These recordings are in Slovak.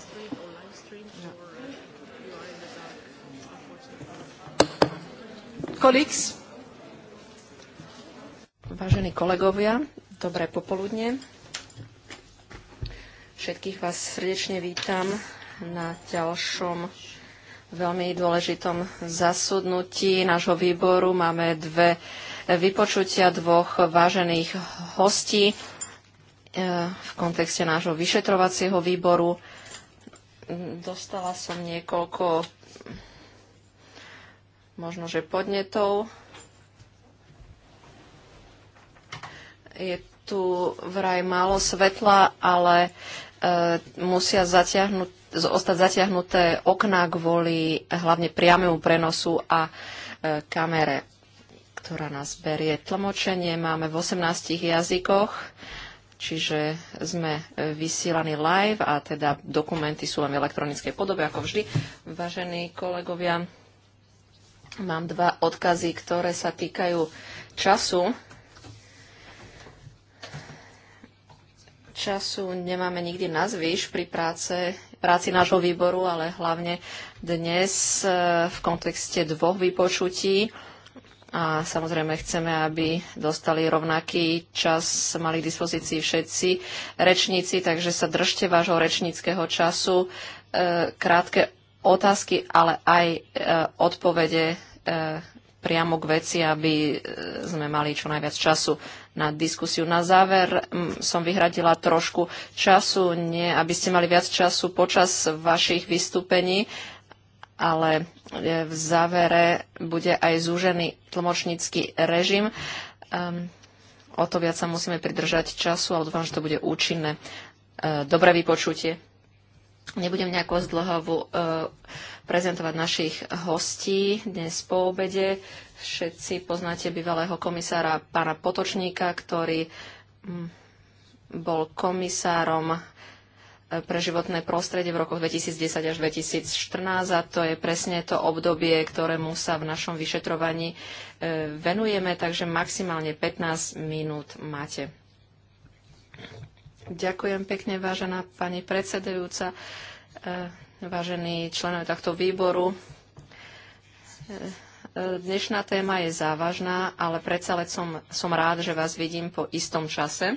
No. Uh, Colleagues. Vážení kolegovia, dobré popoludne. Všetkých vás srdečne vítam na ďalšom veľmi dôležitom zasudnutí nášho výboru. Máme dve vypočutia dvoch vážených hostí eh, v kontexte nášho vyšetrovacieho výboru. Dostala som niekoľko možno, že podnetov. Je tu vraj málo svetla, ale e, musia zatiahnuť, ostať zatiahnuté okná kvôli hlavne priamému prenosu a e, kamere, ktorá nás berie. Tlmočenie máme v 18 jazykoch čiže sme e, vysielaní live a teda dokumenty sú len v elektronickej podobe, ako vždy. Vážení kolegovia, mám dva odkazy, ktoré sa týkajú času. Času nemáme nikdy na zvyš pri práce, práci nášho výboru, ale hlavne dnes e, v kontexte dvoch vypočutí a samozrejme chceme, aby dostali rovnaký čas, mali k dispozícii všetci rečníci, takže sa držte vášho rečníckého času. E, krátke otázky, ale aj e, odpovede e, priamo k veci, aby sme mali čo najviac času na diskusiu. Na záver som vyhradila trošku času, nie aby ste mali viac času počas vašich vystúpení, ale e, v závere bude aj zúžený tlmočnícky režim. Um, o to viac sa musíme pridržať času ale dúfam, že to bude účinné. Uh, dobré vypočutie. Nebudem nejako zdlhavo uh, e, prezentovať našich hostí dnes po obede. Všetci poznáte bývalého komisára pána Potočníka, ktorý mm, bol komisárom pre životné prostredie v roku 2010 až 2014 a to je presne to obdobie, ktorému sa v našom vyšetrovaní e, venujeme, takže maximálne 15 minút máte. Ďakujem pekne, vážená pani predsedajúca, e, vážení členovia tohto výboru. E, dnešná téma je závažná, ale predsa som, som rád, že vás vidím po istom čase.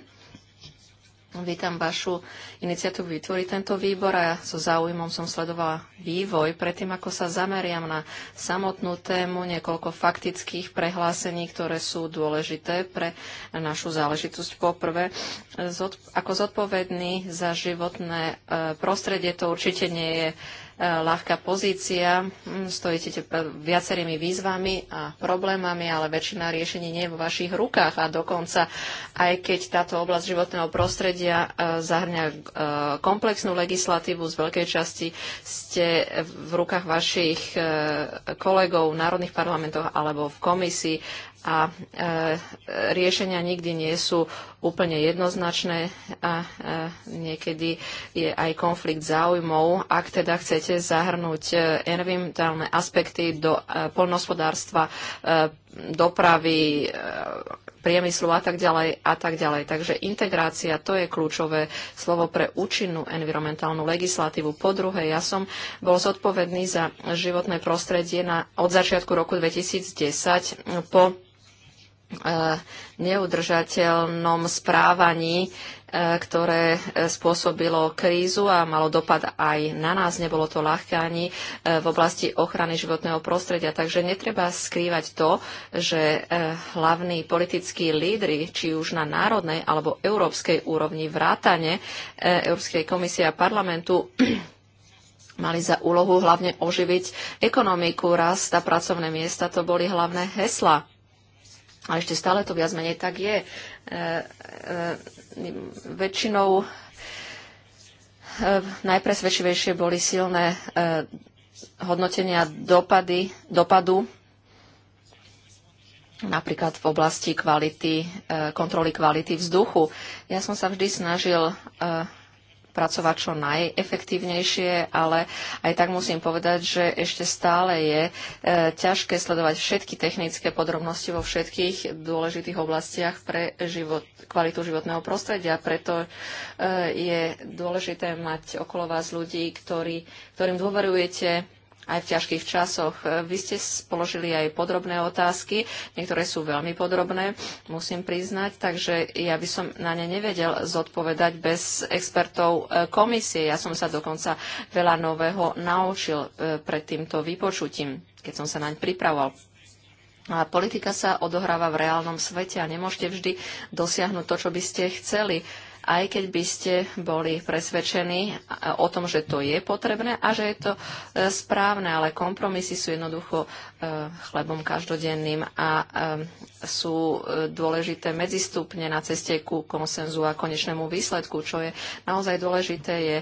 Vítam vašu iniciatívu vytvoriť tento výbor a ja so záujmom som sledovala vývoj. Predtým, ako sa zameriam na samotnú tému, niekoľko faktických prehlásení, ktoré sú dôležité pre našu záležitosť. Poprvé, ako zodpovedný za životné e, prostredie, to určite nie je E, ľahká pozícia. Mm, Stojíte viacerými výzvami a problémami, ale väčšina riešení nie je vo vašich rukách. A dokonca, aj keď táto oblasť životného prostredia e, zahrňa e, komplexnú legislatívu, z veľkej časti ste v rukách vašich kolegov v národných parlamentoch alebo v komisii a e, riešenia nikdy nie sú úplne jednoznačné a e, niekedy je aj konflikt záujmov. Ak teda chcete zahrnúť e, environmentálne aspekty do e, polnospodárstva, e, dopravy, e, priemyslu a tak ďalej a tak ďalej. Takže integrácia to je kľúčové slovo pre účinnú environmentálnu legislatívu. Po druhé, ja som bol zodpovedný za životné prostredie na, od začiatku roku 2010 po neudržateľnom správaní, e, ktoré e, spôsobilo krízu a malo dopad aj na nás. Nebolo to ľahké ani e, v oblasti ochrany životného prostredia. Takže netreba skrývať to, že hlavní politickí lídry, či už na národnej alebo európskej úrovni vrátane Európskej komisie a parlamentu, mali za úlohu hlavne oživiť ekonomiku, rast a pracovné miesta. To boli hlavné hesla a ešte stále to viac menej tak je. E, e, väčšinou e, najpresvedčivejšie boli silné e, hodnotenia dopady, dopadu, napríklad v oblasti kvality, e, kontroly kvality vzduchu. Ja som sa vždy snažil e, pracovať čo najefektívnejšie, ale aj tak musím povedať, že ešte stále je e, ťažké sledovať všetky technické podrobnosti vo všetkých dôležitých oblastiach pre život, kvalitu životného prostredia. Preto e, je dôležité mať okolo vás ľudí, ktorý, ktorým dôverujete, aj v ťažkých časoch. E, vy ste položili aj podrobné otázky, niektoré sú veľmi podrobné, musím priznať, takže ja by som na ne nevedel zodpovedať bez expertov e, komisie. Ja som sa dokonca veľa nového naučil e, pred týmto vypočutím, keď som sa naň pripravoval. A politika sa odohráva v reálnom svete a nemôžete vždy dosiahnuť to, čo by ste chceli aj keď by ste boli presvedčení o tom, že to je potrebné a že je to e, správne, ale kompromisy sú jednoducho e, chlebom každodenným a e, sú dôležité medzistupne na ceste ku konsenzu a konečnému výsledku. Čo je naozaj dôležité, je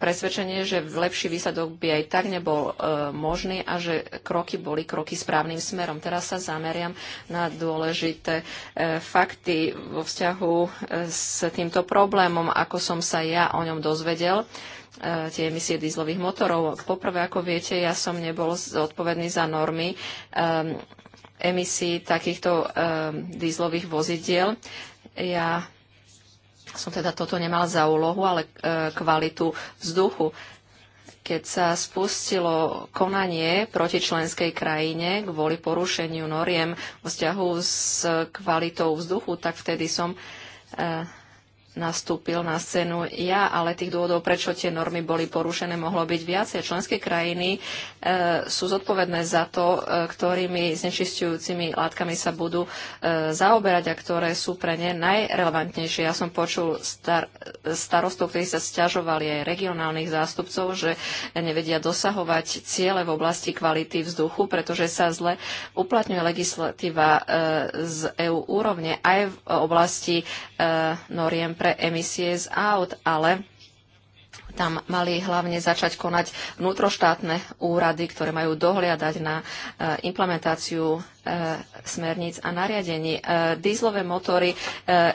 presvedčenie, že lepší výsledok by aj tak nebol možný a že kroky boli kroky správnym smerom. Teraz sa zameriam na dôležité fakty vo vzťahu s týmto problémom, ako som sa ja o ňom dozvedel e, tie emisie dízlových motorov. Poprvé, ako viete, ja som nebol zodpovedný za normy e, emisí takýchto um, e, dízlových vozidiel. Ja som teda toto nemal za úlohu, ale kvalitu vzduchu. Keď sa spustilo konanie proti členskej krajine kvôli porušeniu noriem vzťahu s kvalitou vzduchu, tak vtedy som uh, uh, nastúpil na scénu ja, ale tých dôvodov, prečo tie normy boli porušené, mohlo byť viacej. Členské krajiny e, sú zodpovedné za to, e, ktorými znečistujúcimi látkami sa budú e, zaoberať a ktoré sú pre ne najrelevantnejšie. Ja som počul star, starostov, ktorí sa stiažovali aj regionálnych zástupcov, že nevedia dosahovať ciele v oblasti kvality vzduchu, pretože sa zle uplatňuje legislatíva e, z EU úrovne aj v oblasti e, noriem pre emisie z aut, ale tam mali hlavne začať konať vnútroštátne úrady, ktoré majú dohliadať na e, implementáciu e, smerníc a nariadení. E, dízlové motory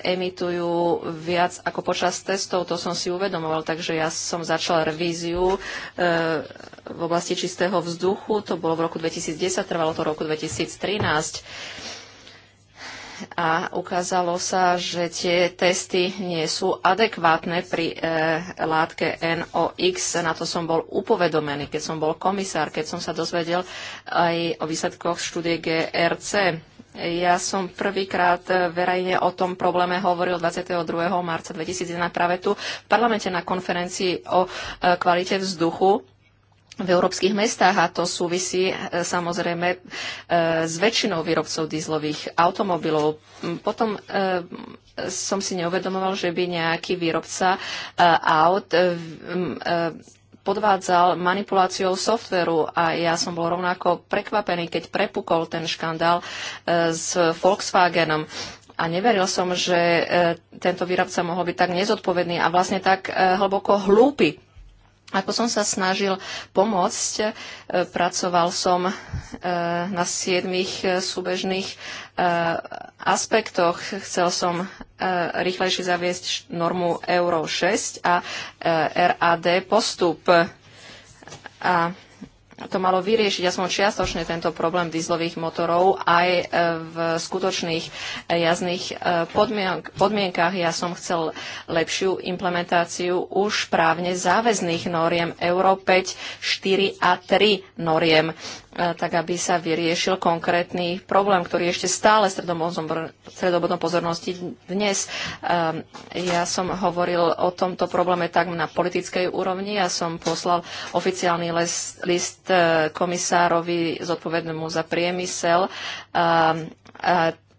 emitujú viac ako počas testov, to som si uvedomoval, takže ja som začal revíziu v oblasti čistého vzduchu, to bolo v roku 2010, trvalo to v roku 2013 a ukázalo sa, že tie testy nie sú adekvátne pri e, látke NOx. Na to som bol upovedomený, keď som bol komisár, keď som sa dozvedel aj o výsledkoch štúdie GRC. Ja som prvýkrát e, verejne o tom probléme hovoril 22. marca 2001 práve tu v parlamente na konferencii o e, kvalite vzduchu v európskych mestách a to súvisí e, samozrejme e, s väčšinou výrobcov dízlových automobilov. Potom e, som si neuvedomoval, že by nejaký výrobca aut podvádzal manipuláciou softveru a ja som bol rovnako prekvapený, keď prepukol ten škandál s Volkswagenom. A neveril som, že tento výrobca mohol byť tak nezodpovedný a vlastne tak hlboko hlúpy ako som sa snažil pomôcť, e, pracoval som e, na siedmých e, súbežných aspektoch. Chcel som rýchlejšie zaviesť normu Euro 6 a RAD postup. A to malo vyriešiť aspoň čiastočne tento problém dízlových motorov aj e, v skutočných e, jazdných e, podmienkach. Ja som chcel lepšiu implementáciu už právne záväzných noriem Euro 5, 4 a 3 noriem tak aby sa vyriešil konkrétny problém, ktorý je ešte stále stredobodom pozornosti dnes. Ja som hovoril o tomto probléme tak na politickej úrovni. Ja som poslal oficiálny les, list e, komisárovi zodpovednému za priemysel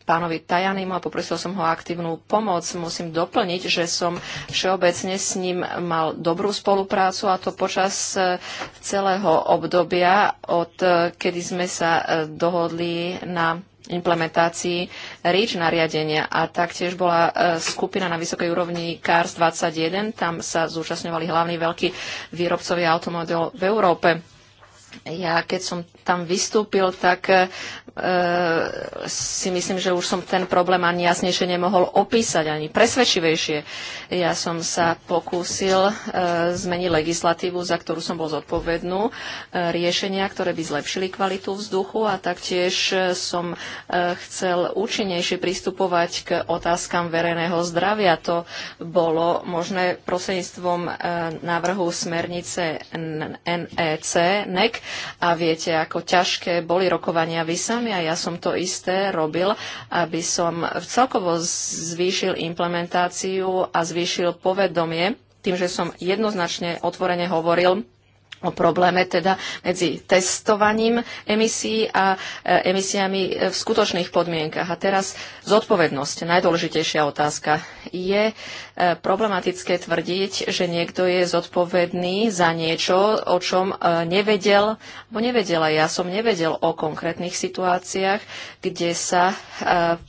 pánovi Tajanimu a poprosil som ho o aktívnu pomoc. Musím doplniť, že som všeobecne s ním mal dobrú spoluprácu a to počas e, celého obdobia, od e, kedy sme sa e, dohodli na implementácii REACH nariadenia a taktiež bola skupina na vysokej úrovni CARS 21, tam sa zúčastňovali hlavní veľkí výrobcovia automobilov v Európe ja keď som tam vystúpil, tak e, si myslím, že už som ten problém ani jasnejšie nemohol opísať, ani presvedčivejšie. Ja som sa pokúsil e, zmeniť legislatívu, za ktorú som bol zodpovednú, e, riešenia, ktoré by zlepšili kvalitu vzduchu a taktiež som e, chcel účinnejšie pristupovať k otázkam verejného zdravia. To bolo možné prostredníctvom e, návrhu smernice NEC, NEC, a viete, ako ťažké boli rokovania vy sami a ja som to isté robil, aby som celkovo zvýšil implementáciu a zvýšil povedomie tým, že som jednoznačne otvorene hovoril o probléme teda medzi testovaním emisí a e, emisiami v skutočných podmienkach. A teraz zodpovednosť, najdôležitejšia otázka. Je e, problematické tvrdiť, že niekto je zodpovedný za niečo, o čom e, nevedel, bo nevedela. Ja som nevedel o konkrétnych situáciách, kde sa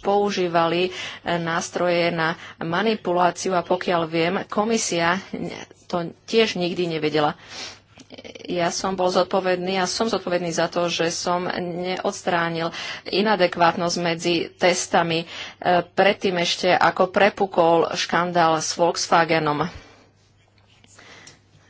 používali nástroje na manipuláciu a pokiaľ viem, komisia to tiež nikdy nevedela ja som bol zodpovedný a som zodpovedný za to, že som neodstránil inadekvátnosť medzi testami e, predtým ešte, ako prepukol škandál s Volkswagenom.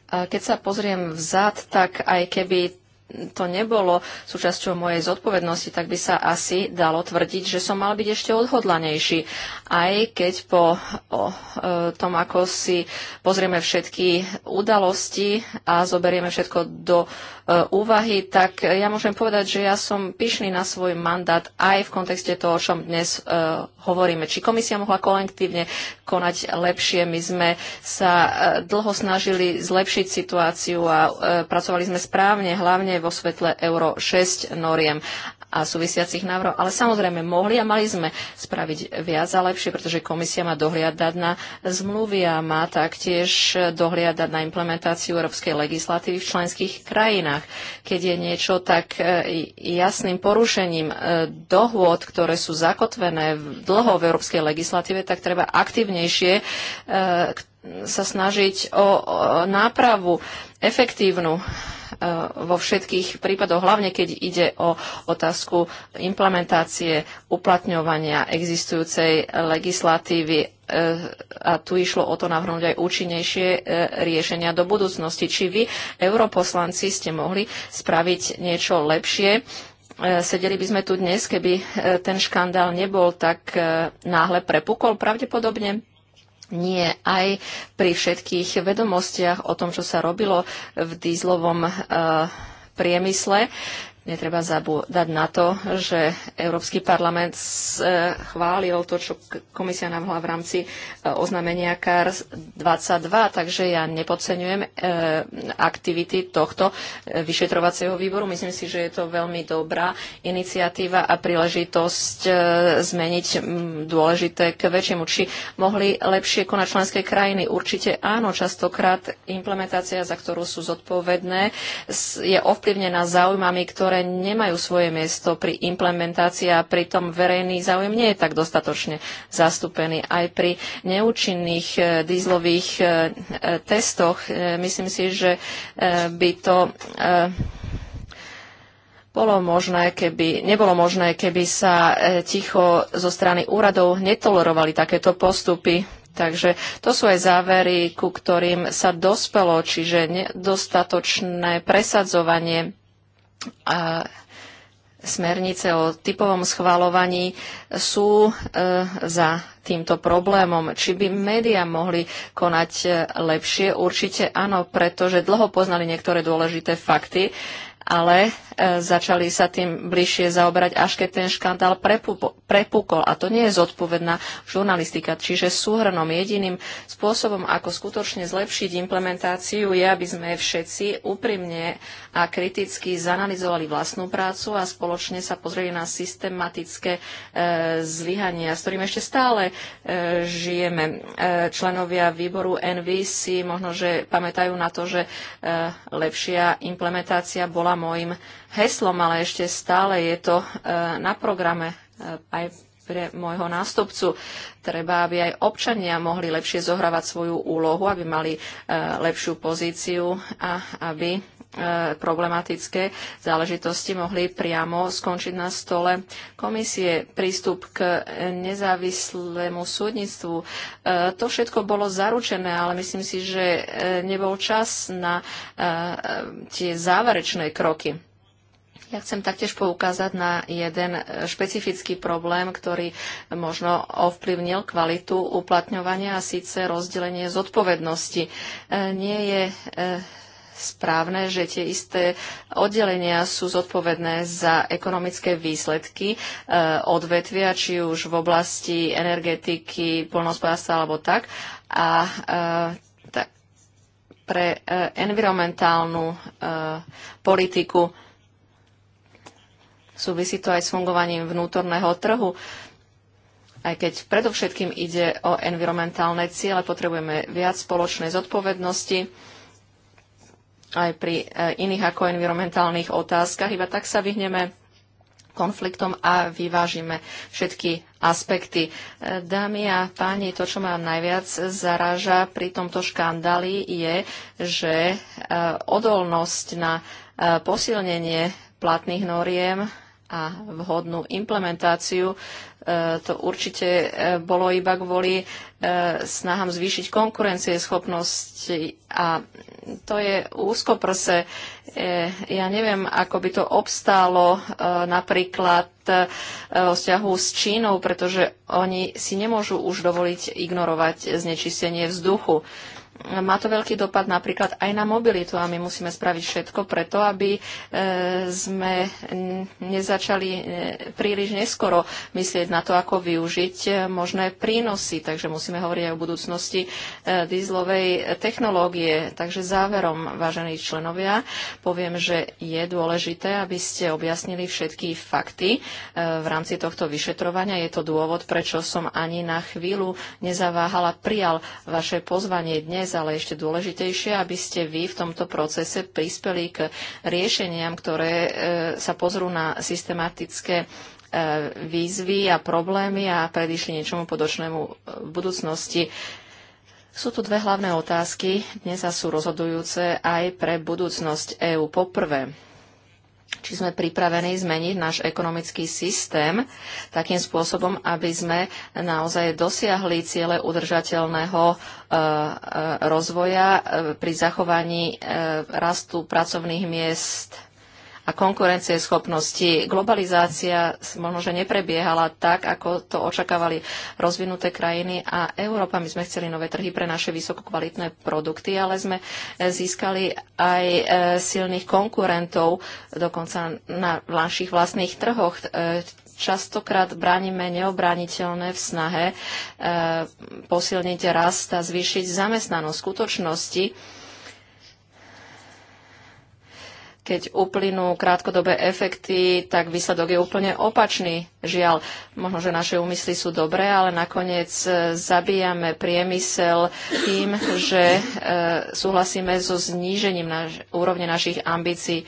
Keď sa pozriem vzad, tak aj keby to nebolo súčasťou mojej zodpovednosti, tak by sa asi dalo tvrdiť, že som mal byť ešte odhodlanejší. Aj keď po o, e, tom, ako si pozrieme všetky udalosti a zoberieme všetko do e, úvahy, tak ja môžem povedať, že ja som pyšný na svoj mandát aj v kontexte toho, o čom dnes e, hovoríme. Či komisia mohla kolektívne konať lepšie. My sme sa e, dlho snažili zlepšiť situáciu a e, pracovali sme správne, hlavne vo svetle Euro 6 noriem a súvisiacich návrhov. Ale samozrejme, mohli a mali sme spraviť viac a lepšie, pretože komisia má dohliadať na zmluvy a má taktiež dohliadať na implementáciu európskej legislatívy v členských krajinách. Keď je niečo tak e, jasným porušením e, dohôd, ktoré sú zakotvené dlho v európskej legislatíve, tak treba aktívnejšie e, sa snažiť o, nápravu efektívnu e, vo všetkých prípadoch, hlavne keď ide o otázku implementácie uplatňovania existujúcej legislatívy e, a tu išlo o to navrhnúť aj účinnejšie e, riešenia do budúcnosti. Či vy, europoslanci, ste mohli spraviť niečo lepšie? Sedeli by sme tu dnes, keby ten škandál nebol tak náhle prepukol pravdepodobne? nie aj pri všetkých vedomostiach o tom, čo sa robilo v dízlovom eh, priemysle. Netreba zabúdať na to, že Európsky parlament e, chválil to, čo komisia navrhla v rámci e, oznámenia CARS 22, takže ja nepodceňujem e, aktivity tohto vyšetrovacieho výboru. Myslím si, že je to veľmi dobrá iniciatíva a príležitosť zmeniť dôležité k väčšiemu. Či mohli lepšie konať členské krajiny? Určite áno, častokrát implementácia, za ktorú sú zodpovedné, je ovplyvnená záujmami, ktoré ktoré nemajú svoje miesto pri implementácii a pritom verejný záujem nie je tak dostatočne zastúpený. Aj pri neúčinných e, dízlových e, e, testoch myslím si, že by to bolo možné, keby, nebolo možné, keby sa ticho zo strany úradov netolerovali takéto postupy. Takže to sú aj závery, ku ktorým sa dospelo, čiže nedostatočné presadzovanie smernice o typovom schvalovaní sú e, za týmto problémom. Či by médiá mohli konať e, lepšie? Určite áno, pretože dlho poznali niektoré dôležité fakty ale e, začali sa tým bližšie zaoberať, až keď ten škandál prepukol. A to nie je zodpovedná žurnalistika. Čiže súhrnom jediným spôsobom, ako skutočne zlepšiť implementáciu, je, aby sme všetci úprimne a kriticky zanalizovali vlastnú prácu a spoločne sa pozreli na systematické e, zlyhania, s ktorým ešte stále e, žijeme. E, členovia výboru NVC, možno, že pamätajú na to, že e, lepšia implementácia bola môjim heslom, ale ešte stále je to e, na programe e, aj pre môjho nástupcu. Treba, aby aj občania mohli lepšie zohrávať svoju úlohu, aby mali e, lepšiu pozíciu a aby E, problematické záležitosti mohli priamo skončiť na stole komisie. Prístup k nezávislému súdnictvu. E, to všetko bolo zaručené, ale myslím si, že e, nebol čas na tie záverečné kroky. Ja chcem taktiež poukázať na jeden špecifický problém, ktorý možno ovplyvnil kvalitu uplatňovania a síce rozdelenie zodpovednosti. Nie je správne, že tie isté oddelenia sú zodpovedné za ekonomické výsledky e, odvetvia, či už v oblasti energetiky, polnospodárstva alebo tak. A e, tak pre e, environmentálnu e, politiku súvisí to aj s fungovaním vnútorného trhu. Aj keď predovšetkým ide o environmentálne ciele, potrebujeme viac spoločnej zodpovednosti aj pri e, iných ako environmentálnych otázkach. Iba tak sa vyhneme konfliktom a vyvážime všetky aspekty. E, dámy a páni, to, čo ma najviac zaráža pri tomto škandáli, je, že e, odolnosť na posilnenie platných noriem a vhodnú implementáciu. To určite bolo iba kvôli snahám zvýšiť konkurencieschopnosť a to je úzkoprse. E, ja neviem, ako by to obstálo e, napríklad e, o vzťahu s Čínou, pretože oni si nemôžu už dovoliť ignorovať znečistenie vzduchu. Má to veľký dopad napríklad aj na mobilitu a my musíme spraviť všetko preto, aby e, sme nezačali e, príliš neskoro myslieť na to, ako využiť e, možné prínosy. Takže musíme hovoriť aj o budúcnosti dízlovej technológie. Takže záverom, vážení členovia, poviem, že je dôležité, aby ste objasnili všetky fakty v rámci tohto vyšetrovania. Je to dôvod, prečo som ani na chvíľu nezaváhala prijal vaše pozvanie dnes dnes, ale ešte dôležitejšie, aby ste vy v tomto procese prispeli k riešeniam, ktoré e, sa pozrú na systematické e, výzvy a problémy a predišli niečomu podočnému e, v budúcnosti. Sú tu dve hlavné otázky, dnes sa sú rozhodujúce aj pre budúcnosť EÚ. Poprvé, či sme pripravení zmeniť náš ekonomický systém takým spôsobom, aby sme naozaj dosiahli ciele udržateľného e, e, rozvoja e, pri zachovaní rastu pracovných miest a konkurencieschopnosti. Globalizácia možno, že neprebiehala tak, ako to očakávali rozvinuté krajiny a Európa. My sme chceli nové trhy pre naše vysokokvalitné produkty, ale sme eh, získali aj eh, silných konkurentov, dokonca na našich vlastných trhoch eh, častokrát bránime neobrániteľné v snahe posilniť rast a zvýšiť zamestnanosť. V skutočnosti keď uplynú krátkodobé efekty, tak výsledok je úplne opačný. Žiaľ, možno, že naše úmysly sú dobré, ale nakoniec e, zabíjame priemysel tým, že e, súhlasíme so znížením naš- úrovne našich ambícií.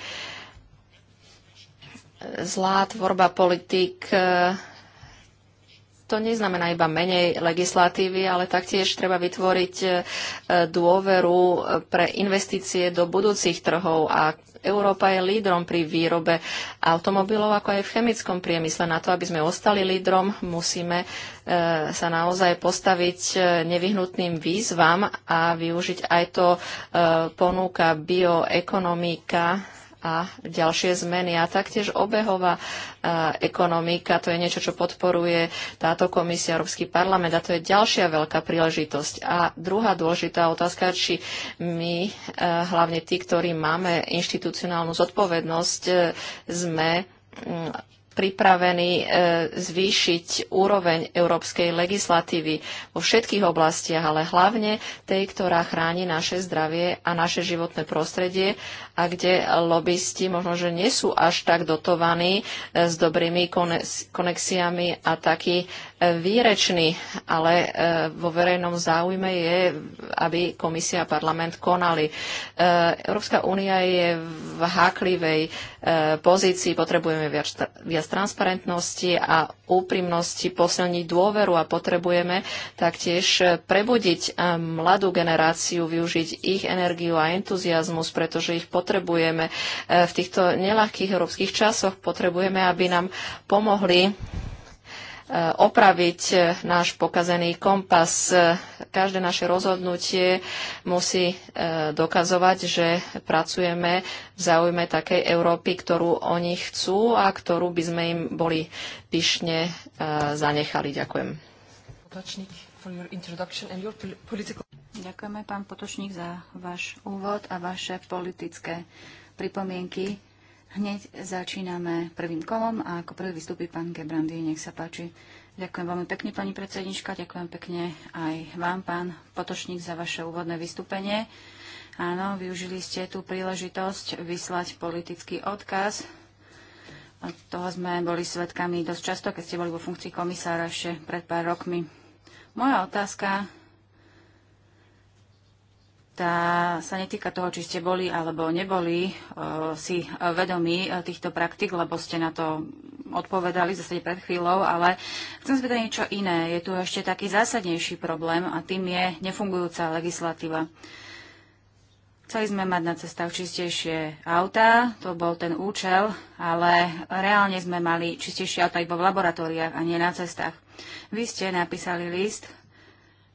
Zlá tvorba politik e, to neznamená iba menej legislatívy, ale taktiež treba vytvoriť e, dôveru e, pre investície do budúcich trhov a Európa je lídrom pri výrobe automobilov, ako aj v chemickom priemysle. Na to, aby sme ostali lídrom, musíme e, sa naozaj postaviť nevyhnutným výzvam a využiť aj to ponúka bioekonomika a ďalšie zmeny. A taktiež obehová e, ekonomika, to je niečo, čo podporuje táto komisia, Európsky parlament a to je ďalšia veľká príležitosť. A druhá dôležitá otázka, či my, e, hlavne tí, ktorí máme inštitucionálnu zodpovednosť, e, sme pripravení e, zvýšiť úroveň európskej legislatívy vo všetkých oblastiach, ale hlavne tej, ktorá chráni naše zdravie a naše životné prostredie a kde lobbysti možno, že nie sú až tak dotovaní e, s dobrými konexiami a takými výrečný, ale e, vo verejnom záujme je, aby komisia a parlament konali. E, Európska únia je v háklivej e, pozícii, potrebujeme viac, viac transparentnosti a úprimnosti, posilniť dôveru a potrebujeme taktiež prebudiť mladú generáciu, využiť ich energiu a entuziasmus, pretože ich potrebujeme v týchto nelahkých európskych časoch. Potrebujeme, aby nám pomohli Eh, opraviť eh, náš pokazený kompas. Eh, každé naše rozhodnutie musí dokazovať, že pracujeme v záujme takej Európy, ktorú oni chcú a ktorú by sme im boli pyšne zanechali. Ďakujem. Ďakujeme, pán Potočník, za váš úvod a vaše politické pripomienky Hneď začíname prvým kolom a ako prvý vystúpi pán Gebrandy, nech sa páči. Ďakujem veľmi pekne, pani predsednička, ďakujem pekne aj vám, pán Potočník, za vaše úvodné vystúpenie. Áno, využili ste tú príležitosť vyslať politický odkaz. Od toho sme boli svedkami dosť často, keď ste boli vo funkcii komisára ešte pred pár rokmi. Moja otázka tá sa netýka toho, či ste boli alebo neboli uh, si e, vedomí e, týchto praktik, lebo ste na to odpovedali zase pred chvíľou, ale chcem spýtať niečo iné. Je tu ešte taký zásadnejší problém a tým je nefungujúca legislatíva. Chceli sme mať na cestách čistejšie auta, to bol ten účel, ale reálne sme mali čistejšie auta iba v laboratóriách a nie na cestách. Vy ste napísali list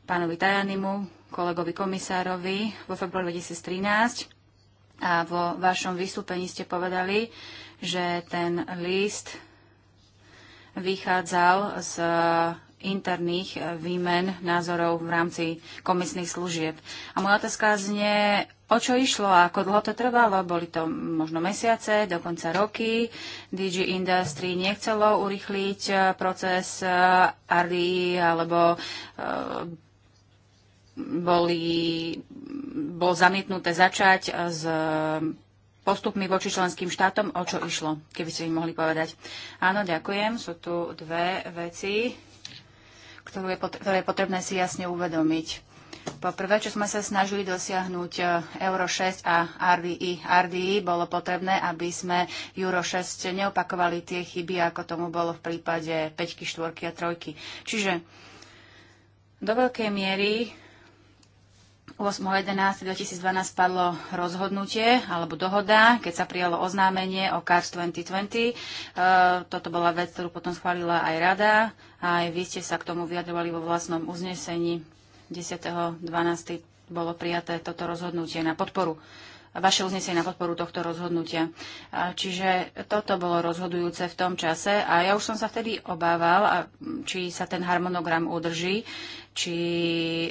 pánovi Tajanimu, kolegovi komisárovi vo februári 2013 a vo vašom vystúpení ste povedali, že ten list vychádzal z interných výmen názorov v rámci komisných služieb. A moja otázka znie, o čo išlo a ako dlho to trvalo? Boli to možno mesiace, dokonca roky. DG Industry nechcelo urychliť eh, proces eh, RDI alebo eh, boli, bolo zamietnuté začať e, s postupmi voči členským štátom, o čo išlo, keby ste im mohli povedať. Áno, ďakujem. Sú tu dve veci, ktoré je potrebné si jasne uvedomiť. Po prvé, čo sme sa snažili dosiahnuť e, Euro 6 a RDI. RDI bolo potrebné, aby sme Euro 6 neopakovali tie chyby, ako tomu bolo v prípade 5, 4 a 3. Čiže do veľkej miery 8.11.2012 padlo rozhodnutie alebo dohoda, keď sa prijalo oznámenie o CARS 2020. E, toto bola vec, ktorú potom schválila aj rada. A aj vy ste sa k tomu vyjadrovali vo vlastnom uznesení 10.12. bolo prijaté toto rozhodnutie na podporu vaše uznesenie na podporu tohto rozhodnutia. Čiže toto bolo rozhodujúce v tom čase a ja už som sa vtedy obával, či sa ten harmonogram udrží, či e,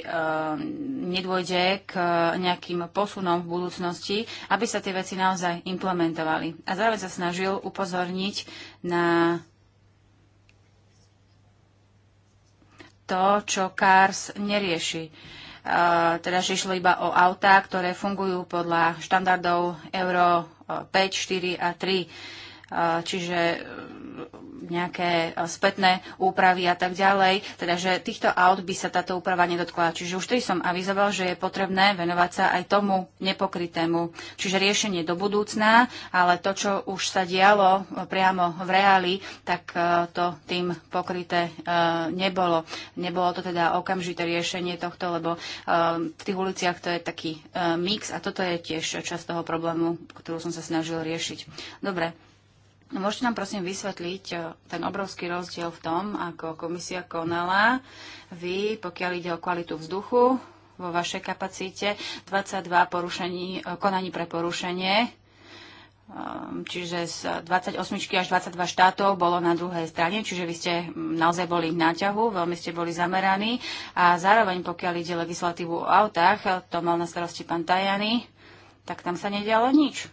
nedôjde k nejakým posunom v budúcnosti, aby sa tie veci naozaj implementovali. A zároveň sa snažil upozorniť na to, čo CARS nerieši Eh, teda že išlo iba o autá, ktoré fungujú podľa štandardov Euro 5, eh, 4 a 3. Eh, čiže nejaké e, spätné úpravy a tak ďalej. Teda, že týchto aut by sa táto úprava nedotkla. Čiže už tedy som avizoval, že je potrebné venovať sa aj tomu nepokrytému. Čiže riešenie do budúcná, ale to, čo už sa dialo e, priamo v reáli, tak e, to tým pokryté nebolo. Nebolo to teda okamžité riešenie tohto, lebo v tých uliciach to je taký mix a toto je tiež časť toho problému, ktorú som sa snažil riešiť. Dobre, No, môžete nám prosím vysvetliť e, ten obrovský rozdiel v tom, ako komisia konala. Vy, pokiaľ ide o kvalitu vzduchu vo vašej kapacite, 22 porušení, e, konaní pre porušenie, e, čiže z 28 až 22 štátov bolo na druhej strane, čiže vy ste naozaj boli v náťahu, veľmi ste boli zameraní a zároveň pokiaľ ide legislatívu o autách, to mal na starosti pán Tajany, tak tam sa nedialo nič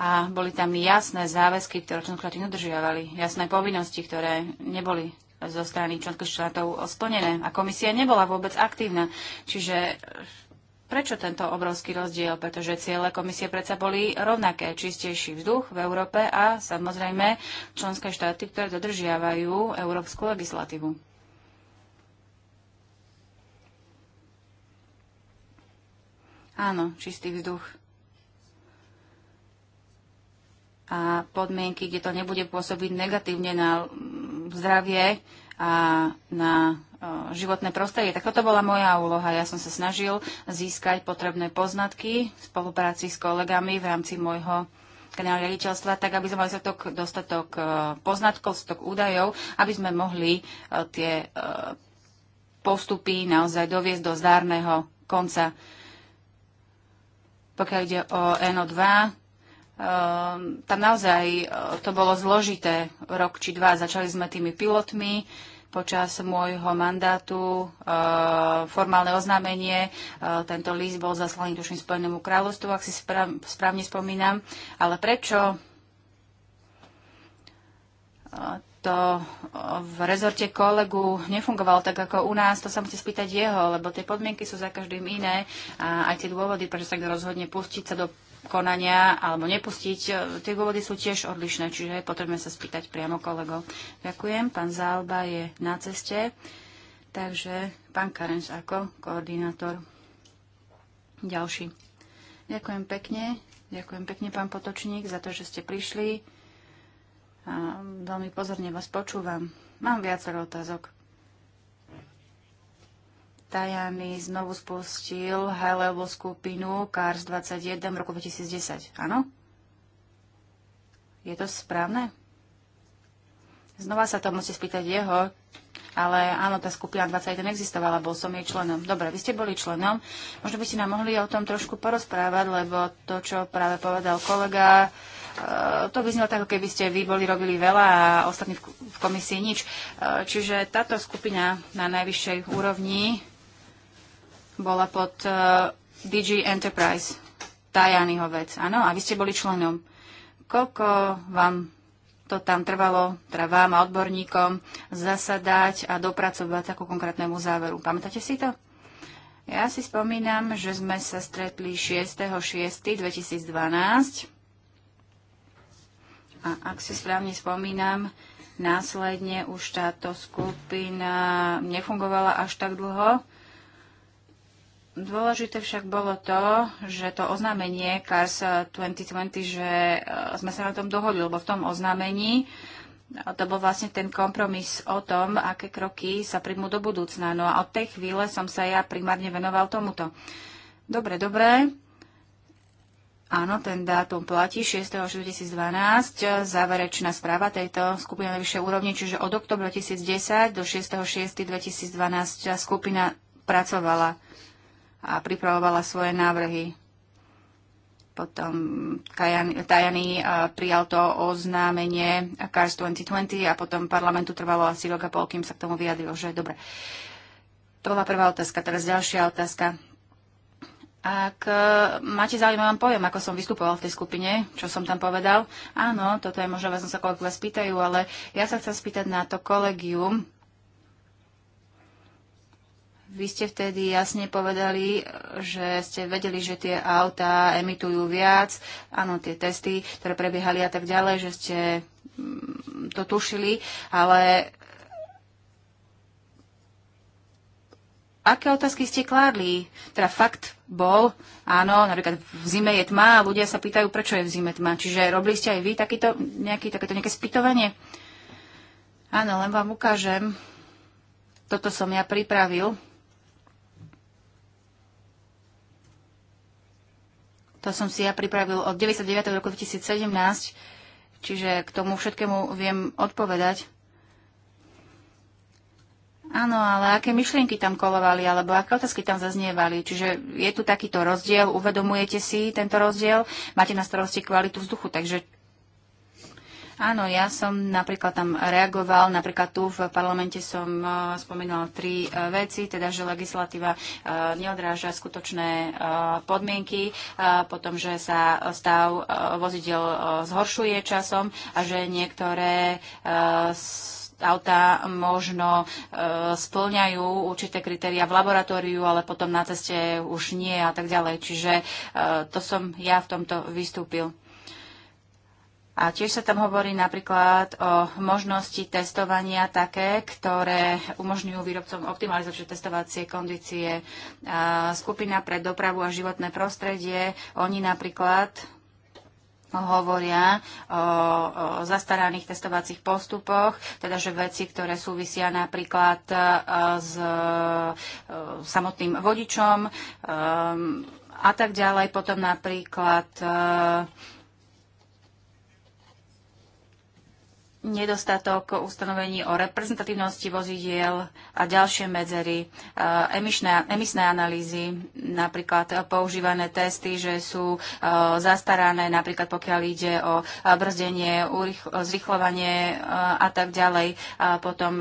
a boli tam jasné záväzky, ktoré členské štáty nedržiavali, jasné povinnosti, ktoré neboli zo strany členských štátov splnené a komisia nebola vôbec aktívna. Čiže eh, prečo tento obrovský rozdiel? Pretože ciele komisie predsa boli rovnaké. Čistejší vzduch v Európe a samozrejme členské štáty, ktoré dodržiavajú európsku legislatívu. Áno, čistý vzduch. a podmienky, kde to nebude pôsobiť negatívne na mm, zdravie a na e, životné prostredie. Tak toto bola moja úloha. Ja som sa snažil získať potrebné poznatky v spolupráci s kolegami v rámci môjho generálneho riaditeľstva, tak aby sme mali dostatok, dostatok e, poznatkov, dostatok údajov, aby sme mohli e, tie postupy naozaj doviesť do zdárneho konca. Pokiaľ ide o NO2, Ehm, tam naozaj e, to bolo zložité rok či dva. Začali sme tými pilotmi, počas môjho mandátu e, formálne oznámenie. E, tento list bol zaslaný tuším Spojenému kráľovstvu, ak si správ, správne spomínam. Ale prečo e, to e, v rezorte kolegu nefungovalo tak ako u nás, to sa musíte spýtať jeho, lebo tie podmienky sú za každým iné a aj tie dôvody, prečo sa rozhodne pustiť sa do konania alebo nepustiť. E, tie dôvody sú tiež odlišné, čiže potrebujeme sa spýtať priamo kolego. Ďakujem. Pán Zálba je na ceste, takže pán Karenc ako koordinátor. Ďalší. Ďakujem pekne. Ďakujem pekne, pán Potočník, za to, že ste prišli. A veľmi pozorne vás počúvam. Mám viacero otázok. Tajany znovu spustil high-level skupinu CARS 21 v roku 2010. Áno? Je to správne? Znova sa to musíte spýtať jeho, ale áno, tá skupina 21 existovala, bol som jej členom. Dobre, vy ste boli členom, možno by ste nám mohli o tom trošku porozprávať, lebo to, čo práve povedal kolega, eh, to by znelo tak, keby ste vy boli robili veľa a ostatní v komisii nič. Eh, čiže táto skupina na najvyššej úrovni bola pod uh, eh, DG Enterprise, Tajanyho vec, áno, a vy ste boli členom. Koľko vám to tam trvalo, teda vám a odborníkom, zasadať a dopracovať sa ku konkrétnemu záveru? Pamätáte si to? Ja si spomínam, že sme sa stretli 6.6.2012 a ak si správne spomínam, následne už táto skupina nefungovala až tak dlho Dôležité však bolo to, že to oznámenie CARS 2020, že e, sme sa na tom dohodli, lebo v tom oznámení e, to bol vlastne ten kompromis o tom, aké kroky sa príjmú do budúcna. No a od tej chvíle som sa ja primárne venoval tomuto. Dobre, dobre. Áno, ten dátum platí 6.6.2012, e, záverečná správa tejto skupiny na vyššej úrovni, čiže od oktobra 2010 do 6.6.2012 skupina pracovala a pripravovala svoje návrhy. Potom Tajani e, prijal to oznámenie CARS 2020 a potom parlamentu trvalo asi rok a pol, kým sa k tomu vyjadrilo, že dobre. To bola prvá otázka, teraz ďalšia otázka. Ak e, máte záujem, vám poviem, ako som vystupoval v tej skupine, čo som tam povedal. Áno, toto je možno vás sa kolegovia spýtajú, ale ja sa chcem spýtať na to kolegium, vy ste vtedy jasne povedali, že ste vedeli, že tie autá emitujú viac, áno, tie testy, ktoré prebiehali a tak ďalej, že ste mm, to tušili, ale aké otázky ste kládli? Teda fakt bol, áno, napríklad v zime je tma a ľudia sa pýtajú, prečo je v zime tma. Čiže robili ste aj vy takýto, nejaký, takéto nejaké spytovanie? Áno, len vám ukážem. Toto som ja pripravil. To som si ja pripravil od 99. roku 2017, čiže k tomu všetkému viem odpovedať. Áno, ale aké myšlienky tam kolovali, alebo aké otázky tam zaznievali. Čiže je tu takýto rozdiel, uvedomujete si tento rozdiel, máte na starosti kvalitu vzduchu, takže Áno, ja som napríklad tam reagoval, napríklad tu v parlamente som eh, spomínala tri eh, veci, teda že legislatíva eh, neodráža skutočné podmienky, potom, že sa stav vozidel zhoršuje časom a že niektoré auta možno e, splňajú určité kritéria v laboratóriu, ale potom na ceste už nie a tak ďalej. Čiže e, to som ja v tomto vystúpil. A tiež sa tam hovorí napríklad o možnosti testovania také, ktoré umožňujú výrobcom optimalizovať testovacie kondície. Skupina pre dopravu a životné prostredie, oni napríklad hovoria o, o zastaraných testovacích postupoch, teda že veci, ktoré súvisia napríklad e, s e, samotným vodičom e, a tak ďalej. Potom napríklad nedostatok ustanovení o reprezentatívnosti vozidiel a ďalšie medzery, emisné, emisné analýzy, napríklad používané testy, že sú zastarané, napríklad pokiaľ ide o brzdenie, zrychľovanie a tak ďalej. A potom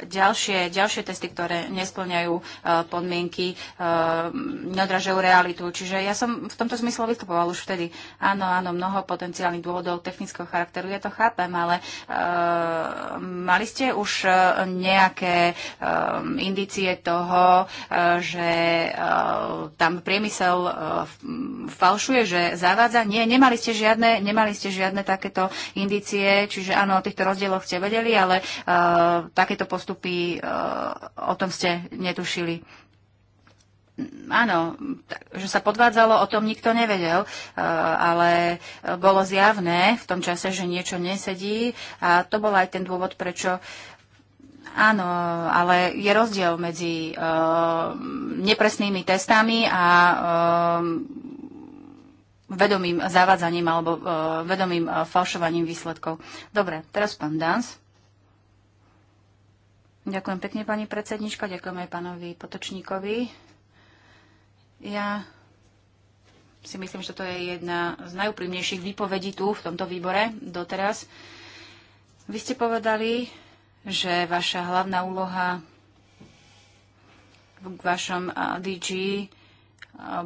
ďalšie, ďalšie testy, ktoré nesplňajú e, podmienky, e, neodražujú realitu. Čiže ja som v tomto zmysle vystupoval už vtedy. Áno, áno, mnoho potenciálnych dôvodov technického charakteru, ja to chápem, ale uh, mali ste už nejaké uh, indicie toho, uh, že tam priemysel falšuje, že zavádza? Nie, nemali ste žiadne, nemali ste žiadne takéto indície, čiže áno, o týchto rozdieloch ste vedeli, ale takéto postup postupy, e, o tom ste netušili. Áno, že sa podvádzalo, o tom nikto nevedel, e, ale bolo zjavné v tom čase, že niečo nesedí a to bol aj ten dôvod, prečo Áno, ale je rozdiel medzi uh, nepresnými testami a uh, vedomým zavádzaním alebo uh, vedomým uh, falšovaním výsledkov. Dobre, teraz pán Dans. Ďakujem pekne, pani predsednička, ďakujem aj pánovi Potočníkovi. Ja si myslím, že to je jedna z najúprimnejších výpovedí tu v tomto výbore doteraz. Vy ste povedali, že vaša hlavná úloha v vašom DG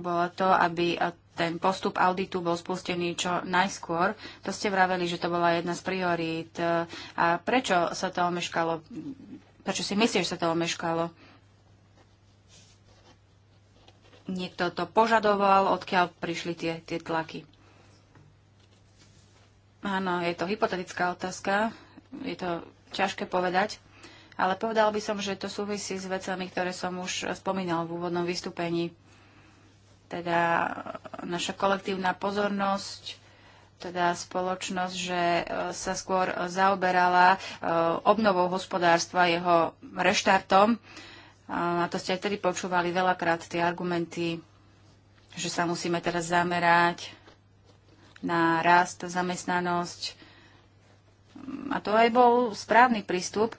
bolo to, aby ten postup auditu bol spustený čo najskôr. To ste vraveli, že to bola jedna z priorít. A prečo sa to omeškalo? Prečo si myslíš, že sa to omeškalo? Niekto to požadoval, odkiaľ prišli tie, tie tlaky. Áno, je to hypotetická otázka, je to ťažké povedať, ale povedal by som, že to súvisí s vecami, ktoré som už spomínal v úvodnom vystúpení. Teda naša kolektívna pozornosť, teda spoločnosť, že e, sa skôr zaoberala e, obnovou hospodárstva, jeho reštartom. A to ste aj tedy počúvali veľakrát tie argumenty, že sa musíme teraz zamerať na rast, zamestnanosť. A to aj bol správny prístup, e,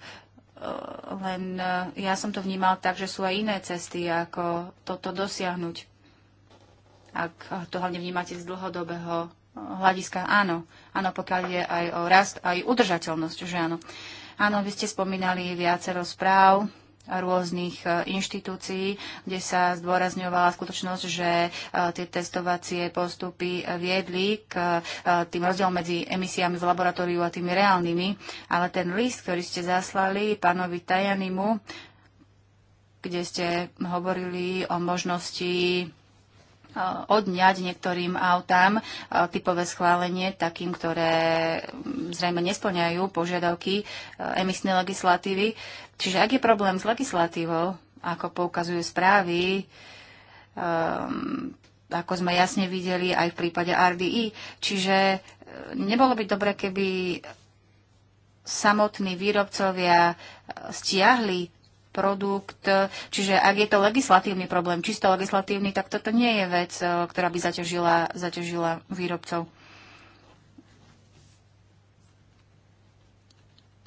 len ja som to vnímal tak, že sú aj iné cesty, ako toto dosiahnuť. Ak to hlavne vnímate z dlhodobého hľadiska áno. Áno, pokiaľ je aj o rast, aj udržateľnosť, že áno. Áno, vy ste spomínali viacero správ, rôznych e, inštitúcií, kde sa zdôrazňovala skutočnosť, že e, tie testovacie postupy e, viedli k tým rozdielom medzi emisiami v laboratóriu a tými reálnymi. Ale ten list, ktorý ste zaslali pánovi Tajanimu, kde ste hovorili o možnosti Eh, odňať niektorým autám eh, typové schválenie takým, ktoré mm, zrejme nesplňajú požiadavky eh, emisnej legislatívy. Čiže ak je problém s legislatívou, ako poukazujú správy, ehm, ako sme jasne videli aj v prípade RDI. Čiže nebolo by dobre, keby samotní výrobcovia stiahli produkt. Čiže ak je to legislatívny problém, čisto legislatívny, tak toto nie je vec, e, ktorá by zaťažila, zaťažila výrobcov.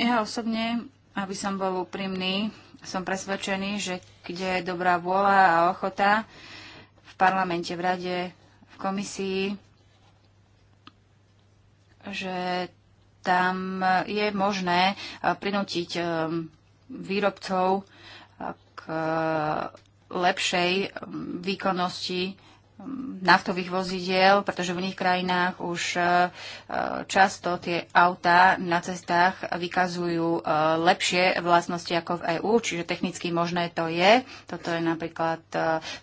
Ja osobne, aby som bol úprimný, som presvedčený, že kde je dobrá vôľa a ochota v parlamente, v rade, v komisii, že tam je možné e, prinútiť e, výrobcov k e, lepšej výkonnosti naftových vozidiel, pretože v iných krajinách už e, e, často tie autá na cestách vykazujú lepšie vlastnosti ako v EÚ, čiže technicky možné to je. Toto je napríklad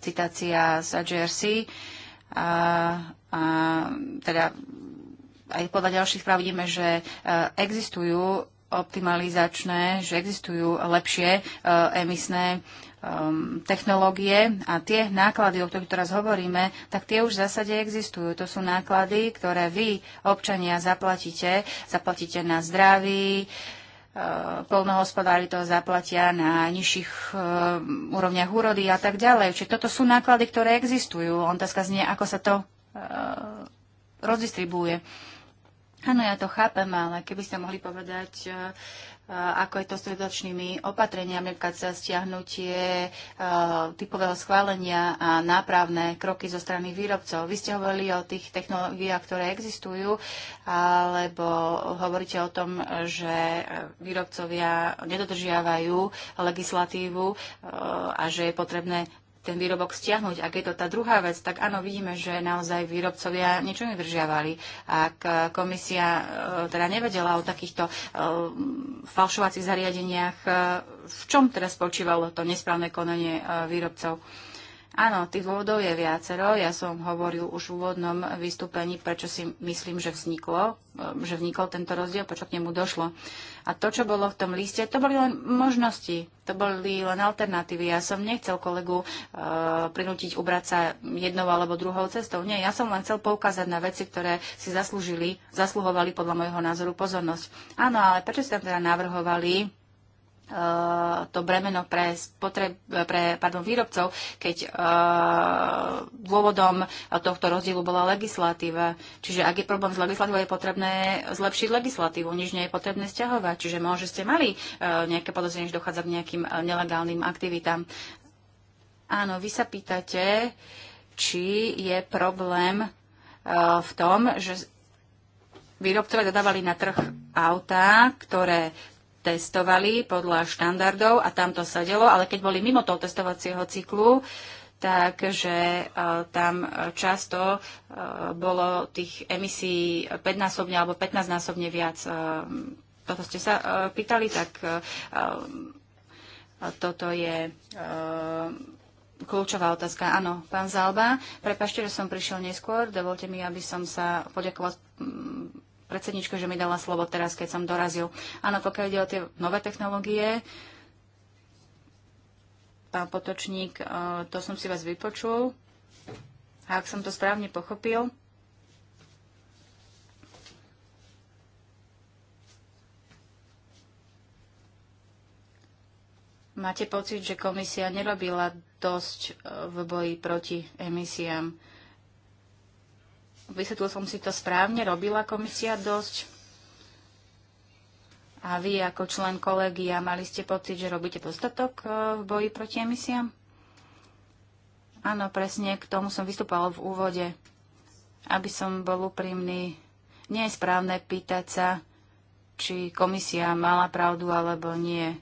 citácia z Jersey. A, a teda aj podľa ďalších správ vidíme, že existujú optimalizačné, že existujú lepšie e, emisné um, technológie a tie náklady, o ktorých teraz hovoríme, tak tie už v zásade existujú. To sú náklady, ktoré vy, občania, zaplatíte. Zaplatíte na zdraví, e, polnohospodári to zaplatia na nižších úrovniach úrody a tak ďalej. Čiže toto sú náklady, ktoré existujú. On Otázka znie, ako sa to rozdistribuje. Áno, ja to chápem, ale keby ste mohli povedať, e, e, ako je to s redočnými opatreniami, napríklad sa stiahnutie e, typového schválenia a nápravné kroky zo strany výrobcov. Vy ste hovorili o tých technológiách, ktoré existujú, alebo hovoríte o tom, že výrobcovia nedodržiavajú legislatívu a že je potrebné ten výrobok stiahnuť. Ak je to tá druhá vec, tak áno, vidíme, že naozaj výrobcovia niečo nedržiavali. Ak e, komisia e, teda nevedela o takýchto e, falšovacích zariadeniach, v čom teraz spočívalo to nesprávne konanie výrobcov? Áno, tých dôvodov je viacero. Ja som hovoril už v úvodnom vystúpení, prečo si myslím, že vzniklo, že vznikol tento rozdiel, prečo k nemu došlo. A to, čo bolo v tom liste, to boli len možnosti, to boli len alternatívy. Ja som nechcel kolegu e, prinútiť ubrať sa jednou alebo druhou cestou. Nie, ja som len chcel poukázať na veci, ktoré si zaslúžili, zasluhovali podľa môjho názoru pozornosť. Áno, ale prečo ste tam teda navrhovali Eh, to bremeno pre, spotreb, pre pardon, výrobcov, keď uh, dôvodom tohto rozdielu bola legislatíva. Čiže ak je problém s legislatívou, je potrebné zlepšiť legislatívu, nič nie je potrebné stiahovať. Čiže možno ste mali uh, nejaké podozrenie, že dochádza k nejakým uh, nelegálnym aktivitám. Áno, vy sa pýtate, či je problém v tom, že výrobcovia dodávali na trh autá, ktoré testovali podľa štandardov a tam to sedelo, ale keď boli mimo toho testovacieho cyklu, takže e, tam často e, bolo tých emisí 5-násobne alebo 15-násobne viac. E, toto ste sa pýtali, tak toto je kľúčová otázka. Áno, pán Zalba, prepašte, že som prišiel neskôr. Dovolte mi, aby som sa poďakoval mm, predsednička, že mi dala slovo teraz, keď som dorazil. Áno, pokiaľ ide o tie nové technológie, pán Potočník, e, to som si vás vypočul. A ak som to správne pochopil, Máte pocit, že komisia nerobila dosť e, v boji proti emisiám? Vysvetlil som si to správne, robila komisia dosť. A vy ako člen kolegia mali ste pocit, že robíte dostatok e, v boji proti emisiám? Áno, presne, k tomu som vystúpal v úvode. Aby som bol úprimný, nie je správne pýtať sa, či komisia mala pravdu alebo nie.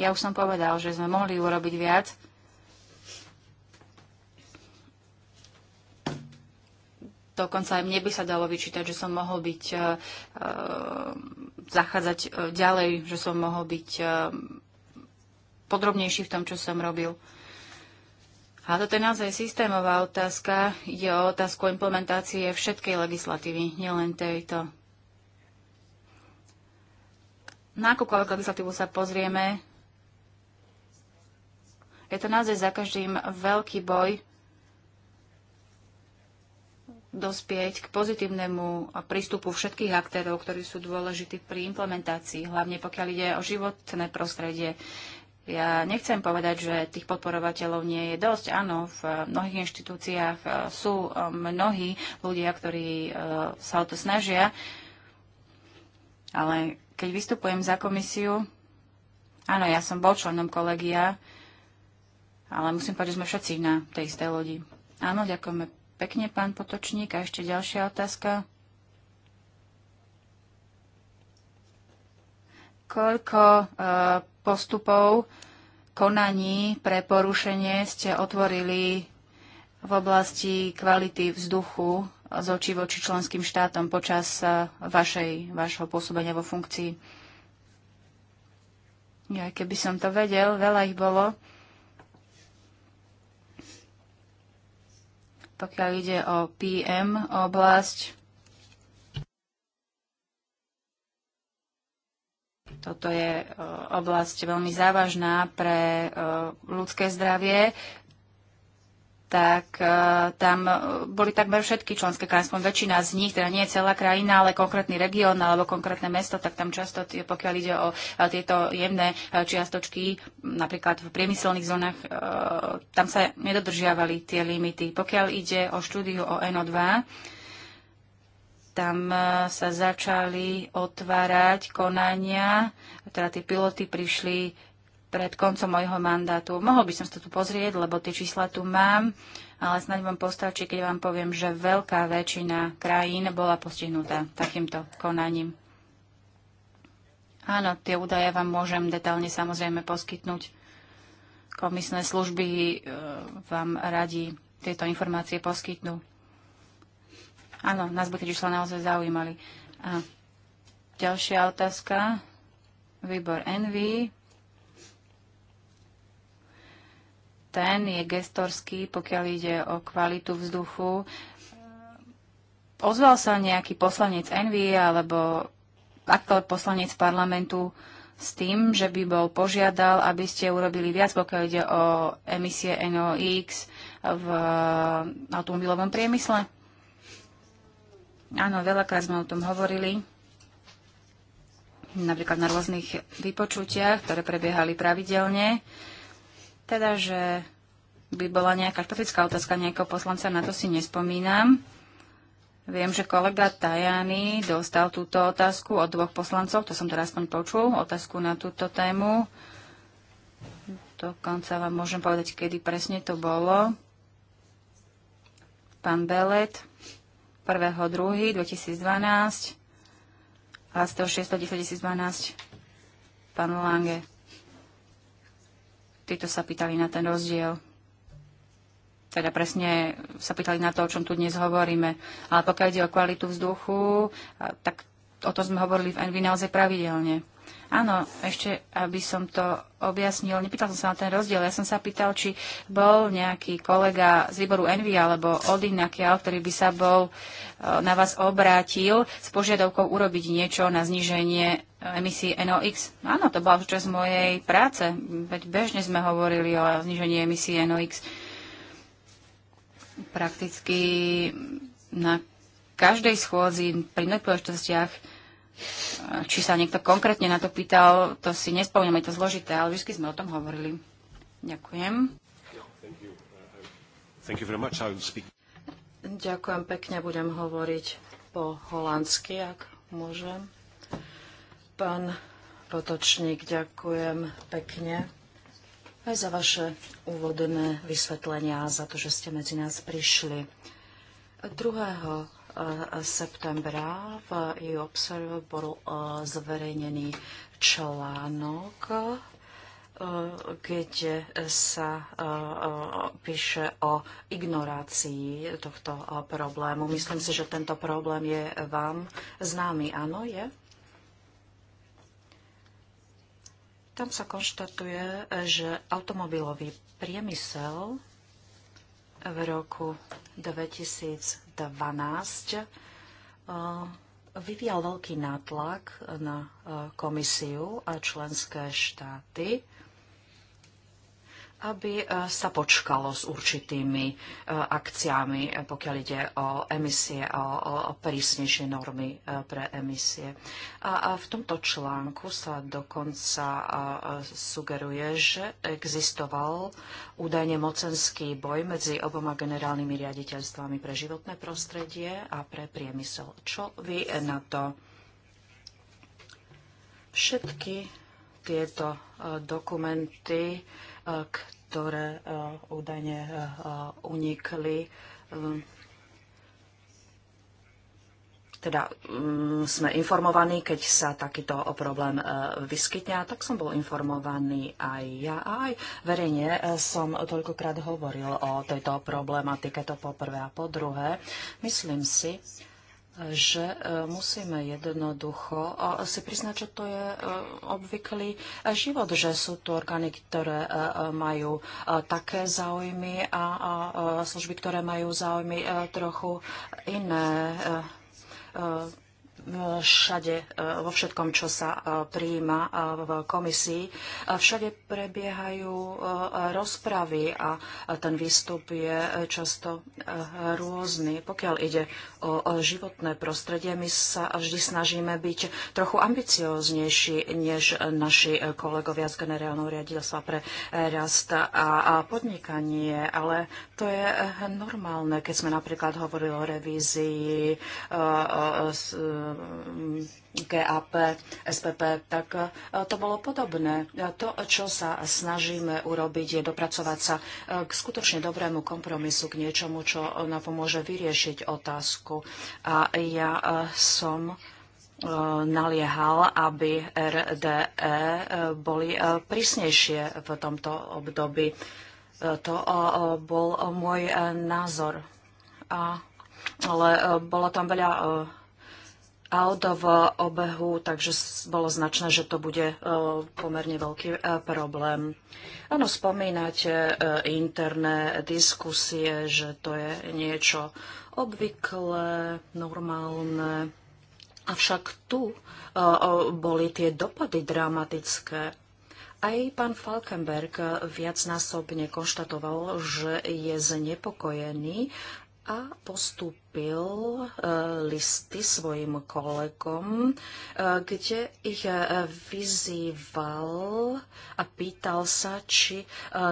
Ja už som povedal, že sme mohli urobiť viac, dokonca aj mne by sa dalo vyčítať, že som mohol byť, uh, zachádzať e, ďalej, že som mohol byť uh, podrobnejší v tom, čo som robil. A toto je naozaj systémová otázka. Je o otázku implementácie všetkej legislatívy, nielen tejto. Na akúkoľvek legislatívu sa pozrieme, je to naozaj za každým veľký boj, dospieť k pozitívnemu prístupu všetkých aktérov, ktorí sú dôležití pri implementácii, hlavne pokiaľ ide o životné prostredie. Ja nechcem povedať, že tých podporovateľov nie je dosť. Áno, v mnohých inštitúciách e, sú e, mnohí ľudia, ktorí e, sa o to snažia, ale keď vystupujem za komisiu, áno, ja som bol členom kolegia, ale musím povedať, že sme všetci na tej istej lodi. Áno, ďakujeme pekne, pán Potočník. A ešte ďalšia otázka. Koľko e, postupov konaní pre porušenie ste otvorili v oblasti kvality vzduchu z očí voči členským štátom počas e, vašej, vašho pôsobenia vo funkcii? Ja, keby som to vedel, veľa ich bolo. pokiaľ ide o PM oblasť. Toto je e, oblasť veľmi závažná pre e, ľudské zdravie tak e, tam e, boli takmer všetky členské krajiny, aspoň väčšina z nich, teda nie je celá krajina, ale konkrétny región alebo konkrétne mesto, tak tam často, pokiaľ ide o e, tieto jemné čiastočky, napríklad v priemyselných zónach, tam sa nedodržiavali tie limity. Pokiaľ ide o štúdiu o NO2, tam sa začali otvárať konania, teda tie piloty prišli pred koncom mojho mandátu. Mohol by som sa tu pozrieť, lebo tie čísla tu mám, ale snaď vám postačí, keď vám poviem, že veľká väčšina krajín bola postihnutá takýmto konaním. Áno, tie údaje vám môžem detálne samozrejme poskytnúť. Komisné služby e, vám radi tieto informácie poskytnú. Áno, nás by tie čísla naozaj zaujímali. A ďalšia otázka. Výbor Envy. ten je gestorský, pokiaľ ide o kvalitu vzduchu. Ozval sa nejaký poslanec Envy alebo aktor poslanec parlamentu s tým, že by bol požiadal, aby ste urobili viac, pokiaľ ide o emisie NOx v automobilovom priemysle? Áno, veľakrát sme o tom hovorili, napríklad na rôznych vypočutiach, ktoré prebiehali pravidelne. Teda, že by bola nejaká špecifická otázka nejakého poslanca, na to si nespomínam. Viem, že kolega Tajany dostal túto otázku od dvoch poslancov, to som teraz aspoň počul, otázku na túto tému. Dokonca vám môžem povedať, kedy presne to bolo. Pán Belet, 1.2.2012 a 106.2012 pán Lange. Títo sa pýtali na ten rozdiel. Teda presne sa pýtali na to, o čom tu dnes hovoríme. Ale pokiaľ ide o kvalitu vzduchu, tak o tom sme hovorili v Envy naozaj pravidelne. Áno, ešte, aby som to objasnil, nepýtal som sa na ten rozdiel. Ja som sa pýtal, či bol nejaký kolega z výboru Envy alebo od inakiaľ, ktorý by sa bol e, na vás obrátil s požiadavkou urobiť niečo na zníženie emisí NOx. Áno, to bola súčasť mojej práce, veď bežne sme hovorili o znižení emisí NOx. Prakticky na každej schôdzi pri nepovedčnostiach, eh, či sa niekto konkrétne na to pýtal, to si nespomínam, je to zložité, ale vždy sme o tom hovorili. Ďakujem. Ďakujem pekne, budem hovoriť po holandsky, ak môžem. Pán Potočník, ďakujem pekne aj za vaše úvodné vysvetlenia a za to, že ste medzi nás prišli. 2 eh, septembra v e-Observe bol eh, zverejnený článok, eh, kde sa píše o ignorácii tohto problému. Myslím si, že tento problém je vám známy. Áno, je? Tam sa konštatuje, že automobilový priemysel v roku 2012 e, vyvíjal veľký nátlak na e, komisiu a členské štáty aby e, sa počkalo s určitými e, akciami, e, pokiaľ ide o emisie, o prísnejšie normy pre emisie. A v tomto článku sa dokonca sugeruje, že existoval údajne mocenský boj medzi oboma generálnymi riaditeľstvami pre životné prostredie a pre priemysel. Čo vy na to? Všetky tieto dokumenty ktoré e, údajne e, e, unikli teda mm, sme informovaní, keď sa takýto problém vyskytne, a Tak som bol informovaný aj ja. A aj verejne som toľkokrát hovoril o tejto problematike, to poprvé a po druhé. Myslím si, že e, musíme jednoducho si priznať, že to je e, obvyklý e, život, že sú tu orgány, ktoré majú také záujmy a služby, ktoré majú záujmy trochu iné všade, e, vo všetkom, čo sa e, prijíma e, v komisii. Všade prebiehajú rozpravy a ten výstup je často rôzny. Pokiaľ ide o životné prostredie, my sa vždy snažíme byť trochu ambicioznejší než naši kolegovia z generálneho riaditeľstva pre rast a podnikanie, ale to je normálne, keď sme napríklad hovorili o revízii Mm, GAP, SPP, tak e, to bolo podobné. E, to, čo sa snažíme urobiť, je dopracovať sa e, k skutočne dobrému kompromisu, k niečomu, čo nám pomôže vyriešiť otázku. A ja som naliehal, aby RDE boli prísnejšie v tomto období. To bol môj názor. ale bolo tam veľa out of obehu, takže bolo značné, že to bude e, pomerne veľký e, problém. Áno, spomínate e, interné diskusie, že to je niečo obvyklé, normálne. Avšak tu boli tie dopady dramatické. Aj pán Falkenberg viacnásobne konštatoval, že je znepokojený a postup kúpil e, listy svojim kolegom, e, kde ich e, vyzýval a pýtal sa, či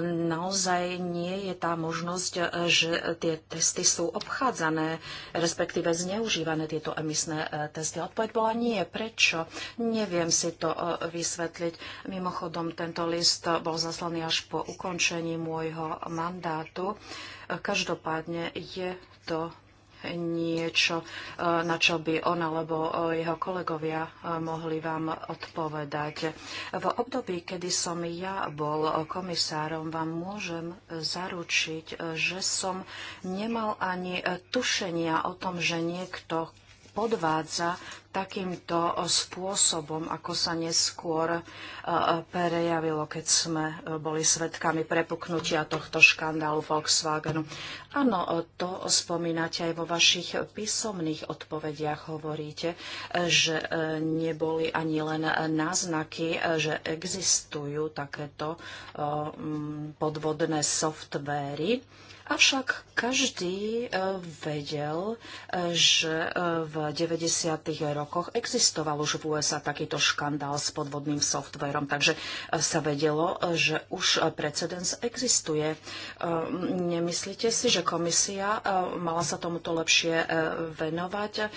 naozaj nie je tá možnosť, že tie testy sú obchádzané, respektíve zneužívané tieto emisné testy. Odpoveď bola nie. Prečo? Neviem si to vysvetliť. Mimochodom, tento list bol zaslaný až po ukončení môjho mandátu. Každopádne je to niečo, e, na čo by on alebo e, jeho kolegovia e, mohli vám odpovedať. V období, kedy som ja bol komisárom, vám môžem zaručiť, že som nemal ani tušenia o tom, že niekto podvádza takýmto spôsobom, ako sa neskôr e, e, prejavilo, keď sme e, boli svedkami prepuknutia tohto škandálu Volkswagenu. Áno, to spomínate aj vo vašich písomných odpovediach. Hovoríte, že neboli ani len náznaky, že existujú takéto podvodné softvéry Avšak každý e, vedel, e, že e, v 90. rokoch existoval už v USA takýto škandál s podvodným softverom, takže sa vedelo, že už precedens existuje. Nemyslíte si, že komisia mala sa tomuto lepšie venovať?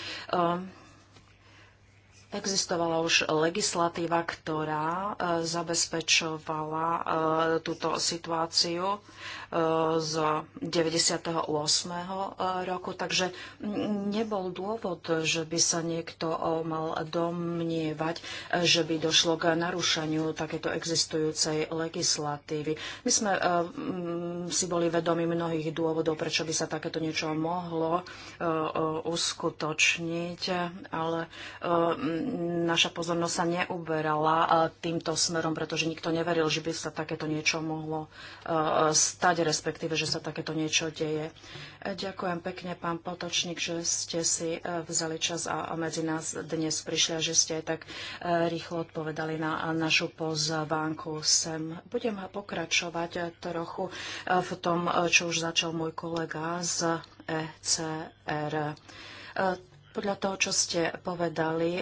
Existovala už legislatíva, ktorá zabezpečovala túto situáciu z 98. E, roku, takže nebol dôvod, že by sa niekto e, mal domnievať, e, že by došlo k narušeniu takéto existujúcej legislatívy. My sme si boli vedomi mnohých dôvodov, prečo by sa takéto niečo mohlo uskutočniť, ale naša pozornosť sa neuberala týmto smerom, pretože nikto neveril, že by sa takéto niečo mohlo stať vláde, respektíve, že sa takéto niečo deje. E, ďakujem pekne, pán Potočník, že ste si e, vzali čas a medzi nás dnes prišli a že ste aj tak e, rýchlo odpovedali na našu pozvánku sem. Budem pokračovať trochu v tom, čo už začal môj kolega z ECR podľa toho, čo ste povedali, e,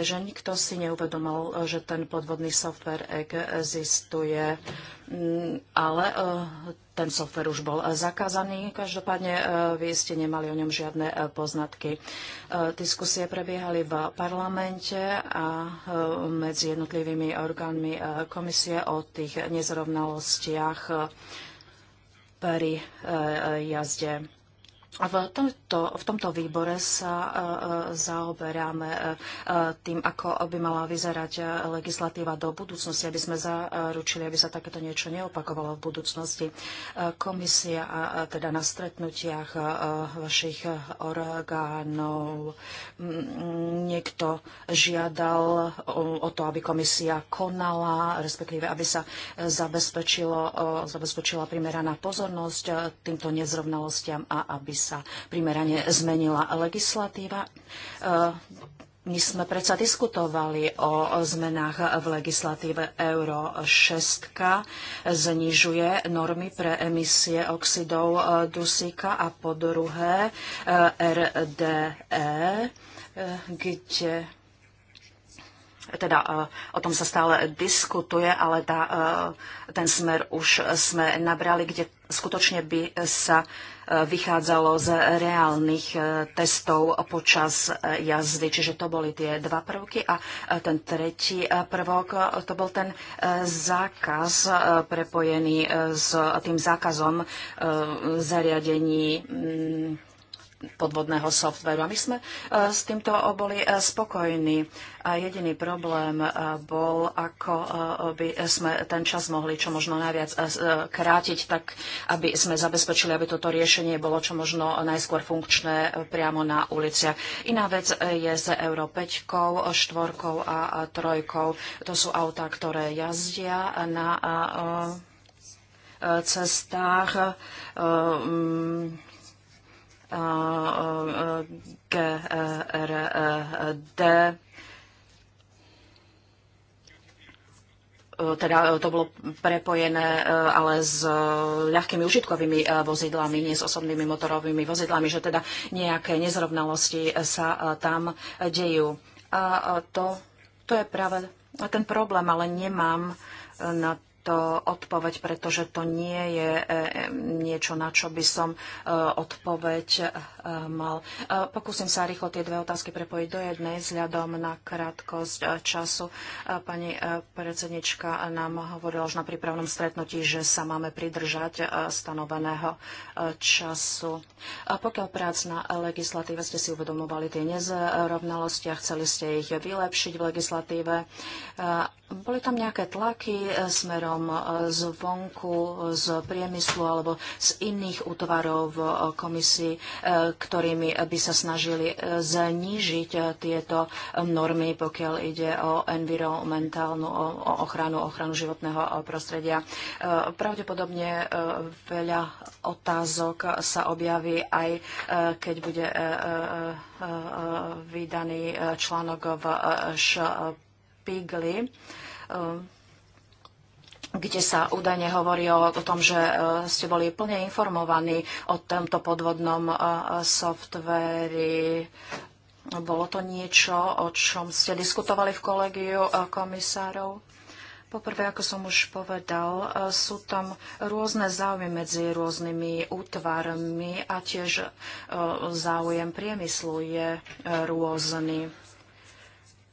je, že nikto si neuvedomil, že ten podvodný software existuje, mm, ale e, ten software už bol zakázaný. Každopádne e, vy ste nemali o ňom žiadne poznatky. Diskusie prebiehali v parlamente a medzi jednotlivými orgánmi komisie o tých nezrovnalostiach pri jazde. V tomto, v tomto výbore sa e, e, zaoberáme e, tým, ako by mala vyzerať legislatíva do budúcnosti, aby sme zaručili, aby sa takéto niečo neopakovalo v budúcnosti. Komisia a teda na stretnutiach vašich orgánov niekto žiadal o to, aby komisia konala, respektíve aby sa zabezpečilo, zabezpečila primeraná pozornosť týmto nezrovnalostiam a aby sa primerane zmenila legislatíva. E, my sme predsa diskutovali o zmenách v legislatíve Euro 6. Znižuje normy pre emisie oxidov dusíka a po druhé RDE, e, e, kde teda o tom sa stále diskutuje, ale tá, ten smer už sme nabrali, kde skutočne by sa vychádzalo z reálnych e, testov počas e, jazdy. Čiže to boli tie dva prvky a e, ten tretí prvok to bol ten zákaz prepojený s tým zákazom zariadení mm, podvodného softveru. A my sme e, s týmto boli e, spokojní. A jediný problém e, bol, ako by sme ten čas mohli čo možno najviac krátiť, tak aby sme zabezpečili, aby toto riešenie bolo čo možno najskôr funkčné priamo na uliciach. Iná vec je z Euro 5, 4 a 3. To sú autá, ktoré jazdia na cestách GRD e, e, e, teda to bolo prepojené ale s ľahkými užitkovými vozidlami, nie s osobnými motorovými vozidlami, že teda nejaké nezrovnalosti sa tam dejú. A to, to je práve ten problém, ale nemám na to odpoveď, pretože to nie je eh, niečo, na čo by som eh, odpoveď eh, mal. Pokúsim sa rýchlo tie dve otázky prepojiť do jednej vzhľadom na krátkosť času. Pani predsednička nám hovorila už na prípravnom stretnutí, že sa máme pridržať stanoveného času. Pokiaľ prác na legislatíve ste si uvedomovali tie nezrovnalosti a chceli ste ich vylepšiť v legislatíve, boli tam nejaké tlaky smerom z e, zvonku, z priemyslu alebo z iných útvarov v e, komisii, e, ktorými by sa snažili znížiť tieto normy, pokiaľ ide o environmentálnu o ochranu, ochranu životného prostredia. Pravdepodobne veľa otázok sa objaví aj keď bude vydaný článok v Špigli kde sa údajne hovorí o, o tom, že e, ste boli plne informovaní o tomto podvodnom e, softveri. Bolo to niečo, o čom ste diskutovali v kolegiu e, komisárov? Poprvé, ako som už povedal, sú tam rôzne záujmy medzi rôznymi útvarmi a tiež záujem priemyslu je rôzny.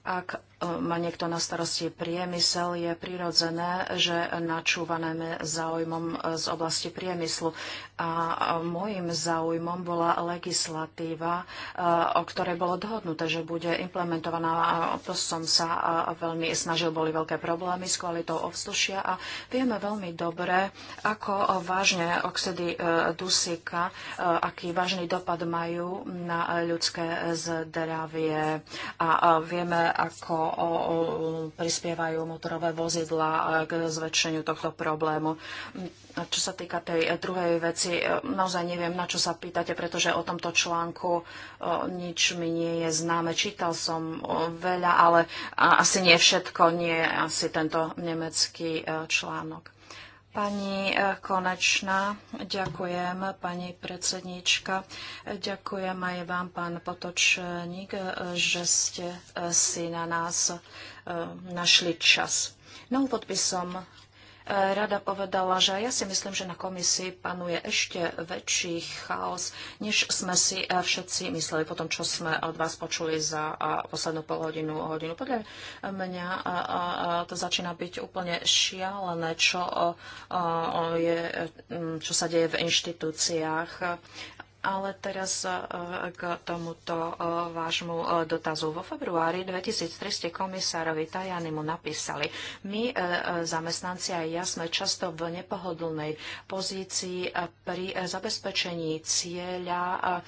Ak má niekto na starosti priemysel, je prirodzené, že načúvaneme záujmom z oblasti priemyslu. A môjim záujmom bola legislatíva, o ktorej bolo dohodnuté, že bude implementovaná. A to som sa veľmi snažil, boli veľké problémy s kvalitou ovzdušia a vieme veľmi dobre, ako vážne oxidy e, dusika, e, aký vážny dopad majú na ľudské zdravie. A vieme, ako prispievajú motorové vozidla e, k zväčšeniu tohto problému. Čo sa týka tej e, druhej veci, e, naozaj neviem, na čo sa pýtate, pretože o tomto článku nič mi nie je známe. Čítal som veľa, ale asi nie všetko, nie asi tento nemecký článok. Pani e, Konečná, ďakujem, pani predsedníčka. Ďakujem aj vám, pán Potočník, e, že ste e, si na nás našli čas. Na úvod by som rada povedala, že ja si myslím, že na komisii panuje ešte väčší chaos, než sme si eh, všetci mysleli po tom, čo sme od vás počuli za eh, poslednú polhodinu hodinu. Podľa mňa eh, to začína byť úplne šialené, čo, je, čo sa deje v inštitúciách. Ale teraz e, k tomuto e, vášmu e, dotazu. Vo februári 2300 komisárovi komisárovi mu napísali, my zamestnanci aj ja sme často v nepohodlnej pozícii pri zabezpečení cieľa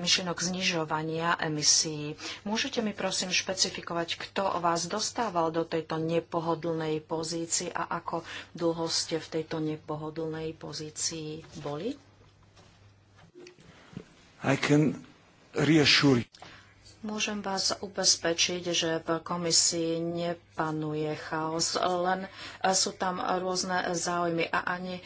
myšlienok znižovania emisí. Môžete mi prosím špecifikovať, kto vás dostával do tejto nepohodlnej pozícii a ako dlho ste v tejto nepohodlnej pozícii boli? I can reassure you. Môžem vás ubezpečiť, že v komisii panuje chaos, len e, sú tam rôzne záujmy a ani e,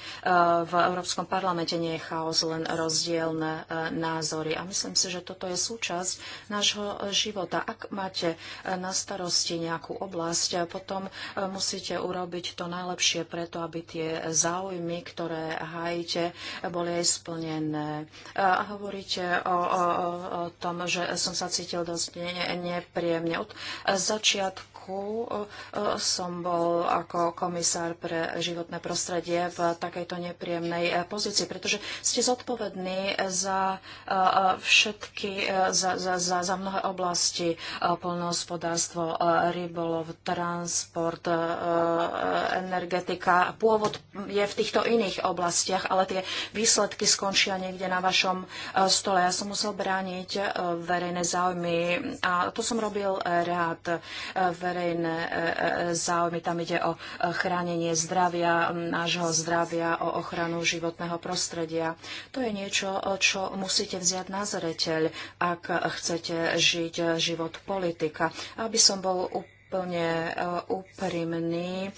v Európskom parlamente nie je chaos, len rozdielne e, názory. A myslím si, že toto je súčasť nášho života. Ak máte na starosti nejakú oblasť, potom musíte urobiť to najlepšie preto, aby tie záujmy, ktoré hájite, boli aj splnené. A hovoríte o, o, o tom, že som sa cítil dosť nepríjemne. Od začiatku som bol ako komisár pre životné prostredie v takejto nepríjemnej eh, pozícii, pretože ste zodpovední za eh, všetky, eh, za, za, za, za mnohé oblasti, polnohospodárstvo, rybolov, transport, energetika. Pôvod je v týchto iných oblastiach, ale tie výsledky skončia niekde na vašom stole. Ja som musel brániť verejné záujmy a to som robil rád verejné záujmy. Tam ide o chránenie zdravia, nášho zdravia, o ochranu životného prostredia. To je niečo, čo musíte vziať na zreteľ, ak chcete žiť život politika. Aby som bol úplne úplne e, úprimný. E,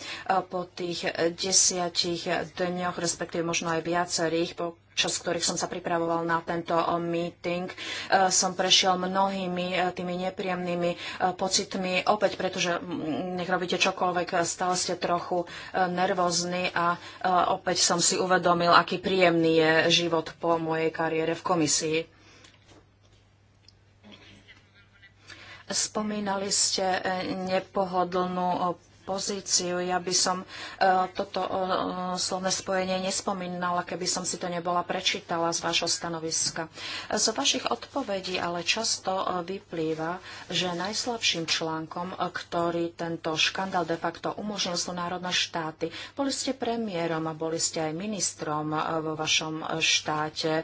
po tých desiatich dňoch, respektíve možno aj viacerých, po čas ktorých som sa pripravoval na tento e, meeting, som prešiel mnohými tými nepríjemnými pocitmi, opäť pretože nech robíte čokoľvek, stále ste trochu nervózni a opäť som si uvedomil, aký príjemný je život po mojej kariére v komisii. Spomínali ste eh, nepohodlnú eh, pozíciu. Ja by som e, toto e, slovné spojenie nespomínala, keby som si to nebola prečítala z vášho stanoviska. E, z vašich odpovedí ale často vyplýva, že najslabším článkom, ktorý tento škandál de facto umožnil, sú národné štáty. Boli ste premiérom a boli ste aj ministrom vo vašom štáte.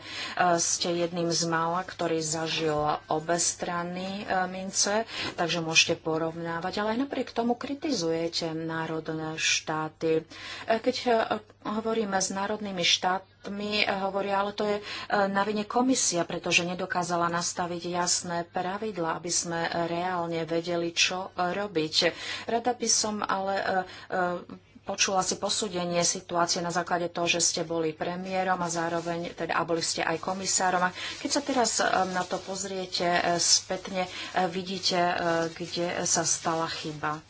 Ste jedným z mála, ktorý zažil obe strany mince, takže môžete porovnávať, ale aj napriek tomu kritizuje tretie národné štáty. E, keď e, hovoríme s národnými štátmi, e, hovoria, ale to je na vine komisia, pretože nedokázala nastaviť jasné pravidla, aby sme reálne vedeli, čo robiť. Rada by som ale počula si posúdenie situácie na základe toho, že ste boli premiérom a zároveň teda, a boli ste aj komisárom. A keď sa teraz na to pozriete spätne, vidíte, kde sa stala chyba.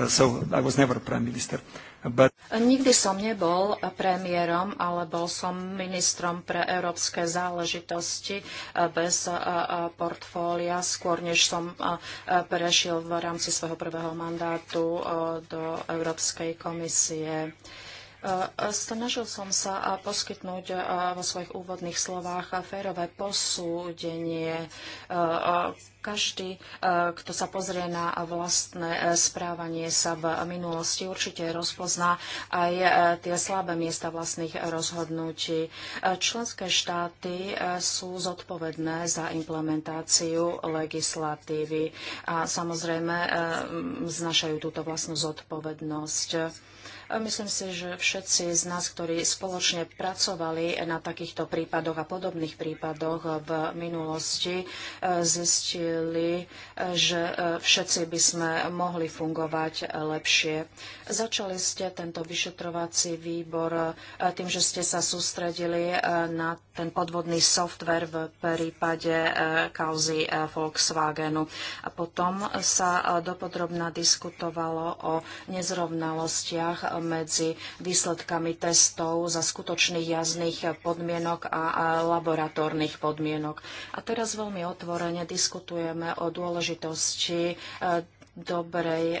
Eh, so I was never prime minister. But... Nikdy som nebol premiérom, ale bol som ministrom pre európske záležitosti eh, bez eh, portfólia, skôr než som prešiel v rámci svojho prvého mandátu do Európskej komisie. E, e, snažil som sa poskytnúť e, vo svojich úvodných slovách férové posúdenie každý, kto sa pozrie na vlastné správanie sa v minulosti, určite rozpozná aj tie slabé miesta vlastných rozhodnutí. Členské štáty sú zodpovedné za implementáciu legislatívy a samozrejme znašajú túto vlastnú zodpovednosť. Myslím si, že všetci z nás, ktorí spoločne pracovali na takýchto prípadoch a podobných prípadoch v minulosti, e, zistili, e, že e, všetci by sme mohli fungovať lepšie. Začali ste tento vyšetrovací výbor tým, že ste sa sústredili na ten podvodný software v prípade kauzy Volkswagenu. A potom sa dopodrobná diskutovalo o nezrovnalostiach medzi výsledkami testov za skutočných jazdných podmienok a laboratórnych podmienok. A teraz veľmi otvorene diskutujeme o dôležitosti e, dobrej eh,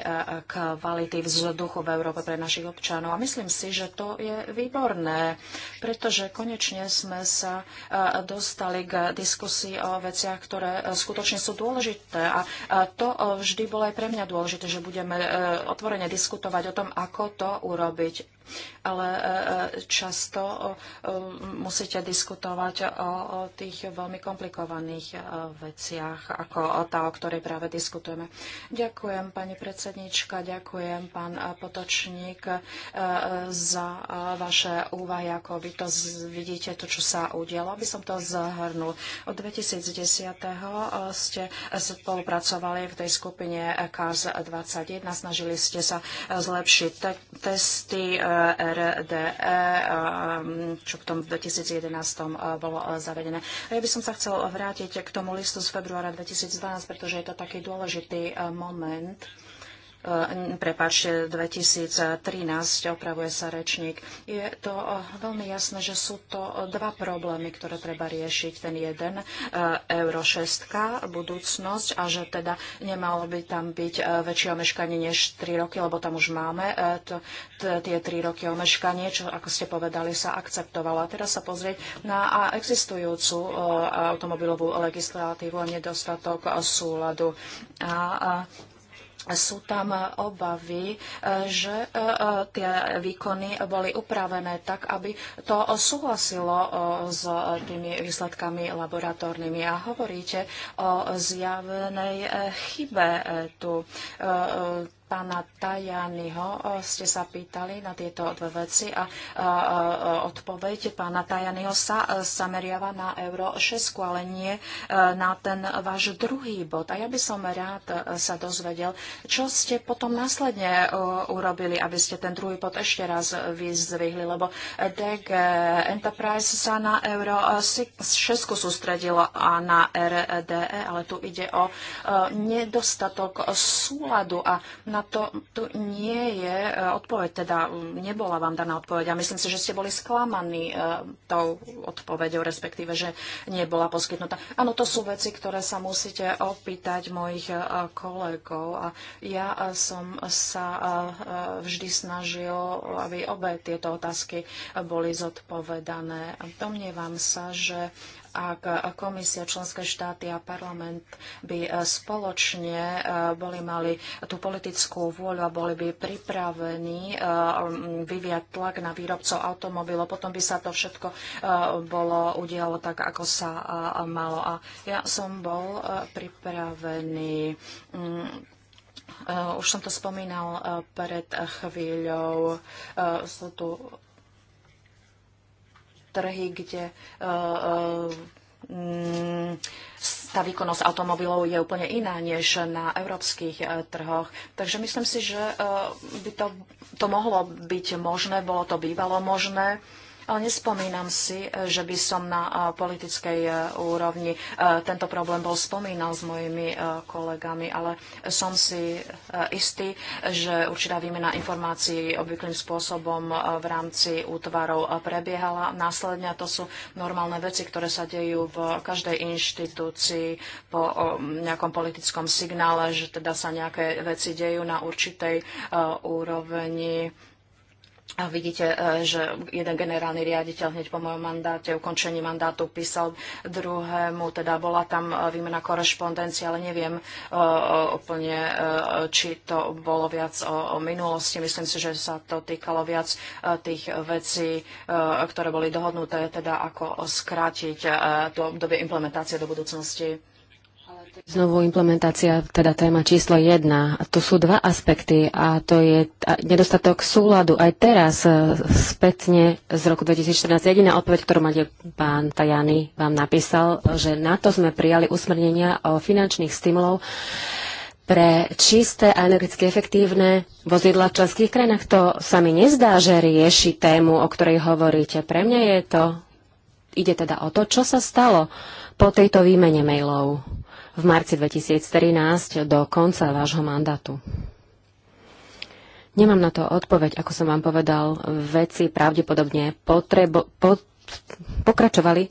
kvality vzduchu v Európe pre našich občanov. A myslím si, že to je výborné, pretože konečne sme sa eh, dostali k diskusii o veciach, ktoré eh, skutočne sú dôležité. A to vždy bolo aj pre mňa dôležité, že budeme otvorene diskutovať o tom, ako to urobiť ale e, e, často musíte diskutovať o tých veľmi komplikovaných e, veciach, ako tá, o ktorej práve diskutujeme. Ďakujem, pani predsednička, ďakujem, pán Potočník, za vaše úvahy, ako vy to vidíte, to, čo sa udialo. Aby som to zahrnul. Od 2010. ste spolupracovali v tej skupine CARS 21, snažili ste sa zlepšiť testy, RDE, um, čo v tom 2011 uh, bolo uh, zavedené. Ja by som sa chcel vrátiť k tomu listu z februára 2012, pretože je to taký dôležitý uh, moment. E, prepáčte, 2013, opravuje sa rečník. Je to e, veľmi jasné, že sú to e, dva problémy, ktoré treba riešiť. Ten jeden, Euro 6, budúcnosť a že teda nemalo by tam byť väčšie omeškanie než 3 roky, lebo tam už máme tie 3 roky omeškanie, čo ako ste povedali, sa akceptovalo. A teraz sa pozrieť na existujúcu automobilovú legislatívu a nedostatok súladu. A, a sú tam obavy, e, že e, e, tie výkony boli upravené tak, aby to súhlasilo s tými výsledkami laboratórnymi. A hovoríte o zjavenej chybe tu pána Tajányho e, ste sa pýtali na tieto dve veci a odpoveď pána Tajányho sa zameriava e, na Euro 6, ale nie e, na ten váš druhý bod. A ja by som rád sa dozvedel, čo ste potom následne urobili, aby ste ten druhý bod ešte raz vyzvihli, lebo DG Enterprise sa na Euro 6 sústredilo a na RDE, ale tu ide o nedostatok súladu a na na to tu nie je e, odpoveď, teda nebola vám daná odpoveď a myslím si, že ste boli sklamaní e, tou odpoveďou, respektíve, že nebola poskytnutá. Áno, to sú veci, ktoré sa musíte opýtať mojich e, kolegov a ja som sa vždy snažil, aby obe tieto otázky boli zodpovedané. Domnievam sa, že ak komisia, členské štáty a parlament by e, spoločne e, boli mali tú politickú vôľu a boli by pripravení e, vyviať tlak na výrobcov automobilov, potom by sa to všetko bolo udialo tak, ako sa malo. A ja som bol pripravený už som to spomínal pred chvíľou, sú tu trhy, kde eh, eh, mm, tá výkonnosť automobilov je úplne iná než na európskych eh, trhoch. Takže myslím si, že by to, to mohlo byť možné, bolo to bývalo možné ale nespomínam si, že by som na politickej e, úrovni e, tento problém bol spomínal s mojimi e, kolegami, ale som si istý, že určitá výmena informácií obvyklým spôsobom v rámci útvarov prebiehala. Následne to sú normálne veci, ktoré sa dejú v každej inštitúcii po nejakom politickom signále, že teda sa nejaké veci dejú na určitej úrovni a Vidíte, e, že jeden generálny riaditeľ hneď po mojom mandáte, ukončení mandátu písal druhému, teda bola tam e, výmena korešpondencia, ale neviem e, úplne, či to bolo viac o minulosti. Myslím si, že sa to týkalo viac tých vecí, ktoré boli dohodnuté, teda ako skrátiť to obdobie implementácie do budúcnosti. Znovu implementácia, teda téma číslo jedna. a Tu sú dva aspekty a to je nedostatok súladu. Aj teraz e, spätne z roku 2014 jediná odpoveď, ktorú máte pán Tajany vám napísal, že na to sme prijali usmernenia o finančných stimulov pre čisté a energeticky efektívne vozidla v členských krajinách. To sa mi nezdá, že rieši tému, o ktorej hovoríte. Pre mňa je to, ide teda o to, čo sa stalo po tejto výmene mailov v marci 2013 do konca vášho mandátu? Nemám na to odpoveď, ako som vám povedal, veci pravdepodobne potrebo, po, pokračovali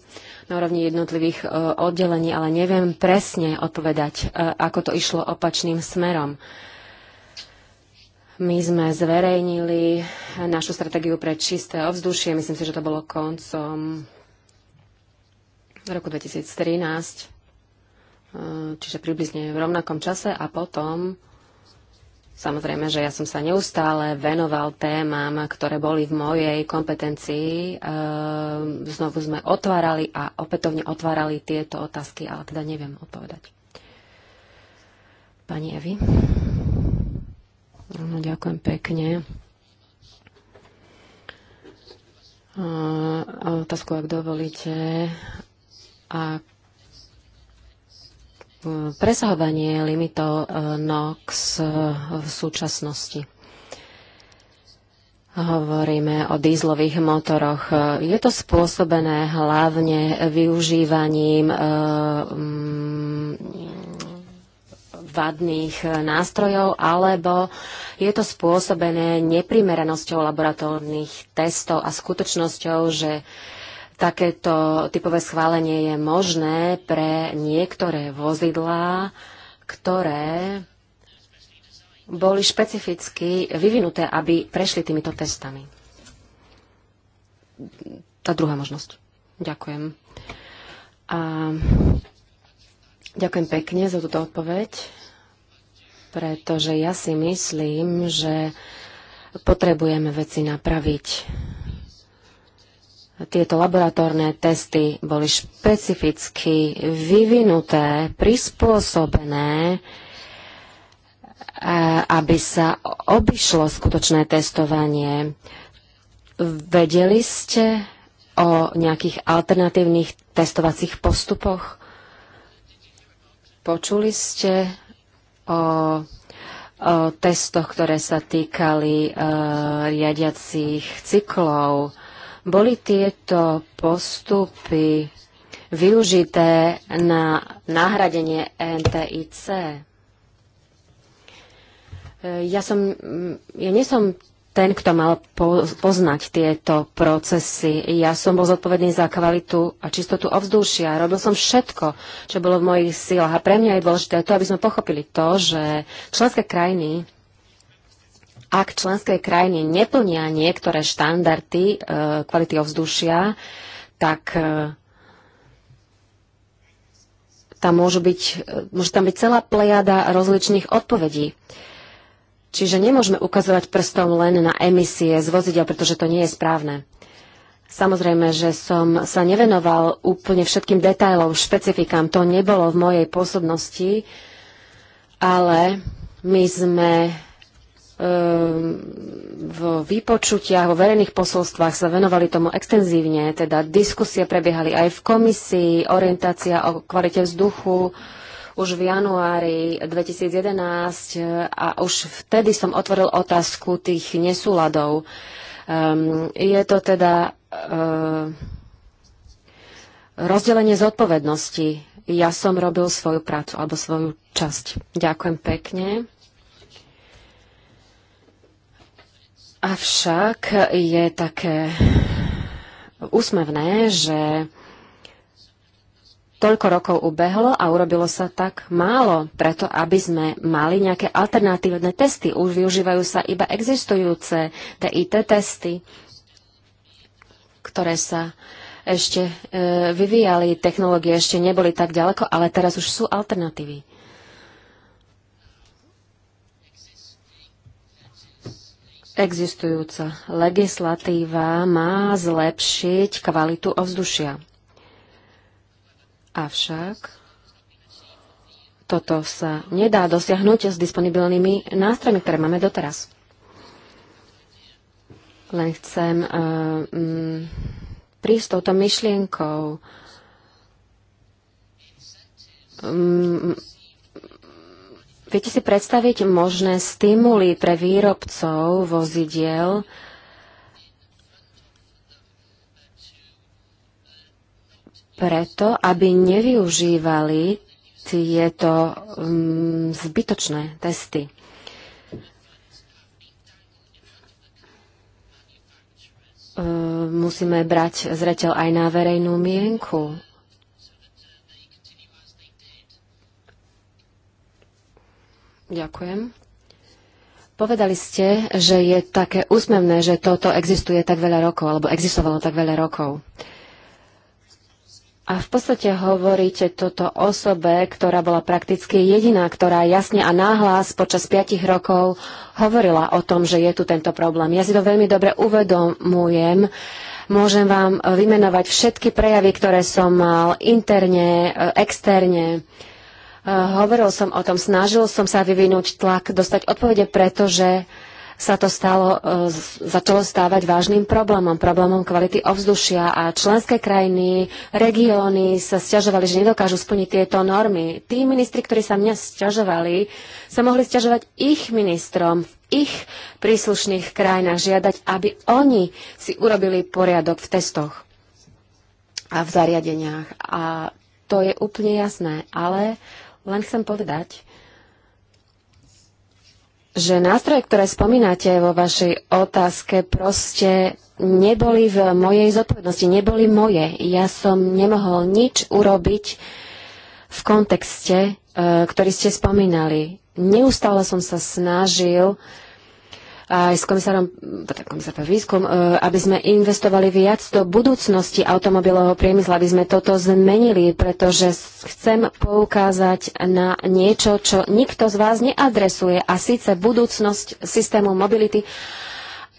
na úrovni jednotlivých e, oddelení, ale neviem presne odpovedať, e, ako to išlo opačným smerom. My sme zverejnili našu stratégiu pre čisté ovzdušie. Myslím si, že to bolo koncom roku 2013. Eh, čiže približne v rovnakom čase a potom Samozrejme, že ja som sa neustále venoval témam, ktoré boli v mojej kompetencii. Eh, znovu sme otvárali a opätovne otvárali tieto otázky, ale teda neviem odpovedať. Pani Evi. No, ďakujem pekne. Eh, otázku, ak dovolíte, ak presahovanie limitov eh, NOx eh, v súčasnosti. Hovoríme o dýzlových motoroch. Je to spôsobené hlavne využívaním eh, mm, vadných nástrojov, alebo je to spôsobené neprimeranosťou laboratórnych testov a skutočnosťou, že uh, Takéto typové schválenie je možné pre niektoré vozidlá, ktoré boli špecificky vyvinuté, aby prešli týmito testami. Tá druhá možnosť. Ďakujem. A ďakujem pekne za túto odpoveď, pretože ja si myslím, že potrebujeme veci napraviť tieto laboratórne testy boli špecificky vyvinuté, prispôsobené, aby sa obišlo skutočné testovanie. Vedeli ste o nejakých alternatívnych testovacích postupoch? Počuli ste o, o testoch, ktoré sa týkali e, riadiacich cyklov? Boli tieto postupy využité na nahradenie NTIC? E, ja, som, mm, ja nie som ten, kto mal poznať tieto procesy. Ja som bol zodpovedný za kvalitu a čistotu ovzdušia. Robil som všetko, čo bolo v mojich silách. A pre mňa je dôležité to, aby sme pochopili to, že členské krajiny ak členské krajiny neplnia niektoré štandardy e, kvality ovzdušia, tak e, tam môžu byť, e, môže tam byť celá plejada rozličných odpovedí. Čiže nemôžeme ukazovať prstom len na emisie z vozidel, pretože to nie je správne. Samozrejme, že som sa nevenoval úplne všetkým detailom, špecifikám. To nebolo v mojej pôsobnosti, ale my sme v ehm, výpočutiach, vo verejných posolstvách sa venovali tomu extenzívne, teda diskusie prebiehali aj v komisii, orientácia o kvalite vzduchu už v januári 2011 e, a už vtedy som otvoril otázku tých nesúladov. Um, je to teda uh, rozdelenie zodpovednosti. Ja som robil svoju prácu alebo svoju časť. Ďakujem pekne. Avšak je také úsmevné, že toľko rokov ubehlo a urobilo sa tak málo, preto aby sme mali nejaké alternatívne testy. Už využívajú sa iba existujúce TIT testy, ktoré sa ešte e, vyvíjali, technológie ešte neboli tak ďaleko, ale teraz už sú alternatívy. Existujúca legislatíva má zlepšiť kvalitu ovzdušia. Avšak toto sa nedá dosiahnuť s disponibilnými nástrojmi, ktoré máme doteraz. Len chcem uh, prísť s touto myšlienkou. Um, Viete si predstaviť možné stimuly pre výrobcov vozidiel, preto, aby nevyužívali tieto um, zbytočné testy. Ehm, musíme brať zreteľ aj na verejnú mienku. Ďakujem. Povedali ste, že je také úsmevné, že toto existuje tak veľa rokov, alebo existovalo tak veľa rokov. A v podstate hovoríte toto osobe, ktorá bola prakticky jediná, ktorá jasne a náhlas počas piatich rokov hovorila o tom, že je tu tento problém. Ja si to veľmi dobre uvedomujem. Môžem vám vymenovať všetky prejavy, ktoré som mal interne, e, externe. Eh, hovoril som o tom, snažil som sa vyvinúť tlak, dostať odpovede, pretože sa to stalo, eh, začalo stávať vážnym problémom, problémom kvality ovzdušia a členské krajiny, regióny sa stiažovali, že nedokážu splniť tieto normy. Tí ministri, ktorí sa mňa stiažovali, sa mohli stiažovať ich ministrom v ich príslušných krajinách, žiadať, aby oni si urobili poriadok v testoch a v zariadeniach. A to je úplne jasné, ale len chcem povedať, že nástroje, ktoré spomínate vo vašej otázke, proste neboli v mojej zodpovednosti, neboli moje. Ja som nemohol nič urobiť v kontexte, e, ktorý ste spomínali. Neustále som sa snažil uh, aj s komisárom, tak teda komisár pre výskum, e, aby sme investovali viac do budúcnosti automobilového priemyslu, aby sme toto zmenili, pretože chcem poukázať na niečo, čo nikto z vás neadresuje, a síce budúcnosť systému mobility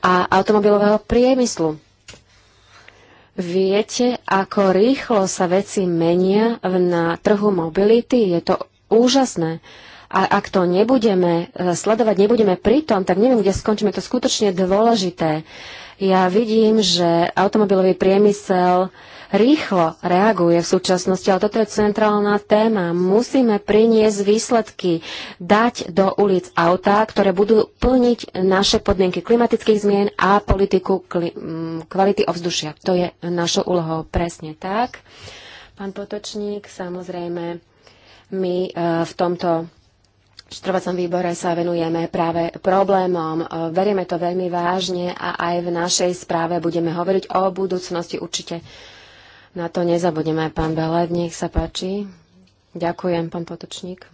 a automobilového priemyslu. Viete, ako rýchlo sa veci menia na trhu mobility? Je to úžasné. Uh, a ak to nebudeme e, sledovať, nebudeme pritom, tak neviem, kde skončíme. To skutočne dôležité. Ja vidím, že automobilový priemysel rýchlo reaguje v súčasnosti, ale toto je centrálna téma. Musíme priniesť výsledky, dať do ulic autá, ktoré budú plniť naše podmienky klimatických zmien a politiku kvality ovzdušia. To je našou úlohou presne tak. Pán Potočník, samozrejme, my e, v tomto v štrovacom výbore sa venujeme práve problémom. Verieme e, to veľmi vážne a aj v našej správe budeme hovoriť o budúcnosti určite. Na to nezabudneme. Pán Beled, nech sa páči. Ďakujem, pán Potočník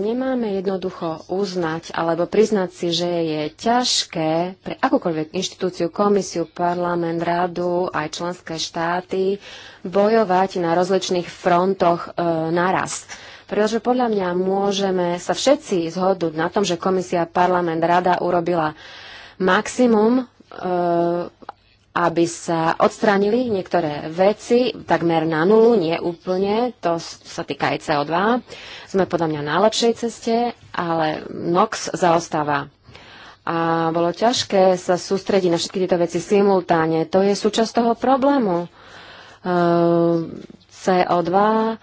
nemáme jednoducho uznať alebo priznať si, že je ťažké pre akúkoľvek inštitúciu, komisiu, parlament, radu, aj členské štáty bojovať na rozličných frontoch e, naraz. Pretože podľa mňa môžeme sa všetci zhodnúť na tom, že komisia, parlament, rada urobila maximum e, aby sa odstránili niektoré veci takmer na nulu, nie úplne, to sa týka aj CO2. Sme podľa mňa na lepšej ceste, ale NOx zaostáva. A bolo ťažké sa sústrediť na všetky tieto veci simultáne. To je súčasť toho problému. Uh, CO2, uh,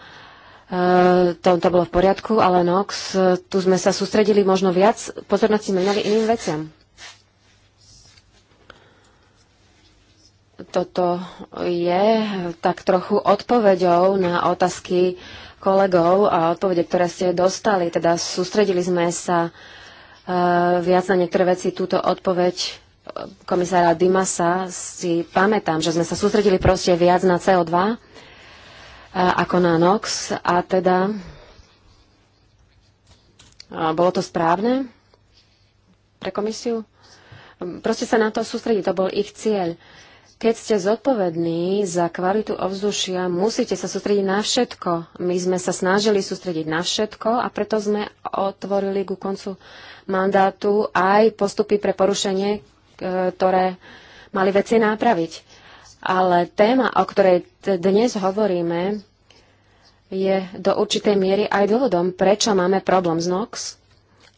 to, to bolo v poriadku, ale NOx, tu sme sa sústredili možno viac, pozornosti sme mali iným veciam. Toto je tak trochu odpoveďou na otázky kolegov a odpovede, ktoré ste dostali. Teda sústredili sme sa e, viac na niektoré veci. Túto odpoveď e, komisára Dimasa si pamätám, že sme sa sústredili proste viac na CO2 e, ako na NOx a teda bolo to správne pre komisiu? Proste sa na to sústrediť, to bol ich cieľ. Uh, keď ste zodpovední za kvalitu ovzdušia, musíte sa sústrediť na všetko. My sme sa snažili sústrediť na všetko a preto sme otvorili ku koncu mandátu aj postupy pre porušenie, e, ktoré mali veci nápraviť. Ale téma, o ktorej dnes hovoríme, je do určitej miery aj dôvodom, prečo máme problém s NOx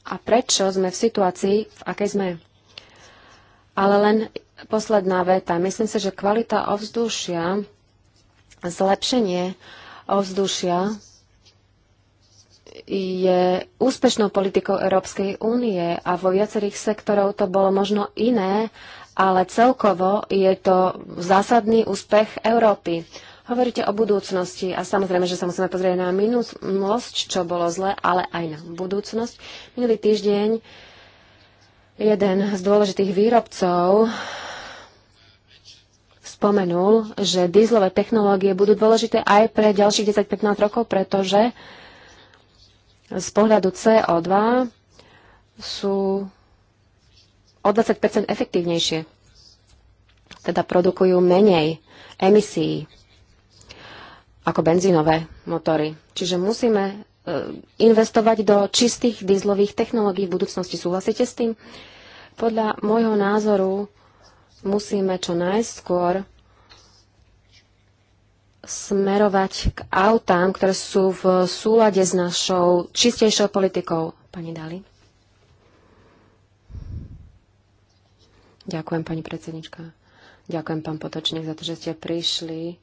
a prečo sme v situácii, v akej sme. Ale len posledná veta. Myslím si, že kvalita ovzdušia, zlepšenie ovzdušia je úspešnou politikou Európskej únie a vo viacerých sektorov to bolo možno iné, ale celkovo je to zásadný úspech Európy. Hovoríte o budúcnosti a samozrejme, že sa musíme pozrieť na minulosť, čo bolo zle, ale aj na budúcnosť. Minulý týždeň jeden z dôležitých výrobcov spomenul, že dízlové technológie budú dôležité aj pre ďalších 10-15 rokov, pretože z pohľadu CO2 sú o 20 efektívnejšie. Teda produkujú menej emisí ako benzínové motory. Čiže musíme e, investovať do čistých dízlových technológií v budúcnosti. Súhlasíte s tým? Podľa môjho názoru musíme čo najskôr smerovať k autám, ktoré sú v súlade s našou čistejšou politikou. Pani Dali. Ďakujem, pani predsednička. Ďakujem, pán Potočník, za to, že ste prišli.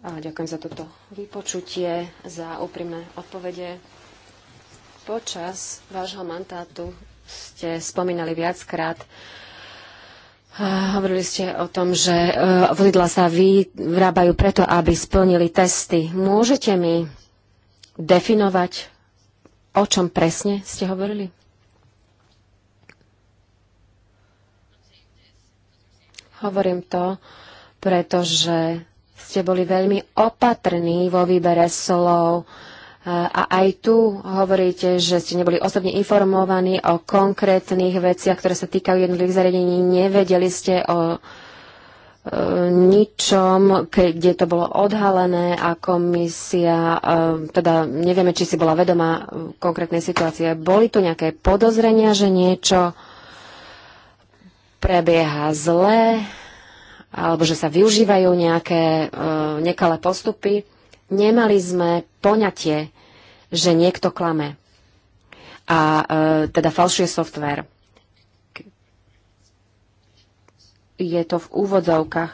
A ďakujem za toto vypočutie, za úprimné odpovede. Počas vášho mandátu ste spomínali viackrát, Eh, hovorili ste o tom, že eh, vlidla sa vyrábajú preto, aby splnili testy. Môžete mi definovať, o čom presne ste hovorili? Hovorím to, pretože ste boli veľmi opatrní vo výbere slov a aj tu hovoríte, že ste neboli osobne informovaní o konkrétnych veciach, ktoré sa týkajú jednotlivých zariadení. Nevedeli ste o e, ničom, kde to bolo odhalené a komisia, e, teda nevieme, či si bola vedomá konkrétnej situácie. Boli tu nejaké podozrenia, že niečo prebieha zle, alebo že sa využívajú nejaké e, nekalé postupy? nemali sme poňatie, že niekto klame a e, teda falšuje software. Je to v úvodzovkách.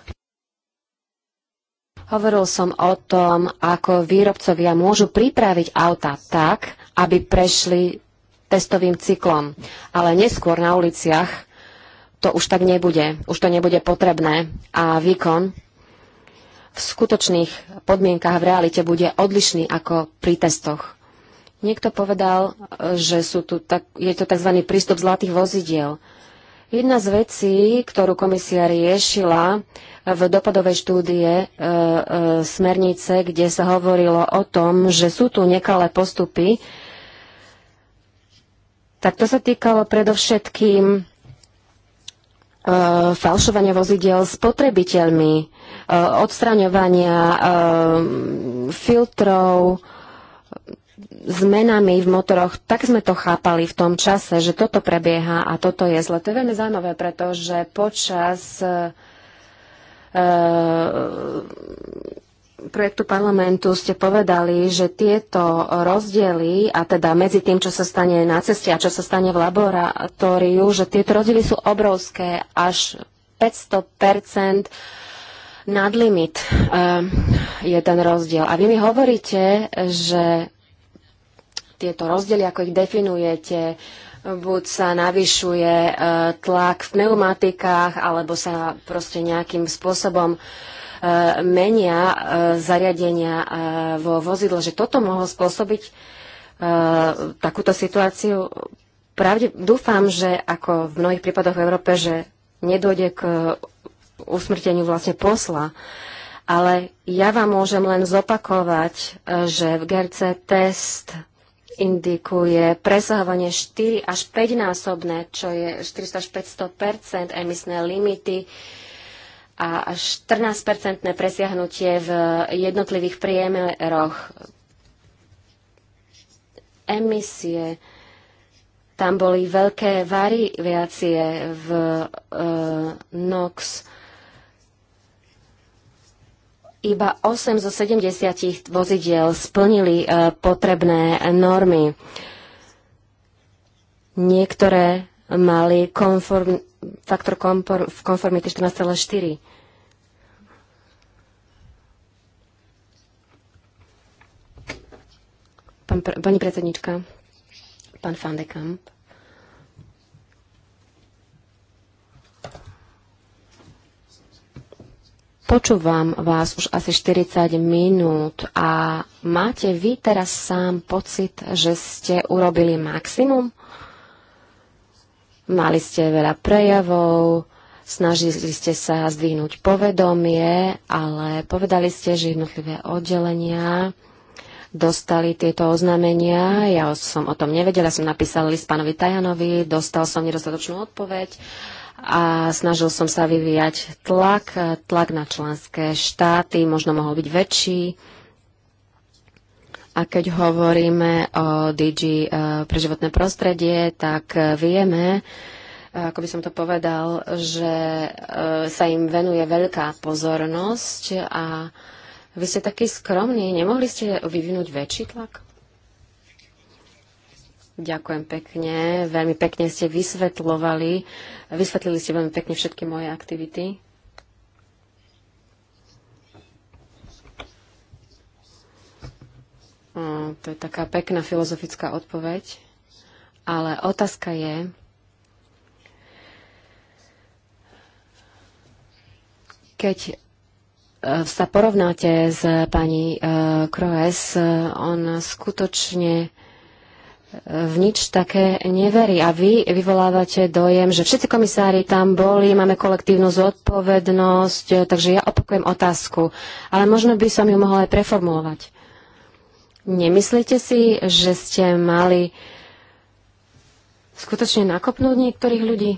Hovoril som o tom, ako výrobcovia môžu pripraviť auta tak, aby prešli testovým cyklom. Ale neskôr na uliciach to už tak nebude. Už to nebude potrebné. A výkon v skutočných podmienkach v realite bude odlišný ako pri testoch. Niekto povedal, že sú tu tak, je to tzv. prístup zlatých vozidiel. Jedna z vecí, ktorú komisia riešila v dopadovej štúdie e, e, smernice, kde sa hovorilo o tom, že sú tu nekalé postupy, tak to sa týkalo predovšetkým e, falšovania vozidiel spotrebiteľmi. Eh, odstraňovania eh, filtrov, zmenami v motoroch, tak sme to chápali v tom čase, že toto prebieha a toto je zle. To je veľmi zaujímavé, pretože počas eh, projektu parlamentu ste povedali, že tieto rozdiely, a teda medzi tým, čo sa stane na ceste a čo sa stane v laboratóriu, že tieto rozdiely sú obrovské, až 500 nad limit ehm, je ten rozdiel. A vy mi hovoríte, že tieto rozdiely, ako ich definujete, buď sa navyšuje eh, tlak v pneumatikách, alebo sa proste nejakým spôsobom eh, menia eh, zariadenia vo vozidle, že toto mohlo spôsobiť takúto situáciu. Pravde, dúfam, že ako v mnohých prípadoch v Európe, že nedôjde k usmrteniu vlastne posla. Ale ja vám môžem len zopakovať, e, že v GRC test indikuje presahovanie 4 až 5 násobné, čo je 400 až 500 emisné limity a 14 presiahnutie v jednotlivých priemeroch emisie. Tam boli veľké variácie v e, NOx iba 8 zo 70 vozidiel splnili e, potrebné normy. Niektoré mali konform, faktor v konformity 14,4. pani predsednička, pán Fandekamp. de Počúvam vás už asi 40 minút a máte vy teraz sám pocit, že ste urobili maximum? Mali ste veľa prejavov, snažili ste sa zdvihnúť povedomie, ale povedali ste, že jednotlivé oddelenia dostali tieto oznámenia. Ja som o tom nevedela, som napísal list pánovi Tajanovi, dostal som nedostatočnú odpoveď. Uh, a snažil som sa vyvíjať tlak, tlak na členské štáty, možno mohol byť väčší. A keď hovoríme o DG eh, pre životné prostredie, tak eh, vieme, eh, ako by som to povedal, že sa im venuje veľká pozornosť a vy ste takí skromní, nemohli ste vyvinúť väčší tlak? Ďakujem pekne. Veľmi pekne ste vysvetľovali. Vysvetlili ste veľmi pekne všetky moje aktivity. to je taká pekná filozofická odpoveď. Ale otázka je, keď e, sa porovnáte s pani e, Kroes, e, on skutočne v nič také neverí. A vy vyvolávate dojem, že všetci komisári tam boli, máme kolektívnu zodpovednosť, takže ja opakujem otázku. Ale možno by som ju mohla aj preformulovať. Nemyslíte si, že ste mali skutočne nakopnúť niektorých ľudí?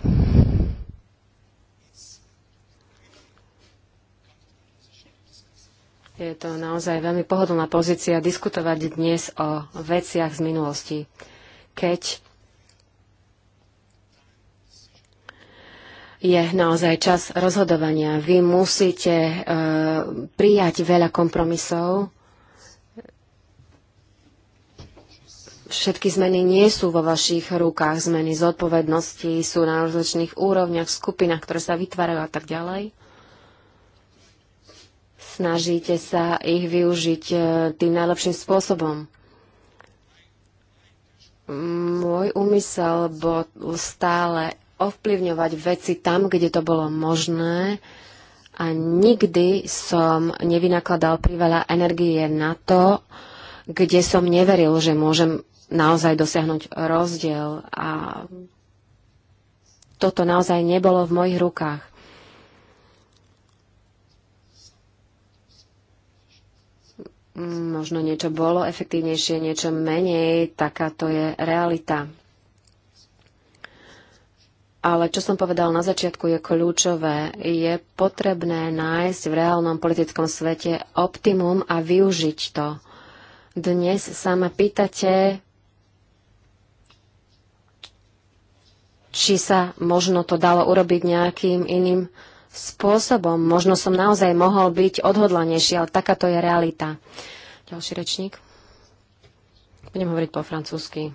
Je to naozaj veľmi pohodlná pozícia diskutovať dnes o veciach z minulosti, keď je naozaj čas rozhodovania. Vy musíte e, prijať veľa kompromisov. Všetky zmeny nie sú vo vašich rukách. Zmeny zodpovednosti sú na rozličných úrovniach, skupinách, ktoré sa vytvárajú a tak ďalej snažíte sa ich využiť e, tým najlepším spôsobom. Môj úmysel bol stále ovplyvňovať veci tam, kde to bolo možné a nikdy som nevynakladal priveľa energie na to, kde som neveril, že môžem naozaj dosiahnuť rozdiel a toto naozaj nebolo v mojich rukách. Možno niečo bolo efektívnejšie, niečo menej, taká to je realita. Ale čo som povedal na začiatku je kľúčové. Je potrebné nájsť v reálnom politickom svete optimum a využiť to. Dnes sa ma pýtate, či sa možno to dalo urobiť nejakým iným spôsobom. Možno som naozaj mohol byť odhodlanejší, ale takáto je realita. Ďalší rečník. Budem hovoriť po francúzsky.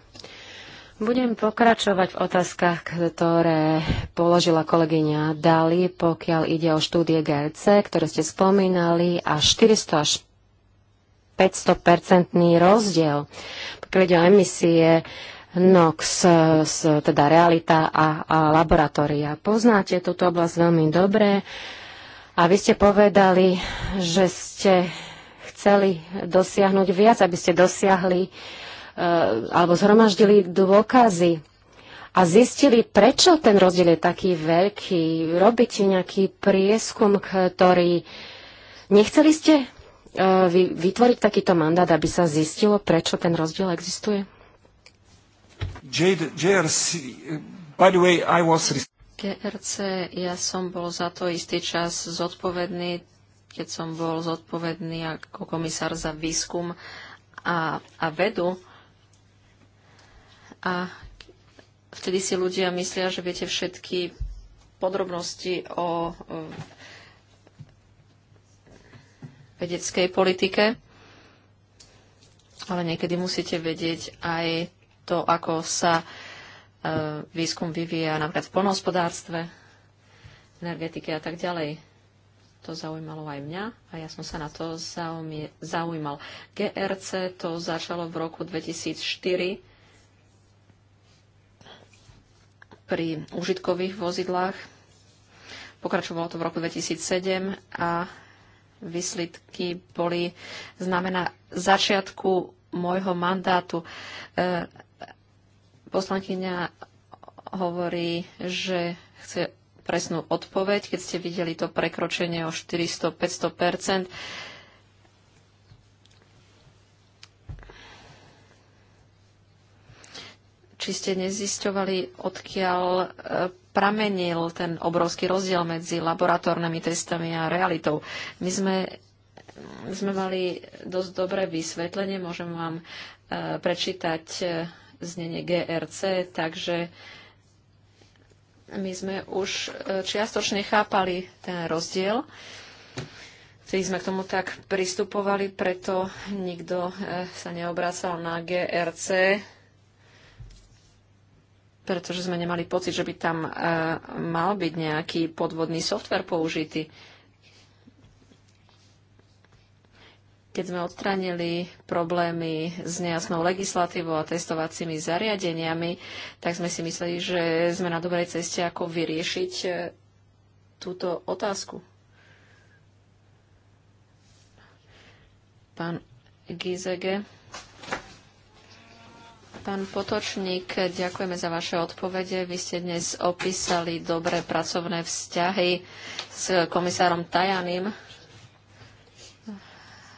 Budem pokračovať v otázkach, ktoré položila kolegyňa Dali, pokiaľ ide o štúdie GRC, ktoré ste spomínali, a 400 až 500-percentný rozdiel, pokiaľ ide o emisie NOX, teda realita a, a laboratória. Poznáte túto oblasť veľmi dobre a vy ste povedali, že ste chceli dosiahnuť viac, aby ste dosiahli e, alebo zhromaždili dôkazy a zistili, prečo ten rozdiel je taký veľký. Robíte nejaký prieskum, ktorý... Nechceli ste e, vytvoriť takýto mandát, aby sa zistilo, prečo ten rozdiel existuje? GRC, ja som bol za to istý čas zodpovedný, keď som bol zodpovedný ako komisár za výskum a, a vedu. A vtedy si ľudia myslia, že viete všetky podrobnosti o vedeckej politike, ale niekedy musíte vedieť aj to, ako sa e, výskum vyvíja napríklad v polnohospodárstve, energetike a tak ďalej. To zaujímalo aj mňa a ja som sa na to zaujímal. GRC to začalo v roku 2004 pri užitkových vozidlách. Pokračovalo to v roku 2007 a výsledky boli znamená začiatku môjho mandátu. E, Poslankyňa hovorí, že chce presnú odpoveď, keď ste videli to prekročenie o 400-500 Či ste nezisťovali, odkiaľ e, pramenil ten obrovský rozdiel medzi laboratórnymi testami a realitou? My sme, my sme mali dosť dobré vysvetlenie, môžem vám e, prečítať e, znenie GRC, takže my sme už e, čiastočne chápali ten rozdiel. Vtedy sme k tomu tak pristupovali, preto nikto e, sa neobracal na GRC, pretože sme nemali pocit, že by tam e, mal byť nejaký podvodný software použitý. keď sme odstránili problémy s nejasnou legislatívou a testovacími zariadeniami, tak sme si mysleli, že sme na dobrej ceste, ako vyriešiť e, túto otázku. Pán Gizege. Pán Potočník, ďakujeme za vaše odpovede. Vy ste dnes opísali dobré pracovné vzťahy s komisárom Tajaným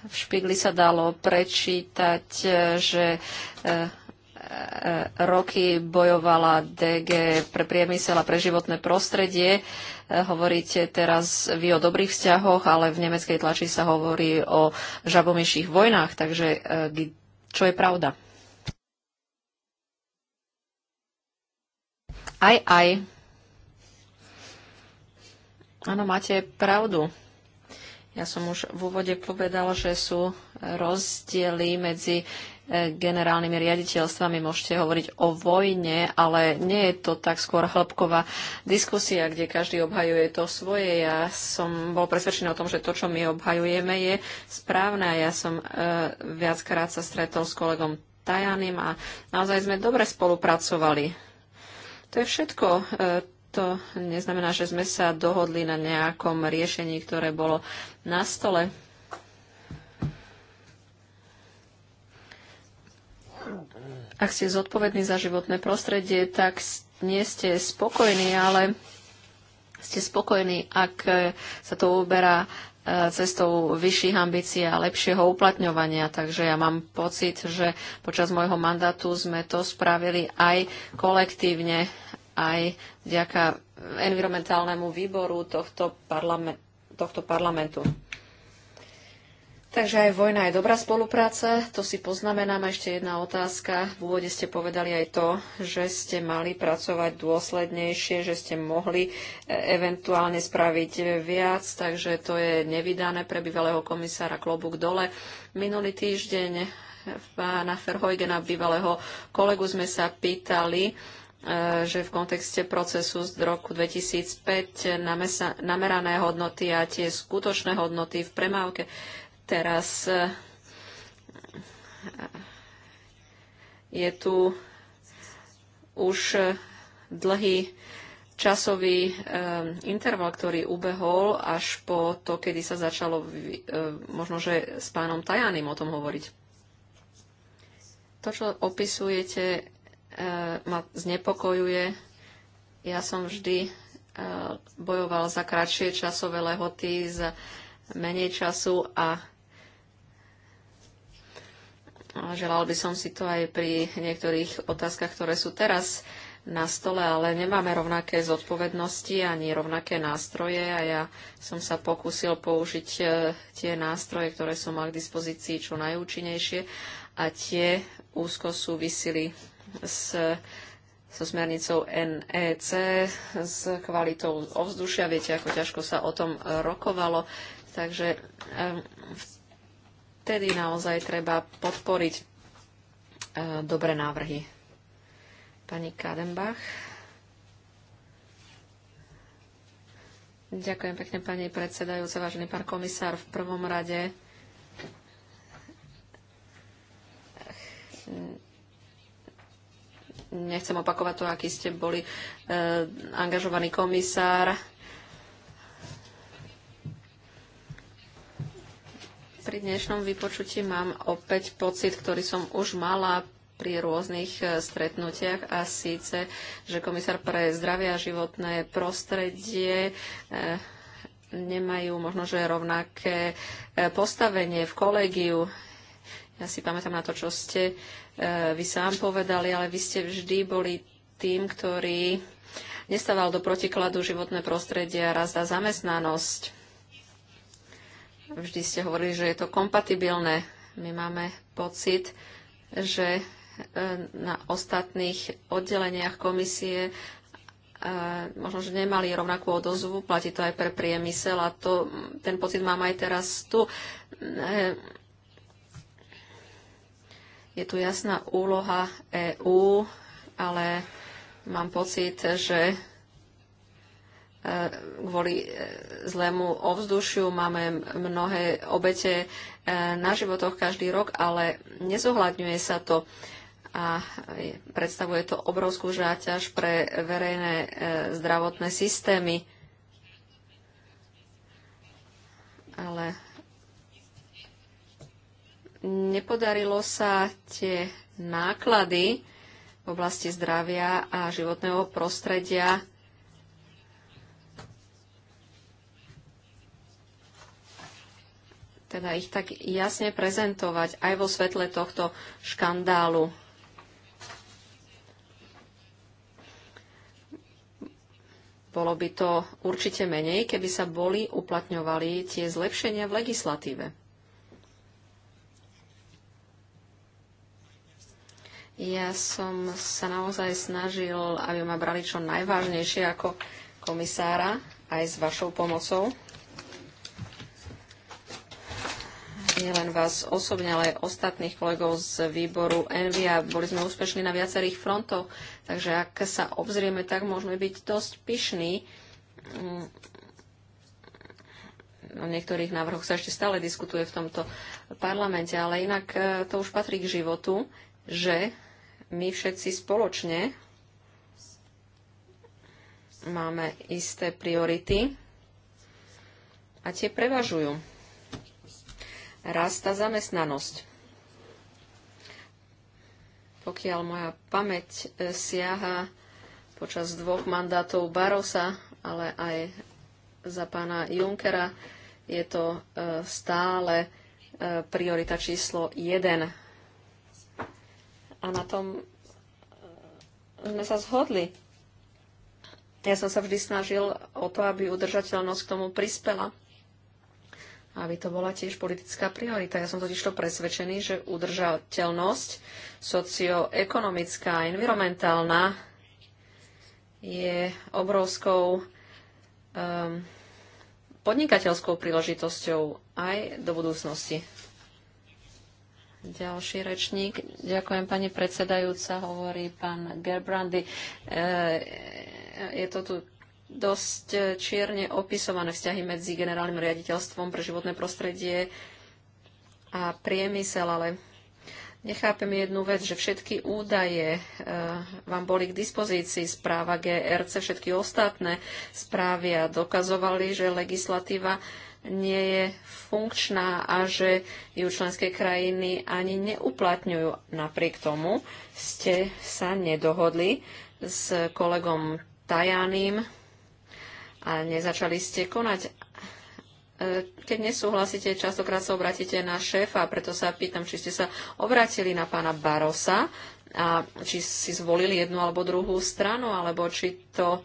v Špigli sa dalo prečítať, e, že e, e, roky bojovala DG pre priemysel a pre životné prostredie. Hovoríte teraz vy o dobrých vzťahoch, ale v nemeckej tlači sa hovorí o žabomyších vojnách, takže čo je pravda? Aj, aj. Áno, máte pravdu. Ja som už v úvode povedala, že sú rozdiely medzi e, generálnymi riaditeľstvami. Môžete hovoriť o vojne, ale nie je to tak skôr hĺbková diskusia, kde každý obhajuje to svoje. Ja som bol presvedčený o tom, že to, čo my obhajujeme, je správne. Ja som e, viackrát sa stretol s kolegom Tajanim a naozaj sme dobre spolupracovali. To je všetko. E, to neznamená, že sme sa dohodli na nejakom riešení, ktoré bolo na stole. Ak ste zodpovední za životné prostredie, tak nie ste spokojní, ale ste spokojní, ak sa to uberá e, cestou vyšších ambícií a lepšieho uplatňovania. Takže ja mám pocit, že počas môjho mandátu sme to spravili aj kolektívne aj vďaka environmentálnemu výboru tohto, parlament, tohto parlamentu. Takže aj vojna je dobrá spolupráca, to si poznamenám. Ešte jedna otázka. V úvode ste povedali aj to, že ste mali pracovať dôslednejšie, že ste mohli e, eventuálne spraviť viac, takže to je nevydané pre bývalého komisára Klobuk dole. Minulý týždeň e, pána Ferhojgena, bývalého kolegu, sme sa pýtali, Eh, že v kontexte procesu z roku 2005 namerané hodnoty a tie skutočné hodnoty v premávke teraz eh, je tu už dlhý časový eh, interval, ktorý ubehol až po to, kedy sa začalo možno, že s pánom Tajaným o tom hovoriť. To, čo opisujete, E, ma znepokojuje. Ja som vždy e, bojoval za kratšie časové lehoty, za menej času a želal by som si to aj pri niektorých otázkach, ktoré sú teraz na stole, ale nemáme rovnaké zodpovednosti ani rovnaké nástroje a ja som sa pokúsil použiť e, tie nástroje, ktoré som mal k dispozícii čo najúčinnejšie a tie úzko súvisili s so smernicou NEC, s kvalitou ovzdušia. Viete, ako ťažko sa o tom rokovalo. Takže vtedy naozaj treba podporiť eh, dobré návrhy. Pani Kadenbach. Ďakujem pekne, pani predsedajúca, vážený pán komisár. V prvom rade nechcem opakovať to, aký ste boli e, angažovaný komisár. Pri dnešnom vypočutí mám opäť pocit, ktorý som už mala pri rôznych e, stretnutiach a síce, že komisár pre zdravie a životné prostredie e, nemajú možno, že rovnaké e, postavenie v kolégiu. Ja si pamätám na to, čo ste E, vy sám povedali, ale vy ste vždy boli tým, ktorý nestával do protikladu životné prostredie a rast zamestnanosť. Vždy ste hovorili, že je to kompatibilné. My máme pocit, že e, na ostatných oddeleniach komisie e, možno, že nemali rovnakú odozvu, platí to aj pre priemysel a to, ten pocit mám aj teraz tu. Je tu jasná úloha EÚ, ale mám pocit, že e, kvôli e, zlému ovzdušiu máme mnohé obete e, na životoch každý rok, ale nezohľadňuje sa to a predstavuje to obrovskú záťaž pre verejné zdravotné systémy. Ale nepodarilo sa tie náklady v oblasti zdravia a životného prostredia teda ich tak jasne prezentovať aj vo svetle tohto škandálu. Bolo by to určite menej, keby sa boli uplatňovali tie zlepšenia v legislatíve. Ja som sa naozaj snažil, aby ma brali čo najvážnejšie ako komisára, aj s vašou pomocou. nie len vás osobne, ale aj ostatných kolegov z výboru Envy a boli sme úspešní na viacerých frontoch, takže ak sa obzrieme, tak môžeme byť dosť pyšní. Mm. O niektorých návrhoch sa ešte stále diskutuje v tomto parlamente, ale inak e, to už patrí k životu, že my všetci spoločne máme isté priority a tie prevažujú. Rasta zamestnanosť. Pokiaľ moja pamäť e, siaha počas dvoch mandátov Barosa, ale aj za pána Junkera, je to e, stále e, priorita číslo 1 a na tom e, sme sa zhodli. Ja som sa vždy snažil o to, aby udržateľnosť k tomu prispela. Aby to bola tiež politická priorita. Ja som totiž to presvedčený, že udržateľnosť socioekonomická a environmentálna je obrovskou um, podnikateľskou príležitosťou aj do budúcnosti. Ďalší rečník. Ďakujem, pani predsedajúca, hovorí pán Gerbrandy. E, je to tu dosť čierne opisované vzťahy medzi generálnym riaditeľstvom pre životné prostredie a priemysel, ale nechápem jednu vec, že všetky údaje e, vám boli k dispozícii, správa GRC, všetky ostatné správy a dokazovali, že legislatíva nie je funkčná a že ju členské krajiny ani neuplatňujú. Napriek tomu ste sa nedohodli s kolegom Tajaným a nezačali ste konať. E, keď nesúhlasíte, častokrát sa obratíte na šéfa, preto sa pýtam, či ste sa obratili na pána Barosa a či si zvolili jednu alebo druhú stranu, alebo či to e,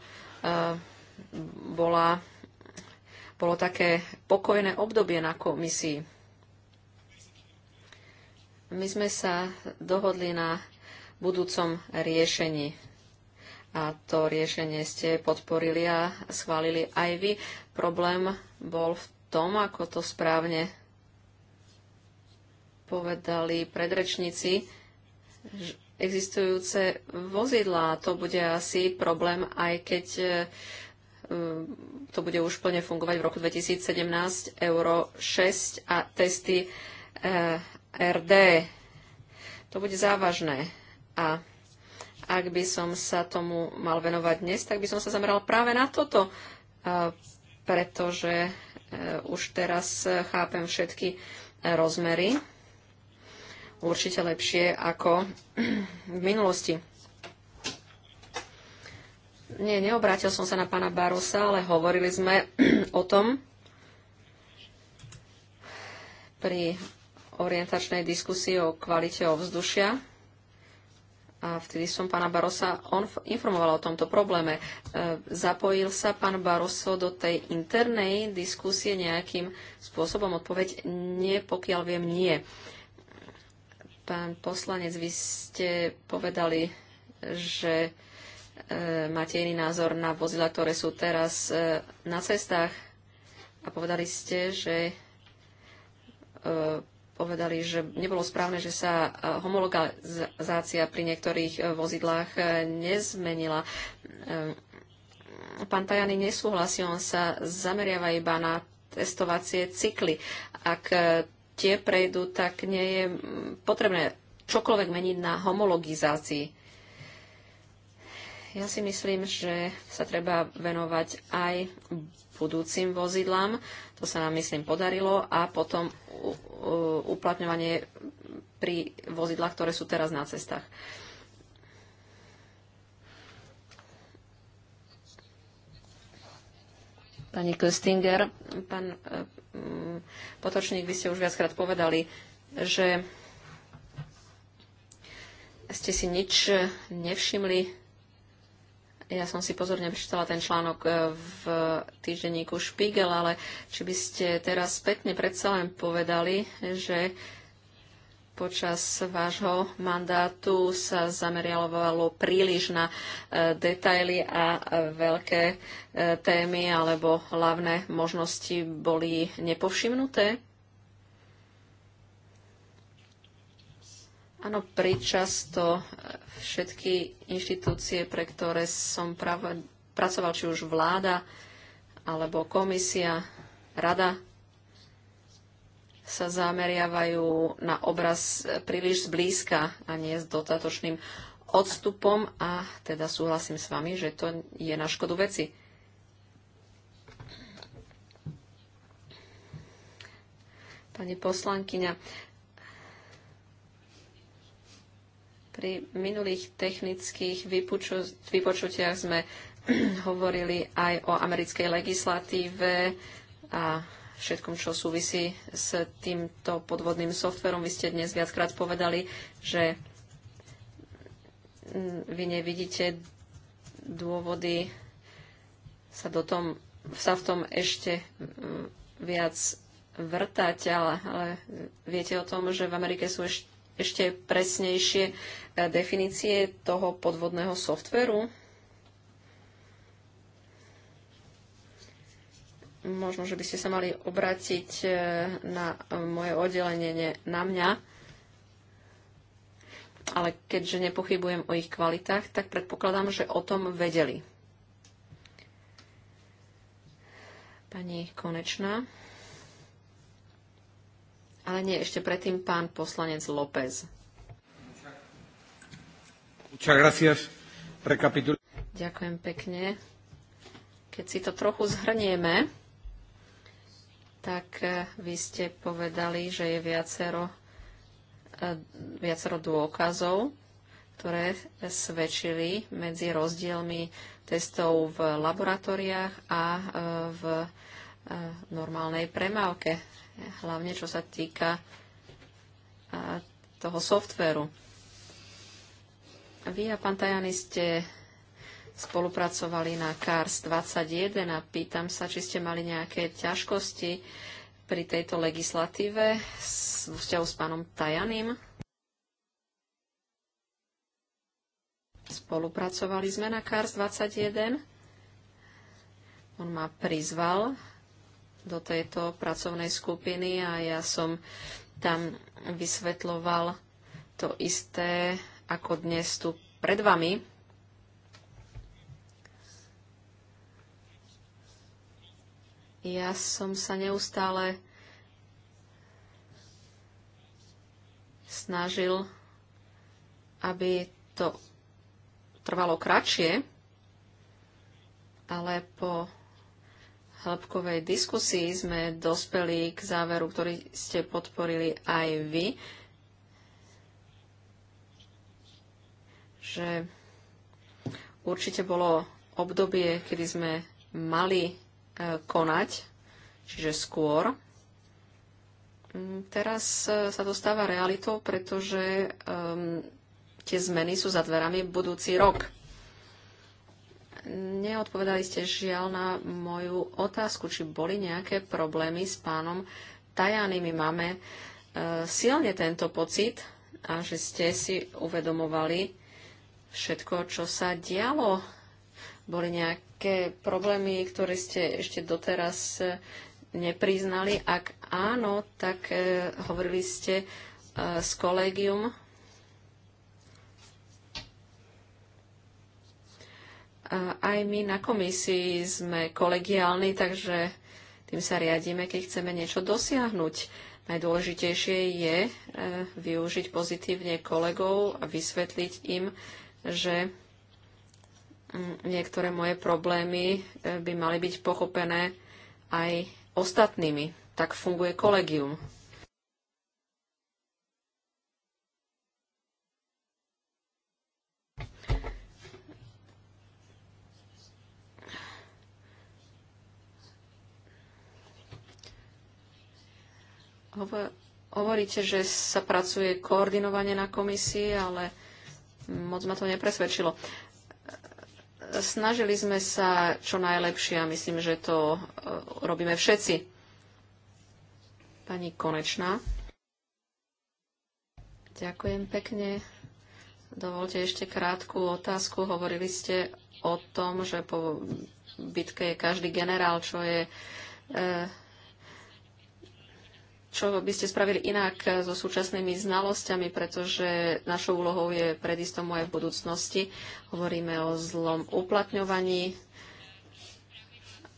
bola bolo také pokojné obdobie na komisii. My sme sa dohodli na budúcom riešení. A to riešenie ste podporili a schválili aj vy. Problém bol v tom, ako to správne povedali predrečníci, existujúce vozidlá. To bude asi problém, aj keď to bude už plne fungovať v roku 2017, euro 6 a testy eh, RD. To bude závažné. A ak by som sa tomu mal venovať dnes, tak by som sa zameral práve na toto, eh, pretože eh, už teraz chápem všetky rozmery určite lepšie ako v minulosti nie, neobrátil som sa na pána Barosa, ale hovorili sme o tom pri orientačnej diskusii o kvalite ovzdušia. A vtedy som pána Barosa on informoval o tomto probléme. E, zapojil sa pán Baroso do tej internej diskusie nejakým spôsobom? Odpoveď nie, pokiaľ viem, nie. Pán poslanec, vy ste povedali, že E, máte iný názor na vozidla, ktoré sú teraz e, na cestách. A povedali ste, že e, povedali, že nebolo správne, že sa homologizácia pri niektorých vozidlách nezmenila. Pán Tajany nesúhlasí, on sa zameriava iba na testovacie cykly. Ak tie prejdú, tak nie je potrebné čokoľvek meniť na homologizácii. Ja si myslím, že sa treba venovať aj budúcim vozidlám. To sa nám, myslím, podarilo. A potom uplatňovanie pri vozidlách, ktoré sú teraz na cestách. Pani Köstinger, pán e, Potočník, vy ste už viackrát povedali, že ste si nič nevšimli ja som si pozorne prečítala ten článok e, v týždenníku Špígel, ale či by ste teraz spätne predsa len povedali, že počas vášho mandátu sa zameriavalo príliš na e, detaily a e, veľké témy alebo hlavné možnosti boli nepovšimnuté? Áno, pričasto e, všetky inštitúcie, pre ktoré som prav- pracoval, či už vláda, alebo komisia, rada, sa zameriavajú na obraz príliš zblízka a nie s dotatočným odstupom a teda súhlasím s vami, že to je na škodu veci. Pani poslankyňa, Pri minulých technických vypočutiach sme hovorili aj o americkej legislatíve a všetkom, čo súvisí s týmto podvodným softverom. Vy ste dnes viackrát povedali, že mm, vy nevidíte dôvody sa, do tom, sa v tom ešte mm, viac vrtať, ale, ale viete o tom, že v Amerike sú ešte ešte presnejšie e, definície toho podvodného softveru? Možno, že by ste sa mali obrátiť e, na e, moje oddelenie, nie na mňa. Ale keďže nepochybujem o ich kvalitách, tak predpokladám, že o tom vedeli. Pani Konečná. Ale nie, ešte predtým pán poslanec López. Ďakujem pekne. Keď si to trochu zhrnieme, tak eh, vy ste povedali, že je viacero, eh, viacero dôkazov, ktoré svedčili medzi rozdielmi testov v laboratóriách a eh, v normálnej premávke hlavne čo sa týka toho softveru. Vy a pán Tajani ste spolupracovali na CARS 21 a pýtam sa, či ste mali nejaké ťažkosti pri tejto legislatíve s vzťahu s pánom Tajaným. Spolupracovali sme na CARS 21. On ma prizval do tejto pracovnej skupiny a ja som tam vysvetloval to isté ako dnes tu pred vami. Ja som sa neustále snažil, aby to trvalo kratšie, ale po hĺbkovej diskusii sme dospeli k záveru, ktorý ste podporili aj vy, že určite bolo obdobie, kedy sme mali e, konať, čiže skôr. Mm, teraz e, sa to stáva realitou, pretože um, tie zmeny sú za dverami budúci rok neodpovedali ste žiaľ na moju otázku, či boli nejaké problémy s pánom Tajany. My máme e, silne tento pocit a že ste si uvedomovali všetko, čo sa dialo. Boli nejaké problémy, ktoré ste ešte doteraz e, nepriznali. Ak áno, tak e, hovorili ste s kolegium Aj my na komisii sme kolegiálni, takže tým sa riadíme, keď chceme niečo dosiahnuť. Najdôležitejšie je e, využiť pozitívne kolegov a vysvetliť im, že mm, niektoré moje problémy e, by mali byť pochopené aj ostatnými. Tak funguje kolegium. Hovoríte, že sa pracuje koordinovane na komisii, ale moc ma to nepresvedčilo. Snažili sme sa čo najlepšie a myslím, že to e, robíme všetci. Pani Konečná. Ďakujem pekne. Dovolte ešte krátku otázku. Hovorili ste o tom, že po bitke je každý generál, čo je e, čo by ste spravili inak eh, so súčasnými znalosťami, pretože našou úlohou je predistom aj v budúcnosti. Hovoríme o zlom uplatňovaní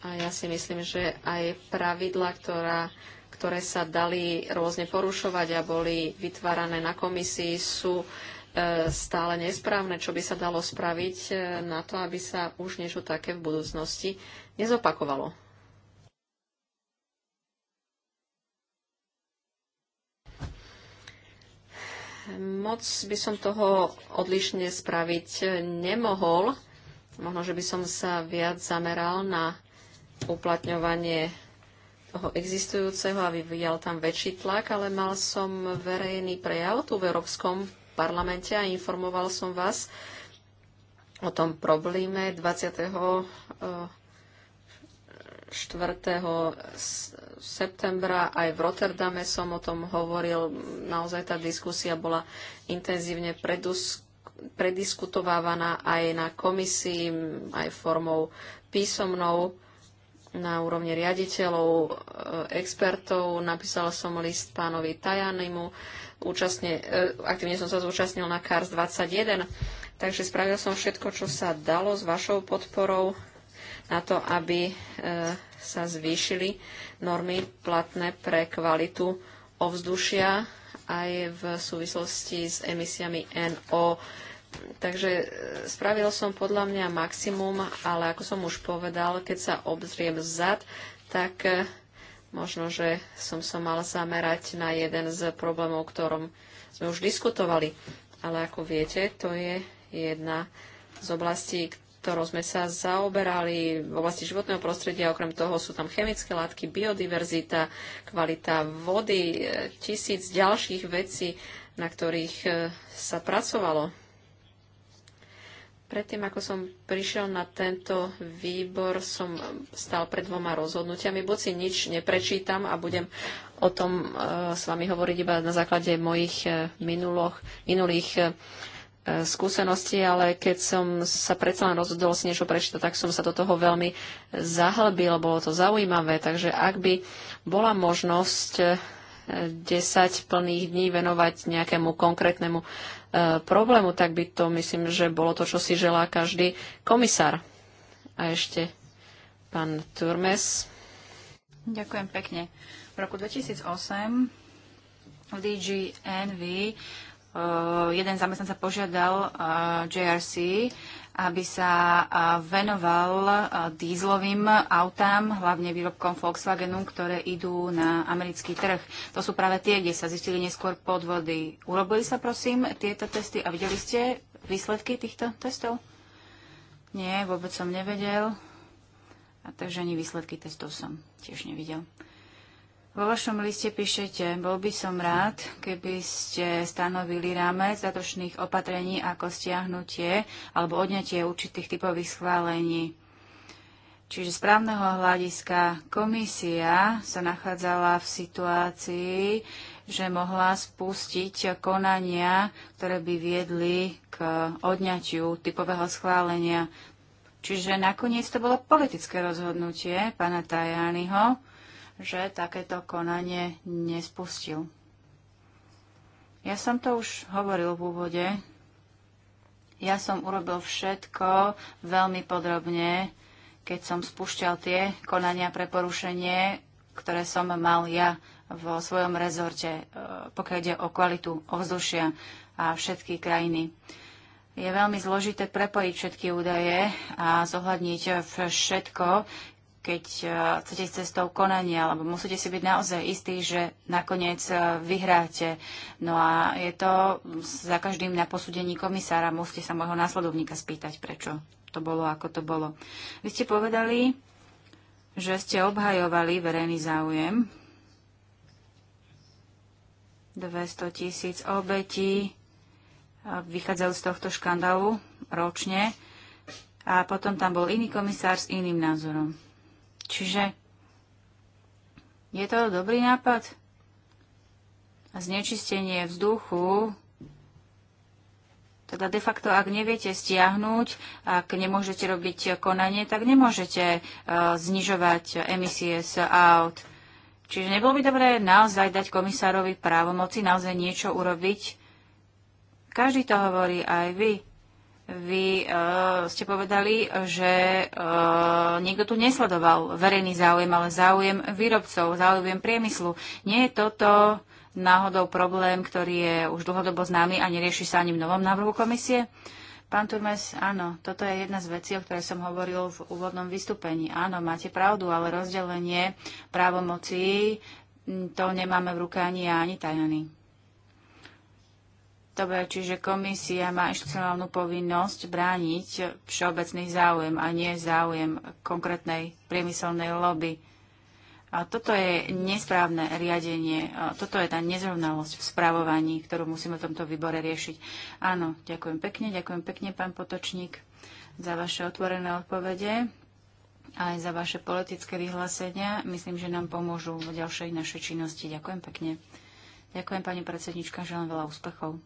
a ja si myslím, že aj pravidla, ktorá, ktoré sa dali rôzne porušovať a boli vytvárané na komisii, sú eh, stále nesprávne, čo by sa dalo spraviť eh, na to, aby sa už niečo také v budúcnosti nezopakovalo. moc by som toho odlišne spraviť nemohol. Možno, že by som sa viac zameral na uplatňovanie toho existujúceho a vyvíjal tam väčší tlak, ale mal som verejný prejav tu v Európskom parlamente a informoval som vás o tom probléme 20. 4. septembra aj v Rotterdame som o tom hovoril. Naozaj tá diskusia bola intenzívne prediskutovávaná aj na komisii, aj formou písomnou na úrovni riaditeľov, e, expertov. Napísala som list pánovi Tajanimu. Účastne, e, aktívne som sa zúčastnil na CARS 21. Takže spravil som všetko, čo sa dalo s vašou podporou na to, aby e, sa zvýšili normy platné pre kvalitu ovzdušia aj v súvislosti s emisiami NO. Takže e, spravil som podľa mňa maximum, ale ako som už povedal, keď sa obzriem zad, tak e, možno, že som sa mal zamerať na jeden z problémov, o ktorom sme už diskutovali. Ale ako viete, to je jedna z oblastí, ktorou sme sa zaoberali v oblasti životného prostredia. Okrem toho sú tam chemické látky, biodiverzita, kvalita vody, tisíc ďalších vecí, na ktorých e, sa pracovalo. Predtým, ako som prišiel na tento výbor, som stal pred dvoma rozhodnutiami. Buď si nič neprečítam a budem o tom e, s vami hovoriť iba na základe mojich e, minuloch, minulých E, skúsenosti, ale keď som sa predsa len rozhodol si niečo prečítať, tak som sa do toho veľmi zahlbil, bolo to zaujímavé. Takže ak by bola možnosť 10 e, plných dní venovať nejakému konkrétnemu e, problému, tak by to myslím, že bolo to, čo si želá každý komisár. A ešte pán Turmes. Ďakujem pekne. V roku 2008 v DG Envy Eh, jeden sa požiadal eh, JRC, aby sa eh, venoval dízlovým autám, hlavne výrobkom Volkswagenu, ktoré idú na americký trh. To sú práve tie, kde sa zistili neskôr podvody. Urobili sa, prosím, tieto testy a videli ste výsledky týchto testov? Nie, vôbec som nevedel. A takže ani výsledky testov som tiež nevidel. Vo vašom liste píšete, bol by som rád, keby ste stanovili rámec zatočných opatrení ako stiahnutie alebo odňatie určitých typových schválení. Čiže z právneho hľadiska komisia sa nachádzala v situácii, že mohla spustiť konania, ktoré by viedli k odňatiu typového schválenia. Čiže nakoniec to bolo politické rozhodnutie pána Tajányho, že takéto konanie nespustil. Ja som to už hovoril v úvode. Ja som urobil všetko veľmi podrobne, keď som spúšťal tie konania pre porušenie, ktoré som mal ja vo svojom rezorte, e, pokiaľ ide o kvalitu ovzdušia a všetky krajiny. Je veľmi zložité prepojiť všetky údaje a zohľadniť všetko keď e, chcete ísť cestou konania, alebo musíte si byť naozaj istí, že nakoniec e, vyhráte. No a je to za každým na posúdení komisára. Musíte sa môjho následovníka spýtať, prečo to bolo, ako to bolo. Vy ste povedali, že ste obhajovali verejný záujem. 200 tisíc obetí e, vychádzajú z tohto škandálu ročne. A potom tam bol iný komisár s iným názorom. Čiže je to dobrý nápad? a Znečistenie vzduchu, teda de facto, ak neviete stiahnuť, ak nemôžete robiť konanie, tak nemôžete uh, znižovať emisie z aut. Čiže nebolo by dobré naozaj dať komisárovi právomoci naozaj niečo urobiť? Každý to hovorí, aj vy. Vy uh, ste povedali, že uh, niekto tu nesledoval verejný záujem, ale záujem výrobcov, záujem priemyslu. Nie je toto náhodou problém, ktorý je už dlhodobo známy a nerieši sa ani v novom návrhu komisie? Pán Turmes, áno, toto je jedna z vecí, o ktorej som hovoril v úvodnom vystúpení. Áno, máte pravdu, ale rozdelenie právomocí mm, to nemáme v rukách ani ja, ani tajany. Dobre, čiže komisia má inštitucionálnu povinnosť brániť všeobecný záujem a nie záujem konkrétnej priemyselnej lobby. A toto je nesprávne riadenie, a toto je tá nezrovnalosť v spravovaní, ktorú musíme v tomto výbore riešiť. Áno, ďakujem pekne, ďakujem pekne, pán Potočník, za vaše otvorené odpovede aj za vaše politické vyhlásenia. Myslím, že nám pomôžu v ďalšej našej činnosti. Ďakujem pekne. Ďakujem, pani predsednička, želám veľa úspechov.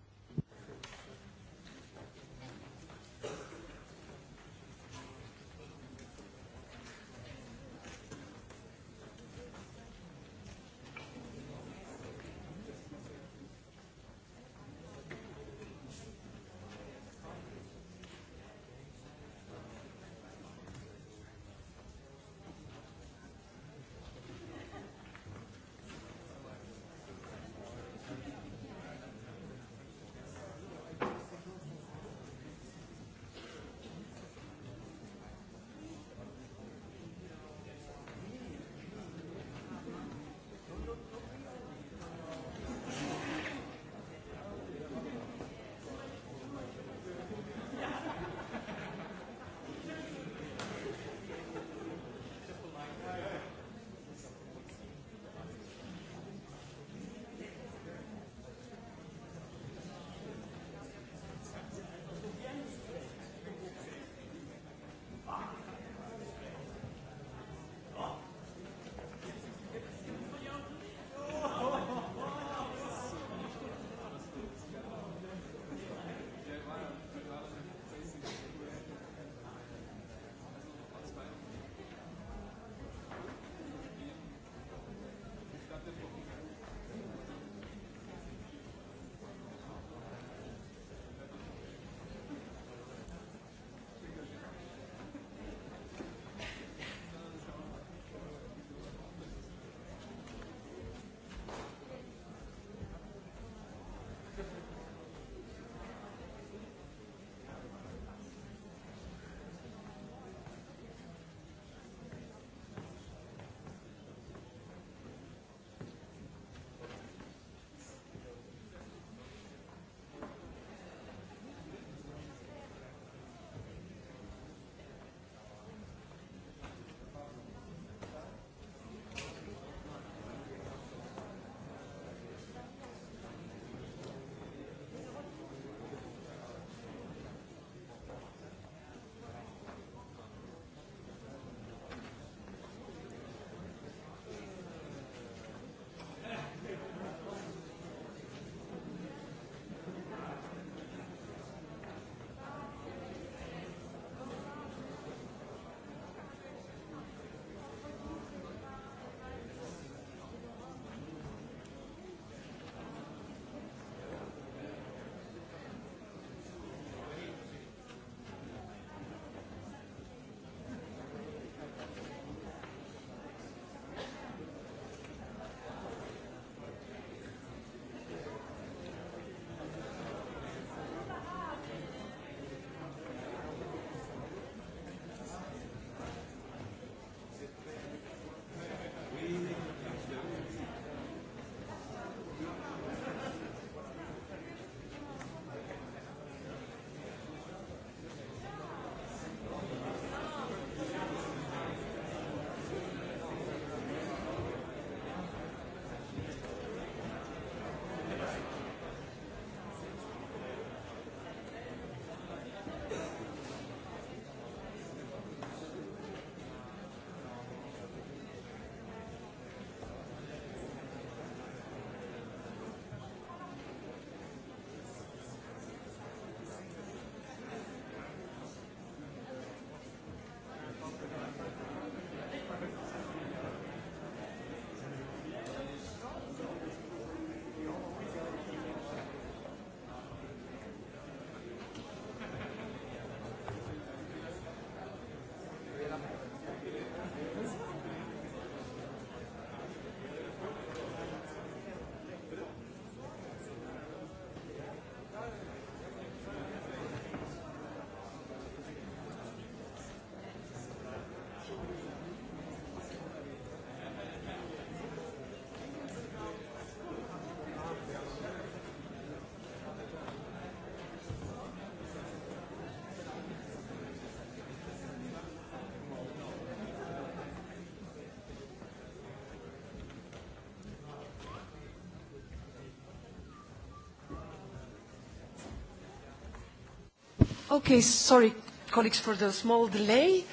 Okay, sorry, colleagues, for the small delay.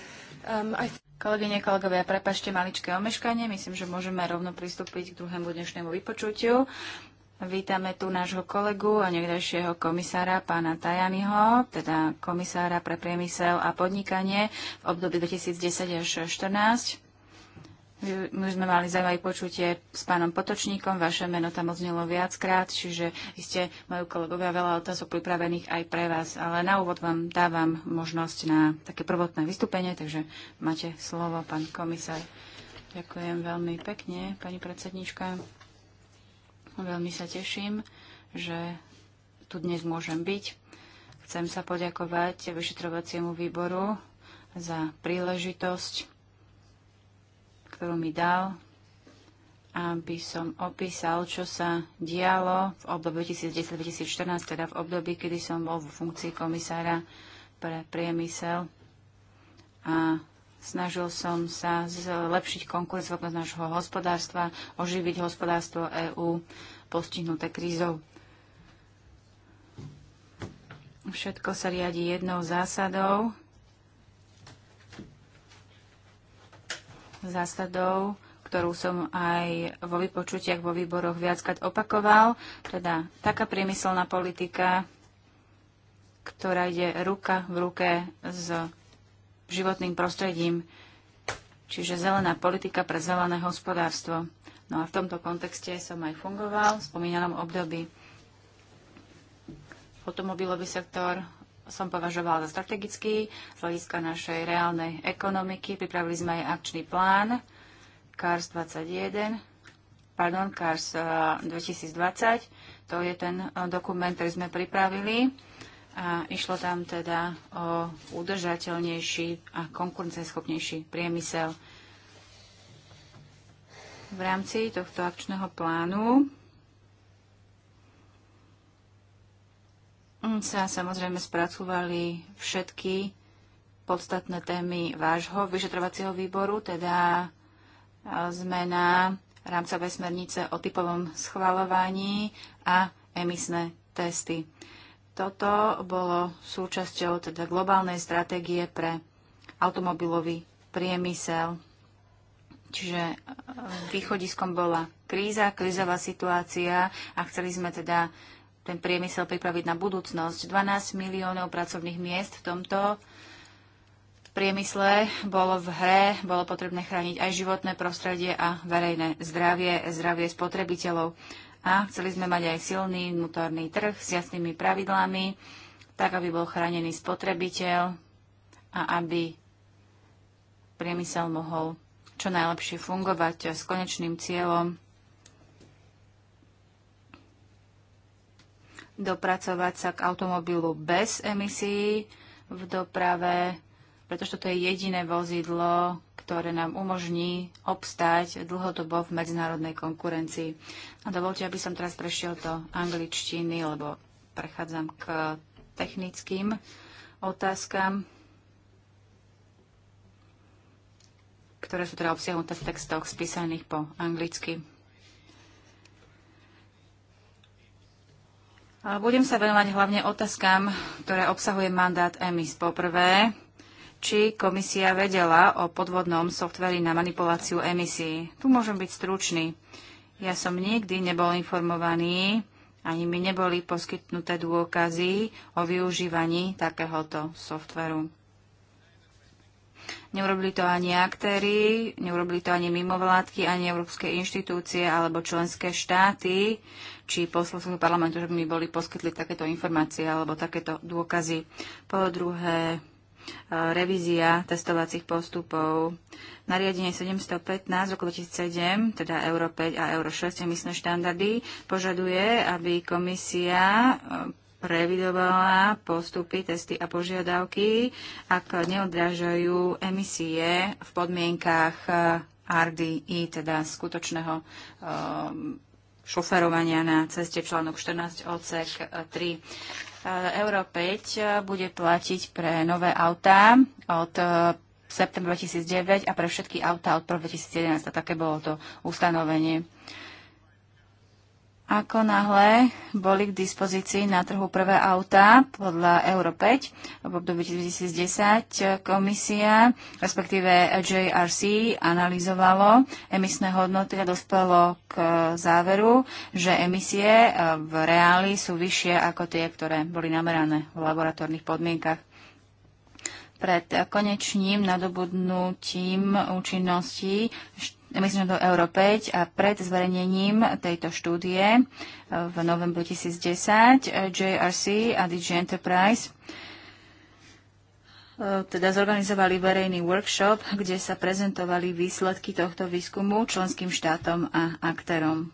Um, I... Kolegyne, kolegovia, prepašte maličké omeškanie. Myslím, že môžeme rovno pristúpiť k druhému dnešnému vypočutiu. Vítame tu nášho kolegu a niekdajšieho komisára pána Tajaniho, teda komisára pre priemysel a podnikanie v období 2010 až 2014. My sme mali zaujímavé počutie s pánom Potočníkom, vaše meno tam odznelo viackrát, čiže vy ste majú kolegovia veľa otázok pripravených aj pre vás, ale na úvod vám dávam možnosť na také prvotné vystúpenie, takže máte slovo, pán komisár. Ďakujem veľmi pekne, pani predsednička. Veľmi sa teším, že tu dnes môžem byť. Chcem sa poďakovať vyšetrovaciemu výboru za príležitosť ktorú mi dal, aby som opísal, čo sa dialo v období 2010-2014, teda v období, kedy som bol v funkcii komisára pre priemysel a snažil som sa zlepšiť konkurencovnosť nášho hospodárstva, oživiť hospodárstvo EÚ postihnuté krízou. Všetko sa riadi jednou zásadou, zásadou, ktorú som aj vo vypočutiach vo výboroch viackrát opakoval, teda taká priemyselná politika, ktorá ide ruka v ruke s životným prostredím, čiže zelená politika pre zelené hospodárstvo. No a v tomto kontexte som aj fungoval v spomínanom období. Automobilový sektor, som považovala za strategický z hľadiska našej reálnej ekonomiky. Pripravili sme aj akčný plán CARS 21, pardon, CARS 2020. Eh, to je ten eh, dokument, ktorý sme pripravili. A išlo tam teda o udržateľnejší a konkurenceschopnejší priemysel. V rámci tohto akčného plánu sa samozrejme spracovali všetky podstatné témy vášho vyšetrovacieho výboru, teda zmena rámcovej smernice o typovom schvalovaní a emisné testy. Toto bolo súčasťou teda globálnej stratégie pre automobilový priemysel. Čiže e, východiskom bola kríza, krízová situácia a chceli sme teda ten priemysel pripraviť na budúcnosť. 12 miliónov pracovných miest v tomto priemysle bolo v hre, bolo potrebné chrániť aj životné prostredie a verejné zdravie, zdravie spotrebiteľov. A chceli sme mať aj silný vnútorný trh s jasnými pravidlami, tak aby bol chránený spotrebiteľ a aby priemysel mohol čo najlepšie fungovať s konečným cieľom dopracovať sa k automobilu bez emisí v doprave, pretože toto je jediné vozidlo, ktoré nám umožní obstáť dlhodobo v medzinárodnej konkurencii. A dovolte, aby som teraz prešiel do angličtiny, lebo prechádzam k technickým otázkam, ktoré sú teda obsiahnuté v textoch spísaných po anglicky. Budem sa venovať hlavne otázkam, ktoré obsahuje mandát EMIS. Poprvé, či komisia vedela o podvodnom softveri na manipuláciu emisí. Tu môžem byť stručný. Ja som nikdy nebol informovaný, ani mi neboli poskytnuté dôkazy o využívaní takéhoto softveru. Neurobili to ani aktéry, neurobili to ani mimovládky, ani európske inštitúcie alebo členské štáty, či poslovského parlamentu, že by mi boli poskytli takéto informácie alebo takéto dôkazy. Po druhé, e, revízia testovacích postupov. Nariadenie 715 roku 2007, teda Euro 5 a Euro 6 emisné štandardy, požaduje, aby komisia e, revidovala postupy, testy a požiadavky, ak neodrážajú emisie v podmienkách eh, RDI, teda skutočného eh, šoferovania na ceste článok 14 odsek 3. Eh, Euro 5 bude platiť pre nové autá od septembra 2009 a pre všetky autá od 2011. také bolo to ustanovenie. Ako náhle boli k dispozícii na trhu prvé autá podľa Euro 5 v období 2010, komisia, respektíve JRC, analyzovalo emisné hodnoty a dospelo k záveru, že emisie v reáli sú vyššie ako tie, ktoré boli namerané v laboratórnych podmienkach pred konečným nadobudnutím účinnosti myslím, že to Euro 5 a pred zverejnením tejto štúdie eh, v novembri 2010 eh, JRC a DG Enterprise eh, teda zorganizovali verejný workshop, kde sa prezentovali výsledky tohto výskumu členským štátom a aktérom.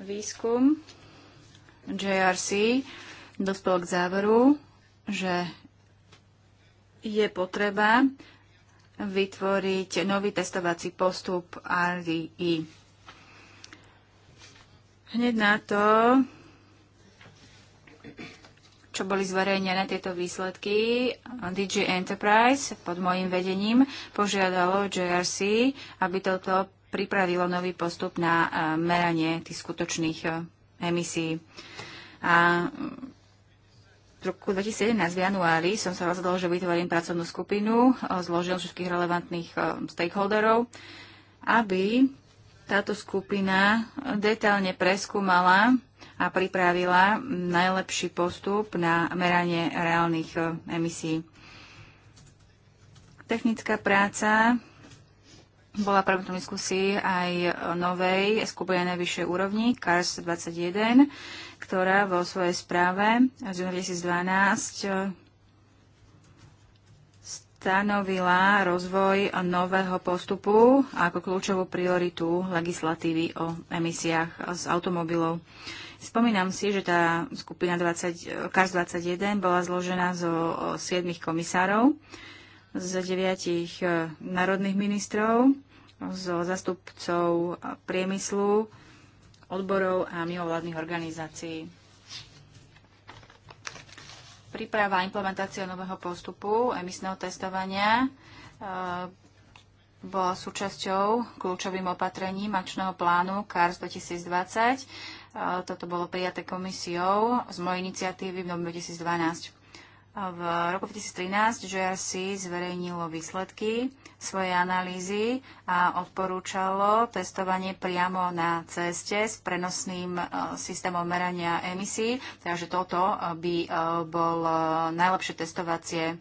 Výskum JRC dospel k záveru, že je potreba vytvoriť nový testovací postup RDI. E. Hneď na to, čo boli zverejnené tieto výsledky, DG Enterprise pod mojim vedením požiadalo JRC, aby toto pripravilo nový postup na eh, meranie tých skutočných eh, emisí. A v roku 2017 v januári som sa rozhodol, že vytvorím pracovnú skupinu, e, zložil všetkých relevantných e, stakeholderov, aby táto skupina detailne preskúmala a pripravila najlepší postup na meranie reálnych e, emisí. Technická práca bola predmetom diskusí aj novej skupine na vyššej úrovni CARS 21 ktorá vo svojej správe z 2012 eh, stanovila rozvoj nového postupu ako kľúčovú prioritu legislatívy o emisiách z automobilov. Spomínam si, že tá skupina 20, eh, CARS 21 bola zložená zo 7 komisárov, z 9 eh, národných ministrov, zo zastupcov priemyslu, odborov a mimovládnych organizácií. Príprava a implementácia nového postupu emisného testovania e, bola súčasťou kľúčovým opatrením akčného plánu CARS 2020. E, toto bolo prijaté komisiou z mojej iniciatívy v 2012 v roku 2013 GRC zverejnilo výsledky svojej analýzy a odporúčalo testovanie priamo na ceste s prenosným e, systémom merania emisí. Takže toto e, by e, bol najlepšie testovacie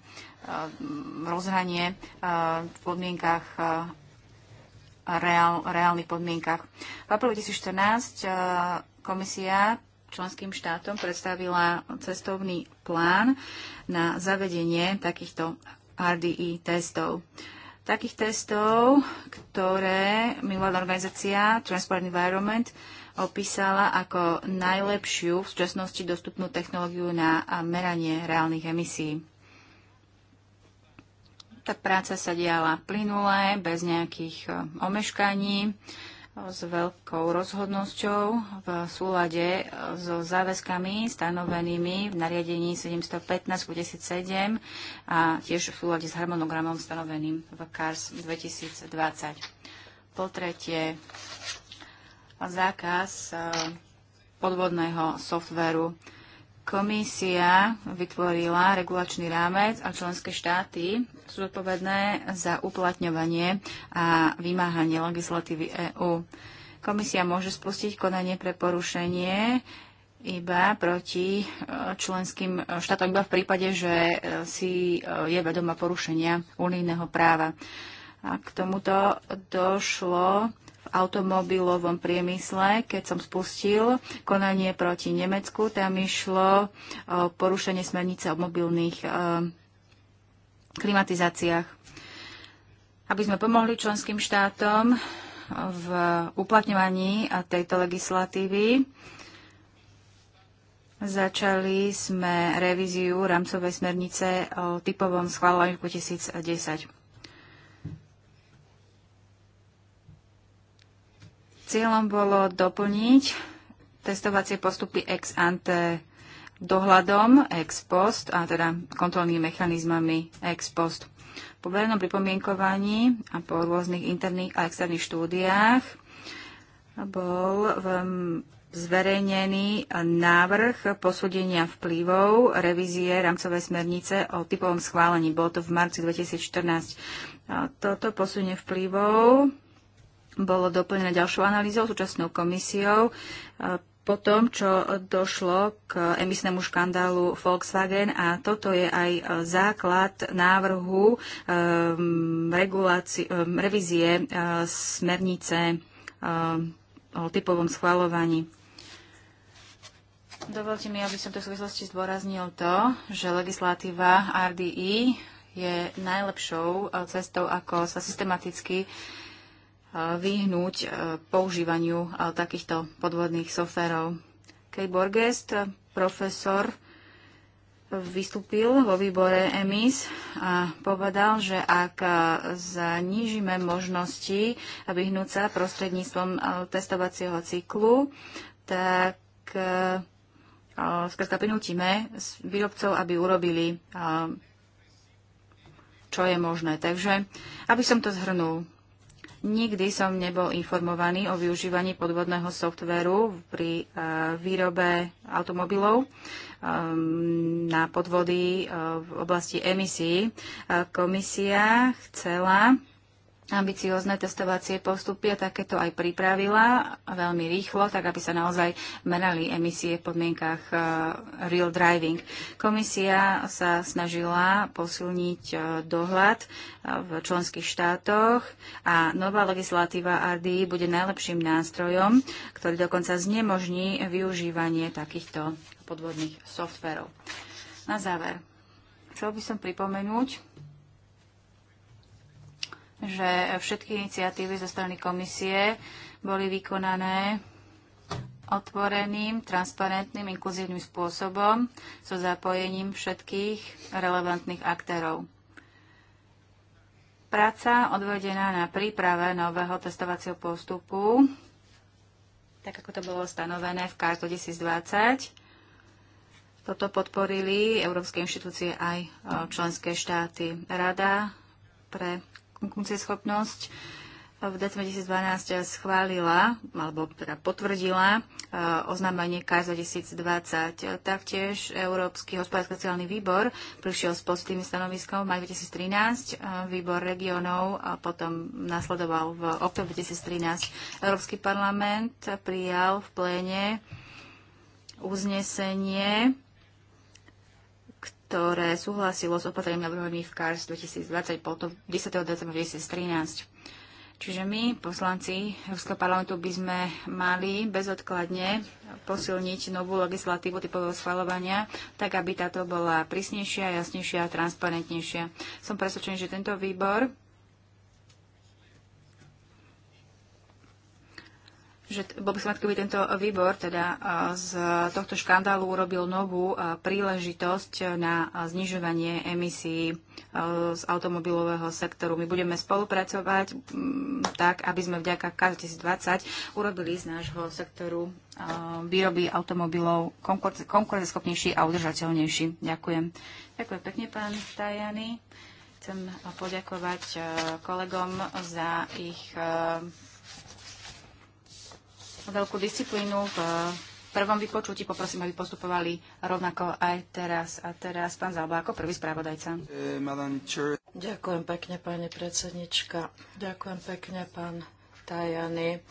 rozhranie v podmienkach reál, reálnych podmienkach. V apríli 2014 komisia členským štátom predstavila cestovný plán na zavedenie takýchto RDI testov. Takých testov, ktoré mimovládna organizácia Transport Environment opísala ako najlepšiu v súčasnosti dostupnú technológiu na meranie reálnych emisí. Tá práca sa diala plynule, bez nejakých eh, omeškaní s veľkou rozhodnosťou v súlade so záväzkami stanovenými v nariadení 715-57 a tiež v súlade s harmonogramom stanoveným v CARS 2020. Po tretie, zákaz eh, podvodného softveru Komisia vytvorila regulačný rámec a členské štáty sú zodpovedné za uplatňovanie a vymáhanie legislatívy EÚ. Komisia môže spustiť konanie pre porušenie iba proti e, členským e, štátom, iba v prípade, že e, si je vedoma porušenia unijného práva. A k tomuto došlo v automobilovom priemysle, keď som spustil konanie proti Nemecku. Tam išlo o porušenie smernice o mobilných klimatizáciách. Aby sme pomohli členským štátom v uplatňovaní tejto legislatívy, začali sme revíziu rámcovej smernice o typovom schváľovaní v 2010. Cieľom bolo doplniť testovacie postupy ex ante dohľadom ex post, a teda kontrolnými mechanizmami ex post. Po verejnom pripomienkovaní a po rôznych interných a externých štúdiách bol v um, zverejnený návrh posúdenia vplyvov revízie rámcovej smernice o typovom schválení. Bolo to v marci 2014. Toto posúdenie vplyvov bolo doplnené ďalšou analýzou súčasnou komisiou e, po tom, čo došlo k emisnému škandálu Volkswagen a toto je aj e, základ návrhu um, revízie uh, smernice o typovom schvalovaní. Dovolte mi, aby som to v súvislosti zdôraznil to, že legislatíva RDI je najlepšou cestou, ako sa systematicky uh, vyhnúť e, používaniu e, takýchto podvodných soférov. Kej Borgest, e, profesor, vystúpil vo výbore EMIS a povedal, že ak znížime možnosti vyhnúť sa prostredníctvom testovacieho cyklu, tak skrátka prinútime výrobcov, aby urobili čo je možné. Takže, aby som to zhrnul, Nikdy som nebol informovaný o využívaní podvodného softveru pri e, výrobe automobilov e, na podvody e, v oblasti emisí. Komisia chcela ambiciozne testovacie postupy a takéto aj pripravila veľmi rýchlo, tak aby sa naozaj merali emisie v podmienkach e, real driving. Komisia sa snažila posilniť e, dohľad e, v členských štátoch a nová legislatíva RDI bude najlepším nástrojom, ktorý dokonca znemožní využívanie takýchto podvodných softverov. Na záver, chcel by som pripomenúť, že všetky iniciatívy zo strany komisie boli vykonané otvoreným, transparentným, inkluzívnym spôsobom so zapojením všetkých relevantných aktérov. Práca odvedená na príprave nového testovacieho postupu, tak ako to bolo stanovené v kartu 2020, toto podporili európske inštitúcie aj e, členské štáty. Rada pre konkurencieschopnosť v decembri 2012 schválila, alebo teda potvrdila e, oznámenie KS 2020. Taktiež Európsky hospodársky sociálny výbor prišiel s pozitívnym stanoviskom v maj 2013. E, výbor regionov a potom nasledoval v oktobri 2013. Európsky parlament prijal v pléne uznesenie ktoré súhlasilo s opatrením navrhovanými v KARS 2020, bol to 10. decembra 2013. Čiže my, poslanci Európskeho parlamentu, by sme mali bezodkladne posilniť novú legislatívu typového schvalovania, tak aby táto bola prísnejšia, jasnejšia a transparentnejšia. Som presvedčený, že tento výbor že by Bob Smatkovi tento výbor teda z tohto škandálu urobil novú príležitosť na znižovanie emisí z automobilového sektoru. My budeme spolupracovať tak, aby sme vďaka k 2020 urobili z nášho sektoru výroby automobilov konkurenceschopnejší a udržateľnejší. Ďakujem. Ďakujem pekne, pán Tajany. Chcem poďakovať kolegom za ich veľkú disciplínu v eh, prvom vypočutí. Poprosím, aby postupovali rovnako aj teraz. A teraz pán Zalba ako prvý správodajca. Ďakujem pekne, pani predsednička. Ďakujem pekne, pán Tajany.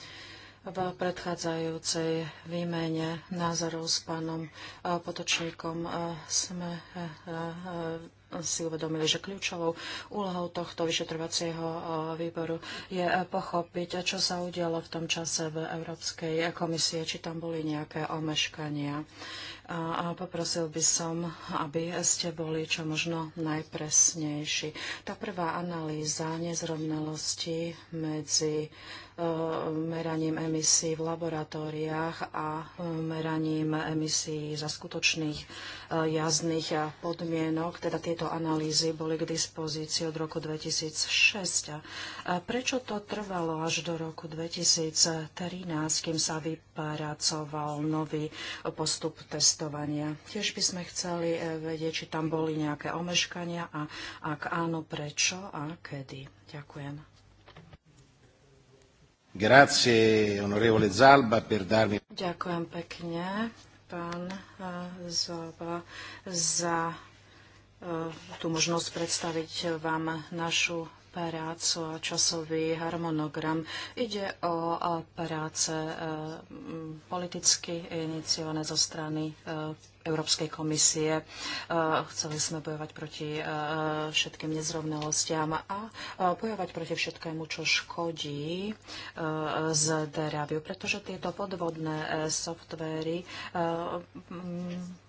V predchádzajúcej výmene názorov s pánom eh, Potočníkom eh, sme si uvedomili, že kľúčovou úlohou tohto vyšetrovacieho eh, výboru je eh, pochopiť, čo sa udialo v tom čase v Európskej komisie, či tam boli nejaké omeškania. A poprosil by som, aby ste boli čo možno najpresnejší. Tá prvá analýza nezrovnalosti medzi meraním emisí v laboratóriách a meraním emisí za skutočných eh, jazdných podmienok. Teda tieto analýzy boli k dispozícii od roku 2006. A prečo to trvalo až do roku 2013, kým sa vypracoval nový postup testovania? Tiež by sme chceli eh, vedieť, či tam boli nejaké omeškania a ak áno, prečo a kedy. Ďakujem. Grazie, onorevole Zalba, per darmi... Ďakujem pekne, pán eh, Zalba, za eh, tú možnosť predstaviť vám našu prácu a časový harmonogram. Ide o eh, práce politicky iniciované zo strany Európskej komisie. E, chceli sme bojovať proti e, všetkým nezrovnalostiam a e, bojovať proti všetkému, čo škodí z zdraviu, pretože tieto podvodné softvery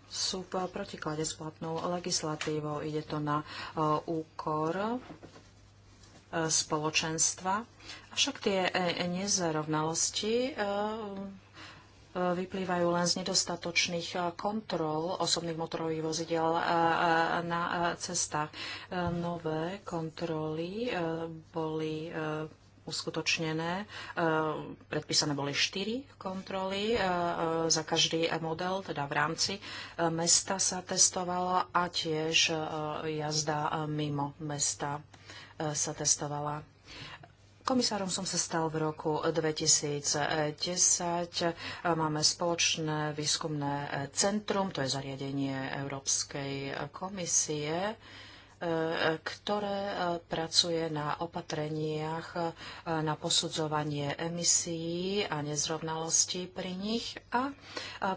sú v protiklade s platnou legislatívou. Ide to na úkor spoločenstva. Avšak tie nezrovnalosti vyplývajú len z nedostatočných eh, kontrol osobných motorových vozidel eh, eh, na cestách. Nové kontroly boli uskutočnené. Predpísané boli štyri kontroly za každý model, teda v rámci mesta sa testovalo a tiež jazda mimo mesta sa testovala. Komisárom som sa stal v roku 2010. Máme spoločné výskumné centrum, to je zariadenie Európskej komisie ktoré e, pracuje na opatreniach e, na posudzovanie emisí a nezrovnalostí pri nich a e,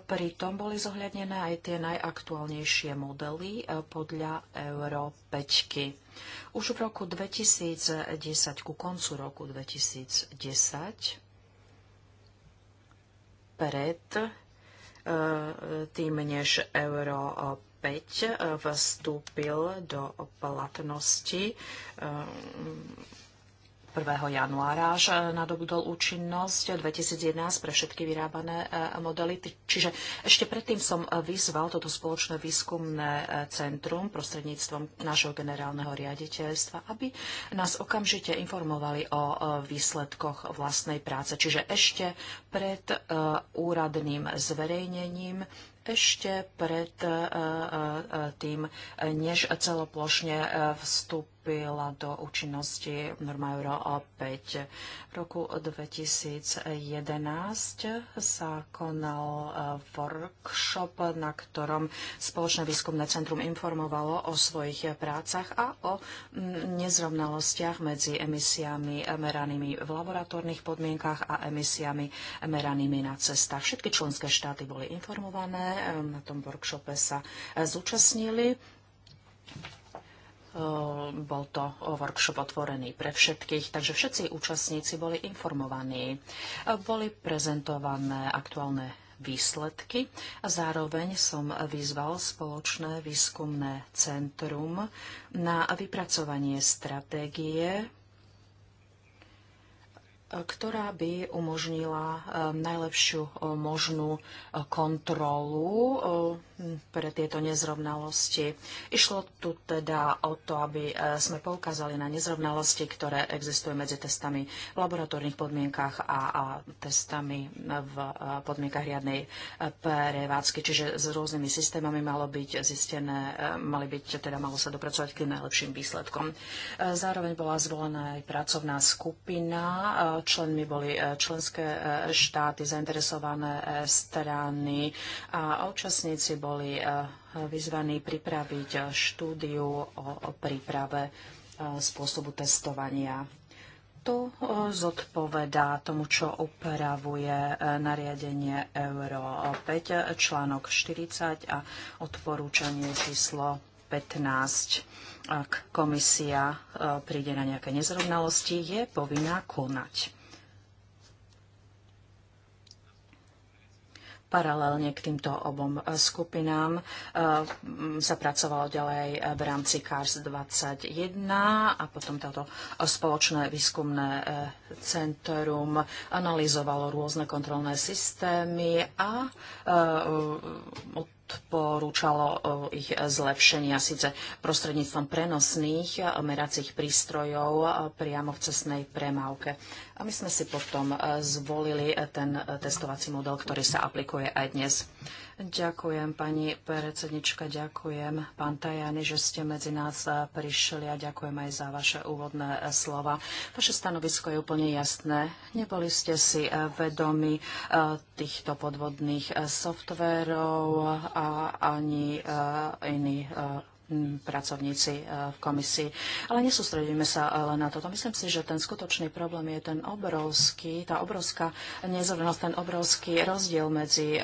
pritom boli zohľadnené aj tie najaktuálnejšie modely podľa Euro 5. Už v roku 2010, ku koncu roku 2010, pred tým, než Euro E, vstúpil do platnosti 1. E, januára až e, nadobudol účinnosť 2011 pre všetky vyrábané modely. Čiže ešte predtým som vyzval toto spoločné výskumné centrum prostredníctvom nášho generálneho riaditeľstva, aby nás okamžite informovali o výsledkoch vlastnej práce. Čiže ešte pred úradným zverejnením ešte pred eh, eh, eh, tým, než celoplošne vstup vstúpil do účinnosti norma Euro 5. V roku 2011 sa konal e, workshop, na ktorom Spoločné výskumné centrum informovalo o svojich prácach a o nezrovnalostiach medzi emisiami meranými v laboratórnych podmienkach a emisiami meranými na cestách. Všetky členské štáty boli informované, e, na tom workshope sa e, zúčastnili Ehm, bol to workshop otvorený pre všetkých, takže všetci účastníci boli informovaní. Ehm, boli prezentované aktuálne výsledky a zároveň som vyzval spoločné výskumné centrum na vypracovanie stratégie ehm, ktorá by umožnila najlepšiu možnú kontrolu pre tieto nezrovnalosti. Išlo tu teda o to, aby e, sme poukázali na nezrovnalosti, ktoré existujú medzi testami v laboratórnych podmienkach a, a testami v e, podmienkach riadnej e, prevádzky. Čiže s rôznymi systémami malo byť zistené, mali byť, teda malo sa dopracovať k tým najlepším výsledkom. Zároveň bola zvolená aj pracovná skupina. Členmi boli členské štáty, zainteresované strany a účastníci boli boli eh, vyzvaní pripraviť eh, štúdiu o príprave eh, spôsobu testovania. To zodpovedá tomu, čo upravuje nariadenie Euro 5, článok 40 a odporúčanie číslo 15. Ak komisia príde na nejaké nezrovnalosti, je povinná konať. Paralelne k týmto obom e, skupinám e, sa pracovalo ďalej e, v rámci CARS 21 a potom táto spoločné výskumné centrum analyzovalo rôzne kontrolné systémy a odporúčalo ich zlepšenia síce prostredníctvom prenosných meracích prístrojov priamo v cestnej premávke. A my sme si potom e, zvolili e, ten e, testovací model, ktorý sa aplikuje aj dnes. Ďakujem, pani predsednička, ďakujem, pán Tajani, že ste medzi nás prišli a ďakujem aj za vaše úvodné slova. Vaše stanovisko je úplne jasné. Neboli ste si vedomi týchto podvodných softvérov a ani iných pracovníci e, v komisii. Ale nesústredíme sa e, len na toto. Myslím si, že ten skutočný problém je ten obrovský, tá obrovská nezrovnosť, ten obrovský rozdiel medzi e,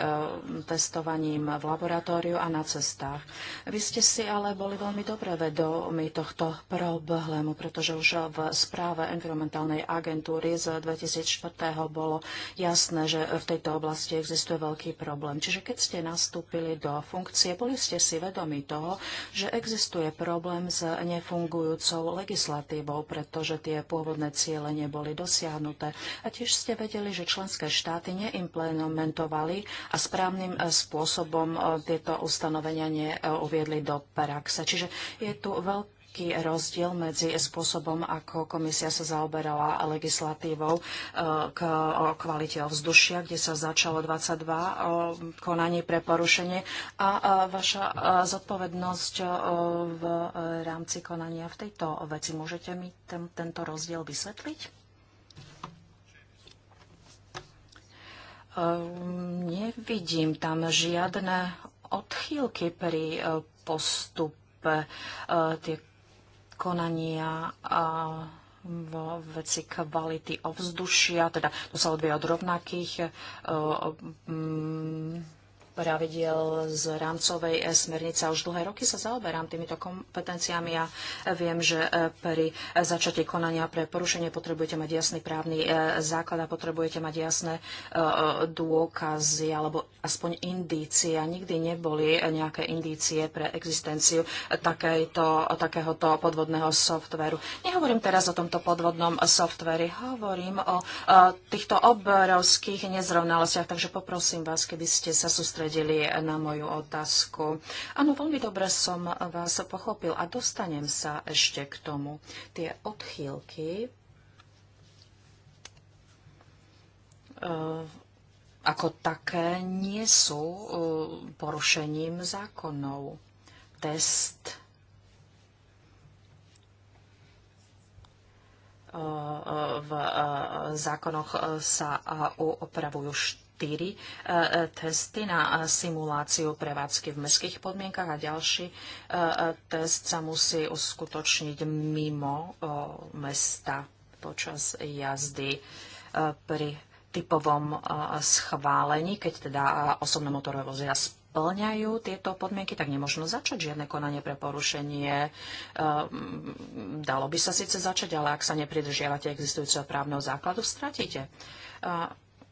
testovaním v laboratóriu a na cestách. Vy ste si ale boli veľmi dobre vedomi tohto problému, pretože už v správe environmentálnej agentúry z 2004. bolo jasné, že v tejto oblasti existuje veľký problém. Čiže keď ste nastúpili do funkcie, boli ste si vedomi toho, že existuje problém s nefungujúcou legislatívou, pretože tie pôvodné ciele neboli dosiahnuté. A tiež ste vedeli, že členské štáty neimplementovali a správnym e, spôsobom e, tieto ustanovenia neuviedli do praxe. Čiže je tu veľký veľký rozdiel medzi spôsobom, ako komisia sa zaoberala legislatívou e, k kvalite ovzdušia, kde sa začalo 22 e, konanie pre porušenie a e, vaša zodpovednosť v rámci konania v tejto veci. Môžete mi ten, tento rozdiel vysvetliť? Ehm, nevidím tam žiadne odchýlky pri postupe. Tie konania v veci kvality ovzdušia, teda to sa odvíja od rovnakých e, pravidiel z rámcovej e, smernice. Už dlhé roky sa zaoberám týmito kompetenciami a viem, že e, pri začatí konania pre porušenie potrebujete mať jasný právny e, základ a potrebujete mať jasné dôkazy alebo aspoň indície. Nikdy neboli nejaké indície pre existenciu takejto, takéhoto podvodného softveru. Nehovorím teraz o tomto podvodnom softveri, hovorím o týchto obrovských nezrovnalostiach, takže poprosím vás, keby ste sa sústredili odpovedeli na moju otázku. Áno, veľmi dobre som vás pochopil a dostanem sa ešte k tomu. Tie odchýlky eh, ako také nie sú eh, porušením zákonov. Test eh, v zákonoch sa upravujú štyri e, e, testy na e, simuláciu prevádzky v mestských podmienkach a ďalší test sa musí uskutočniť mimo mesta počas jazdy pri typovom schválení, keď teda osobné motorové vozidla splňajú tieto podmienky, tak nemôžno začať žiadne konanie pre porušenie. Dalo by sa síce začať, ale ak sa nepridržiavate existujúceho právneho základu, stratíte.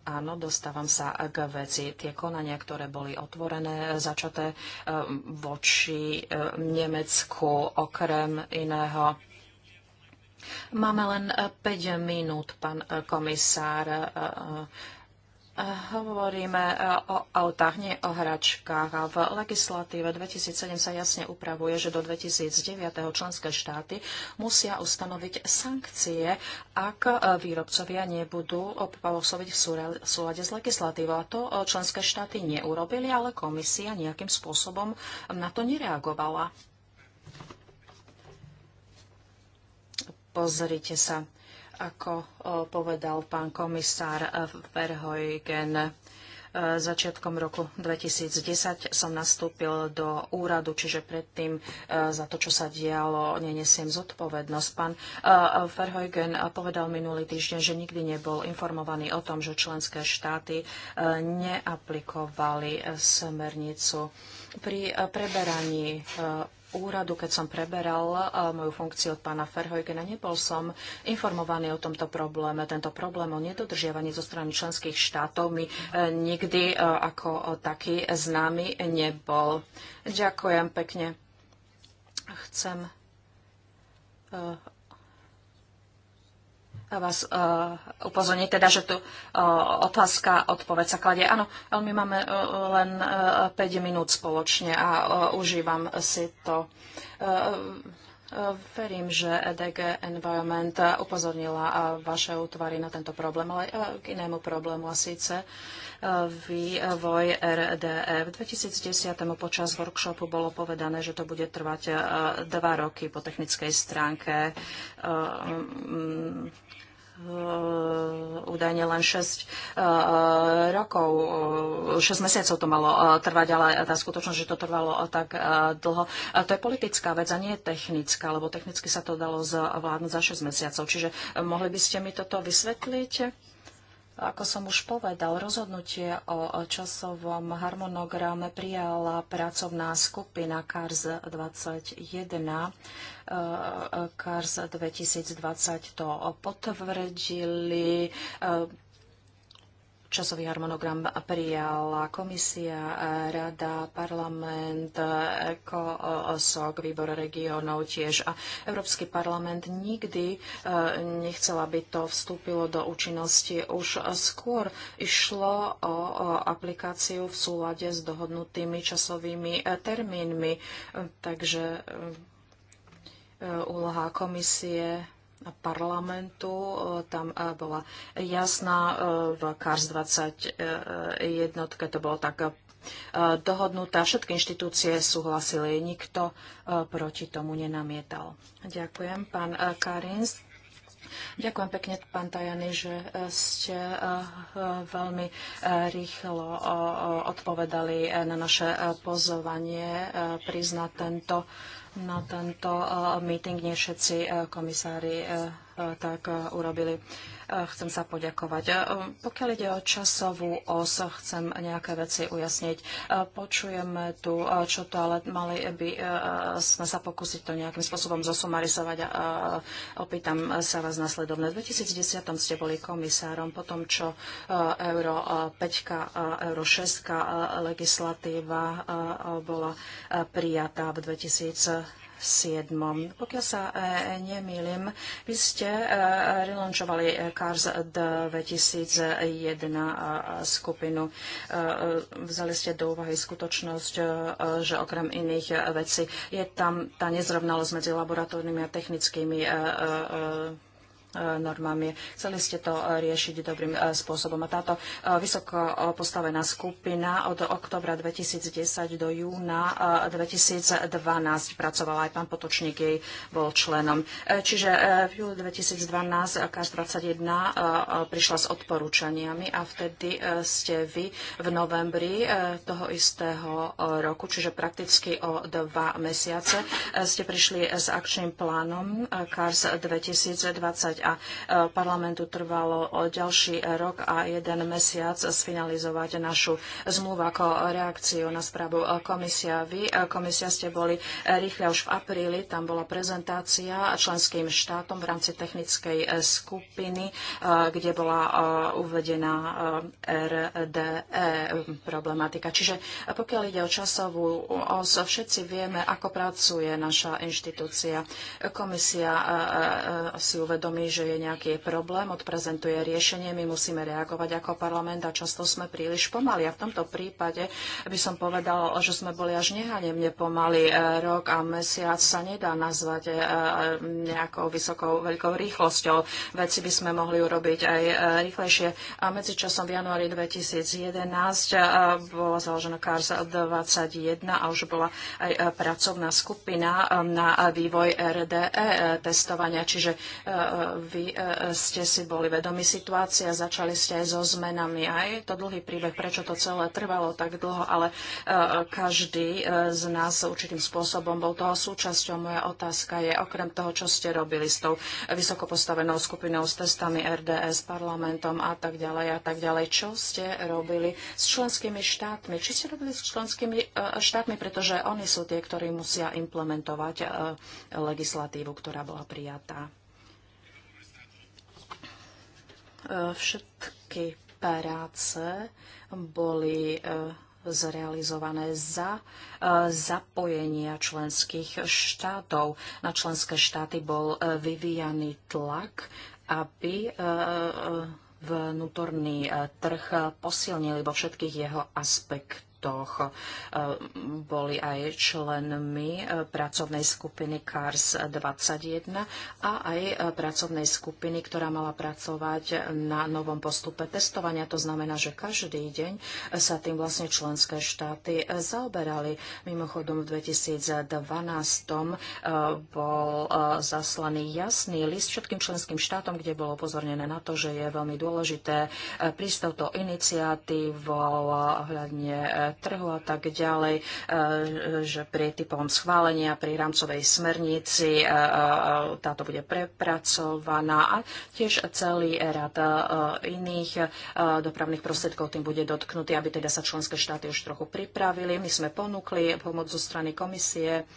Áno, dostávam sa k veci. Tie konania, ktoré boli otvorené, začaté e, voči e, Nemecku, okrem iného. Máme len 5 e, minút, pán komisár. Hovoríme e, o autách, nie o hračkách. A v legislatíve 2007 sa jasne upravuje, že do 2009. členské štáty musia ustanoviť sankcie, ak e, výrobcovia nebudú pôsobiť v súlade s legislatívou. A to e, členské štáty neurobili, ale komisia nejakým spôsobom na to nereagovala. Pozrite sa ako povedal pán komisár e, Verhojgen, e, začiatkom roku 2010 som nastúpil do úradu, čiže predtým e, za to, čo sa dialo, nenesiem zodpovednosť. Pán Verheugen povedal minulý týždeň, že nikdy nebol informovaný o tom, že členské štáty neaplikovali smernicu pri preberaní úradu, keď som preberal eh, moju funkciu od pána Ferhojgena, nebol som informovaný o tomto probléme. Tento problém o nedodržiavaní zo strany členských štátov mi eh, nikdy eh, ako taký známy nebol. Ďakujem pekne. Chcem vás uh, upozorniť, teda, že tu uh, otázka, odpoveď sa kladie. Áno, ale my máme uh, len uh, 5 minút spoločne a uh, užívam si to. Uh, Verím, že EDG Environment upozornila vaše útvary na tento problém, ale k inému problému a síce e, vývoj RDE. V 2010. počas workshopu bolo povedané, že to bude trvať e, dva roky po technickej stránke e, Eh, údajne len 6 eh, rokov, 6 eh, mesiacov to malo trvať, ale tá skutočnosť, že to trvalo tak dlho, to je politická vec a nie technická, lebo technicky sa to dalo zvládnuť za 6 mesiacov. Čiže mohli by ste mi toto vysvetliť? Ako som už povedal, rozhodnutie o časovom harmonograme prijala pracovná skupina CARS 21. E, e, CARS 2020 to potvrdili e, časový harmonogram prijala komisia, rada, parlament, ECOSOC, výbor regionov tiež a Európsky parlament nikdy e, nechcel, aby to vstúpilo do účinnosti. Už skôr išlo o aplikáciu v súlade s dohodnutými časovými e, termínmi, e, takže úloha komisie parlamentu. E, tam e, bola jasná v KARS 21, to bolo tak e, dohodnutá. Všetky inštitúcie súhlasili, nikto proti tomu nenamietal. Ďakujem, pán Karins. Ďakujem pekne, pán Tajany, že ste veľmi rýchlo odpovedali na naše pozovanie priznať tento na tento eh, meeting, nie všetci eh, komisári eh, Eh, tak eh, urobili. Eh, chcem sa poďakovať. Pokiaľ ide o časovú os, chcem nejaké veci ujasniť. Počujeme tu, čo to ale mali by sme sa pokúsiť to nejakým spôsobom zosumarizovať a opýtam sa vás nasledovne. V 2010 ste boli komisárom, potom čo euro 5, euro 6 legislatíva bola prijatá v 2000 pokiaľ sa e, nemýlim, vy ste e, relaunchovali CARS 2001 e, skupinu. Vzali ste do úvahy skutočnosť, že okrem iných vecí je tam tá nezrovnalosť medzi laboratórnymi a technickými E, normami. Chceli ste to riešiť dobrým e, spôsobom. A táto e, vysoko postavená skupina od oktobra 2010 do júna 2012 pracovala. Aj pán Potočník jej bol členom. Čiže v júli 2012 KAS 21 prišla s odporúčaniami a vtedy ste vy v novembri toho istého roku, čiže prakticky o dva mesiace, ste prišli s akčným plánom KARS 2020 a e, parlamentu trvalo ďalší rok a jeden mesiac sfinalizovať našu zmluvu ako reakciu na správu komisia. Vy, e, komisia, ste boli rýchle už v apríli, tam bola prezentácia členským štátom v rámci technickej e, skupiny, kde bola uvedená RDE problematika. Čiže pokiaľ ide o časovú os, všetci vieme, ako pracuje naša inštitúcia. Komisia si uvedomí, že je nejaký problém, odprezentuje riešenie, my musíme reagovať ako parlament a často sme príliš pomali. A v tomto prípade by som povedal, že sme boli až nehanemne pomali. E, rok a mesiac sa nedá nazvať e, nejakou vysokou, veľkou rýchlosťou. Veci by sme mohli urobiť aj e, rýchlejšie. A medzičasom v januári 2011 bola založená KARS 21 a už bola aj pracovná skupina na vývoj RDE testovania, čiže vy e, ste si boli vedomi situácie a začali ste aj so zmenami. A je to dlhý príbeh, prečo to celé trvalo tak dlho, ale e, každý e, z nás určitým spôsobom bol toho súčasťou. Moja otázka je, okrem toho, čo ste robili s tou vysokopostavenou skupinou, s testami RDS, parlamentom a tak ďalej a tak ďalej, čo ste robili s členskými štátmi? Či ste robili s členskými štátmi, pretože oni sú tie, ktorí musia implementovať legislatívu, ktorá bola prijatá? všetky práce boli e, zrealizované za e, zapojenia členských štátov. Na členské štáty bol e, vyvíjaný tlak, aby vnútorný trh posilnili vo všetkých jeho aspektoch fondoch. Eh, boli aj členmi eh, pracovnej skupiny CARS 21 a aj eh, pracovnej skupiny, ktorá mala pracovať na novom postupe testovania. To znamená, že každý deň sa tým vlastne členské štáty zaoberali. Mimochodom v 2012 bol zaslaný jasný list všetkým členským štátom, kde bolo upozornené na to, že je veľmi dôležité prísť touto iniciatívou hľadne trhu a tak ďalej, e, že pri typovom schválenia pri rámcovej smernici e, e, táto bude prepracovaná a tiež celý rad iných dopravných prostriedkov tým bude dotknutý, aby teda sa členské štáty už trochu pripravili. My sme ponúkli pomoc zo strany komisie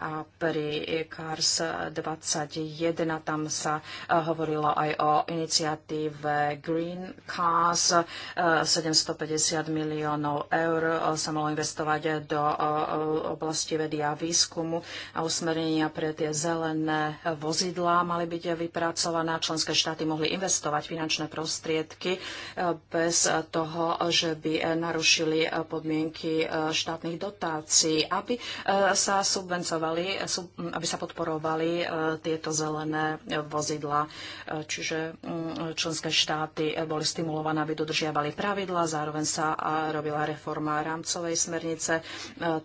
a pri CARS 21 tam sa eh, hovorilo aj o iniciatíve Green Cars. 750 eh, miliónov eur eh, sa malo investovať do oblasti vedy a výskumu a usmerenia pre tie zelené vozidlá mali byť vypracované. Členské štáty mohli investovať finančné prostriedky bez toho, že by narušili podmienky štátnych dotácií, aby sa subvencovali podporovali, e, aby sa podporovali e, tieto zelené e, vozidla. Čiže mm, členské štáty boli stimulované, aby dodržiavali pravidla, zároveň sa robila reforma rámcovej smernice,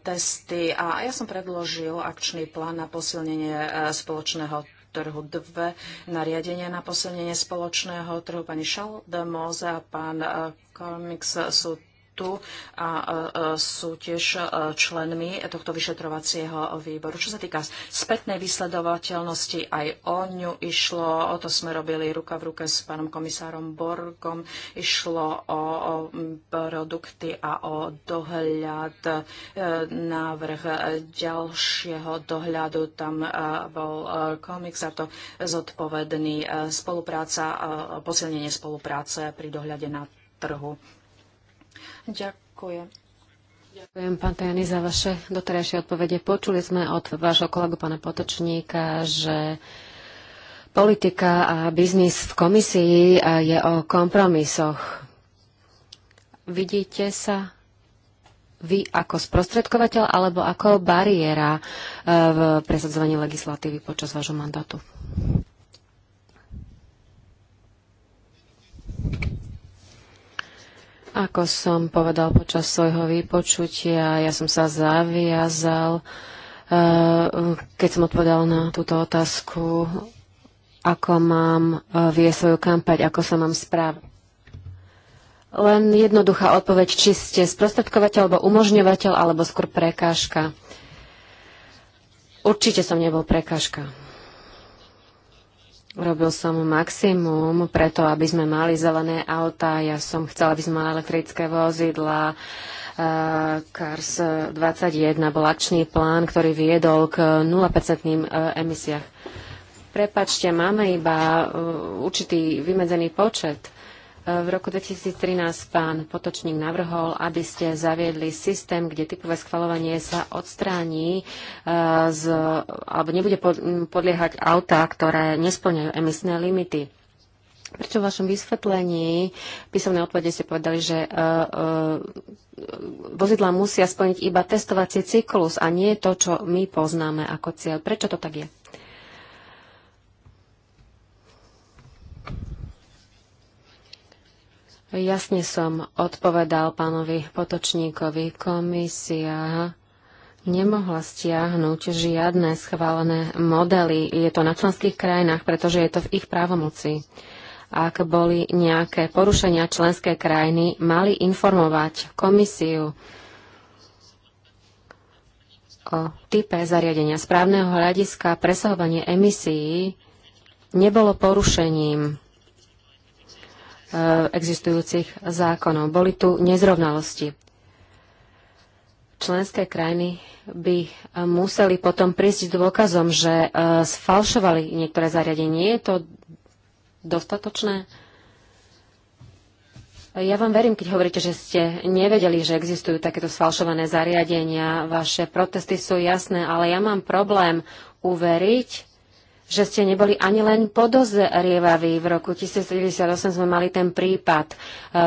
testy a ja som predložil akčný plán na posilnenie spoločného trhu dve nariadenia na posilnenie spoločného trhu. Pani Šaldemoze a pán Kormix sú tu a e, e, sú tiež e, členmi tohto vyšetrovacieho výboru. Čo sa týka spätnej vysledovateľnosti, aj o ňu išlo, o to sme robili ruka v ruke s pánom komisárom Borgom, išlo o, produkty a o dohľad, návrh ďalšieho dohľadu, tam bol komik za to zodpovedný spolupráca, posilnenie spolupráce pri dohľade na trhu. Ďakujem. Ďakujem, pán Tajani, za vaše doterajšie odpovede. Počuli sme od vášho kolegu pána Potočníka, že politika a biznis v komisii je o kompromisoch. Vidíte sa vy ako sprostredkovateľ alebo ako bariéra e, v presadzovaní legislatívy počas vášho mandátu? Ako som povedal počas svojho vypočutia, ja som sa zaviazal, eh, keď som odpovedal na túto otázku, ako mám eh, vie svoju kampaň, ako sa mám správať. Len jednoduchá odpoveď, či ste sprostredkovateľ alebo umožňovateľ, alebo skôr prekážka. Určite som nebol prekážka. Robil som maximum preto, aby sme mali zelené autá. Ja som chcela, aby sme mali elektrické vozidla. E, CARS 21 bol akčný plán, ktorý viedol k 0% e, emisiách. Prepačte, máme iba e, určitý vymedzený počet v roku 2013 pán Potočník navrhol, aby ste zaviedli systém, kde typové schvalovanie sa odstráni e, z, alebo nebude podliehať autá, ktoré nesplňajú emisné limity. Prečo v vašom vysvetlení v písomnej odpovede ste povedali, že e, e, vozidla musia splniť iba testovací cyklus a nie to, čo my poznáme ako cieľ. Prečo to tak je? Jasne som odpovedal pánovi Potočníkovi. Komisia nemohla stiahnuť žiadne schválené modely. Je to na členských krajinách, pretože je to v ich právomoci. Ak boli nejaké porušenia členské krajiny, mali informovať komisiu o type zariadenia správneho hľadiska presahovanie emisií nebolo porušením Eh, existujúcich zákonov. Boli tu nezrovnalosti. Členské krajiny by eh, museli potom prísť dôkazom, že eh, sfalšovali niektoré zariadenie. Je to dostatočné? Ja vám verím, keď hovoríte, že ste nevedeli, že existujú takéto sfalšované zariadenia. Vaše protesty sú jasné, ale ja mám problém uveriť, že ste neboli ani len podozrievaví. V roku 1998 sme mali ten prípad e,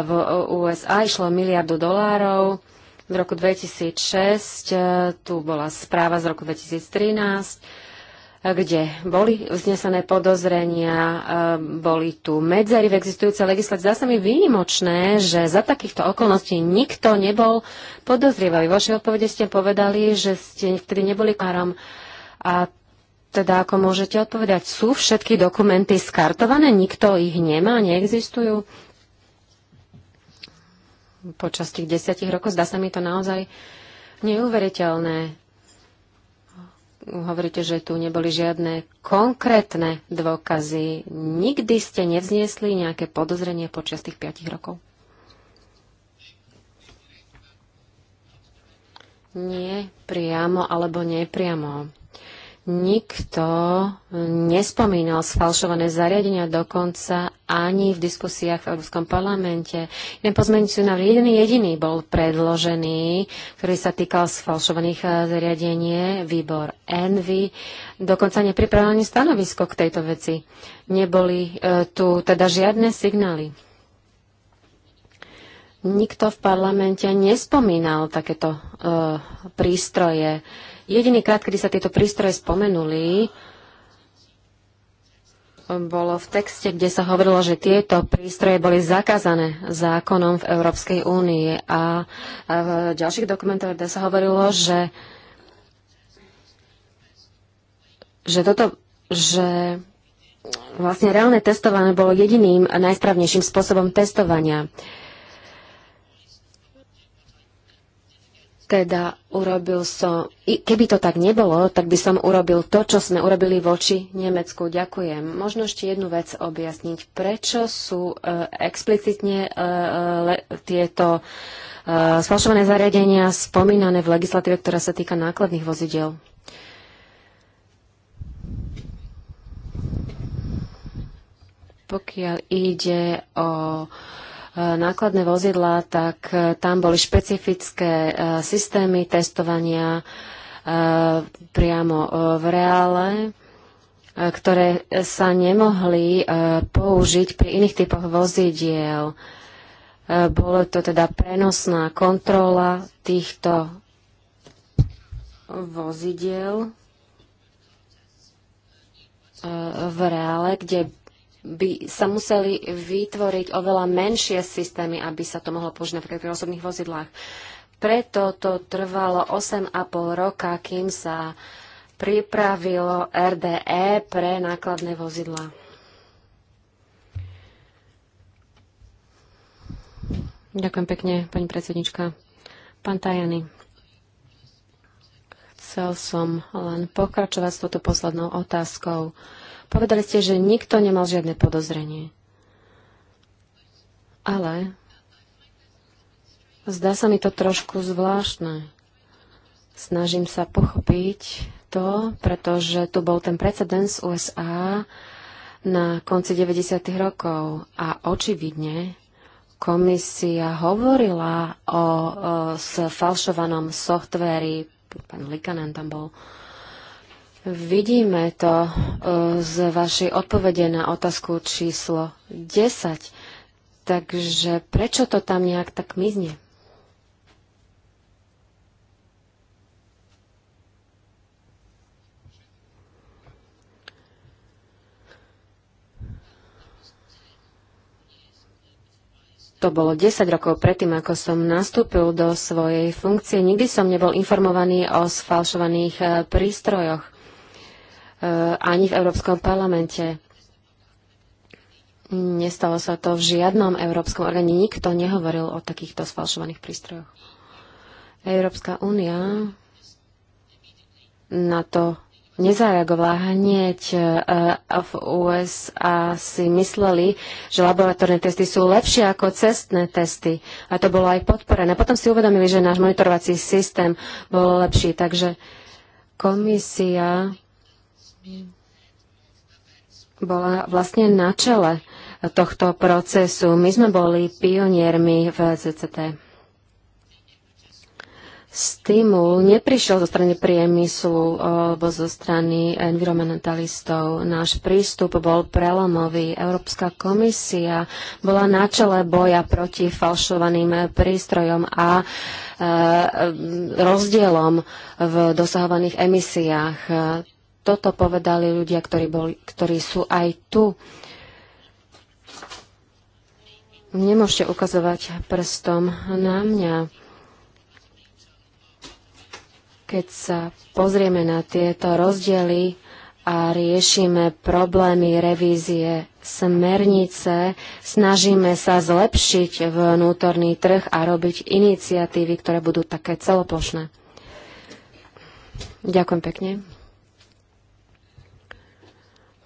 v USA, išlo miliardu dolárov. V roku 2006 e, tu bola správa z roku 2013 e, kde boli vznesené podozrenia, boli tu medzery v existujúcej legislácii. Zdá sa mi výnimočné, že za takýchto okolností nikto nebol podozrievavý. Vo vašej odpovede ste povedali, že ste vtedy neboli károm a teda ako môžete odpovedať, sú všetky dokumenty skartované? Nikto ich nemá? Neexistujú? Počas tých desiatich rokov zdá sa mi to naozaj neuveriteľné. Hovoríte, že tu neboli žiadne konkrétne dôkazy. Nikdy ste nevzniesli nejaké podozrenie počas tých piatich rokov? Nie priamo alebo nepriamo nikto nespomínal sfalšované zariadenia dokonca ani v diskusiách v Európskom parlamente. Jeden pozmeňujúci návrh, jeden jediný bol predložený, ktorý sa týkal sfalšovaných eh, zariadení, výbor Envy. Dokonca nepripravil ani stanovisko k tejto veci. Neboli e, tu teda žiadne signály. Nikto v parlamente nespomínal takéto e, prístroje. E, Jediný krát, kedy sa tieto prístroje spomenuli, bolo v texte, kde sa hovorilo, že tieto prístroje boli zakázané zákonom v Európskej únii a v ďalších dokumentoch, kde sa hovorilo, že, že toto, že vlastne reálne testovanie bolo jediným najsprávnejším spôsobom testovania. Uh, Teda urobil som, keby to tak nebolo, tak by som urobil to, čo sme urobili voči Nemecku. Ďakujem. Možno ešte jednu vec objasniť. Prečo sú e, explicitne e, e le, tieto e, zariadenia spomínané v legislatíve, ktorá sa týka nákladných vozidiel? Pokiaľ ide o nákladné vozidlá, tak e, tam boli špecifické e, systémy testovania e, priamo v reále, ktoré sa nemohli použiť pri iných typoch vozidiel. Bolo to teda prenosná kontrola týchto vozidiel v reále, kde by sa museli vytvoriť oveľa menšie systémy, aby sa to mohlo použiť napríklad pri osobných vozidlách. Preto to trvalo 8,5 roka, kým sa pripravilo RDE pre nákladné vozidlá. Ďakujem pekne, pani predsednička. Pán Tajany, chcel som len pokračovať s touto poslednou otázkou. Povedali ste, že nikto nemal žiadne podozrenie. Ale zdá sa mi to trošku zvláštne. Snažím sa pochopiť to, pretože tu bol ten precedens USA na konci 90. rokov a očividne komisia hovorila o, o sfalšovanom softvéri, pán Likanen tam bol, Vidíme to e, z vašej odpovede na otázku číslo 10. Takže prečo to tam nejak tak mizne? to bolo 10 rokov predtým, ako som nastúpil do svojej funkcie. Nikdy som nebol informovaný o sfalšovaných e, prístrojoch. Eh, ani v Európskom parlamente. Nestalo sa to v žiadnom európskom orgáne. Nikto nehovoril o takýchto sfalšovaných prístrojoch. Európska únia na to nezareagovala hneď. Eh, v USA si mysleli, že laboratórne testy sú lepšie ako cestné testy. A to bolo aj podporené. Potom si uvedomili, že náš monitorovací systém bol lepší. Takže komisia bola vlastne na čele tohto procesu. My sme boli pioniermi v CCT. Stimul neprišiel zo strany priemyslu alebo zo strany environmentalistov. Náš prístup bol prelomový. Európska komisia bola na čele boja proti falšovaným prístrojom a e, e rozdielom v dosahovaných emisiách toto povedali ľudia, ktorí, boli, ktorí sú aj tu. Nemôžete ukazovať prstom na mňa. Keď sa pozrieme na tieto rozdiely a riešime problémy revízie smernice, snažíme sa zlepšiť vnútorný trh a robiť iniciatívy, ktoré budú také celoplošné. Ďakujem pekne.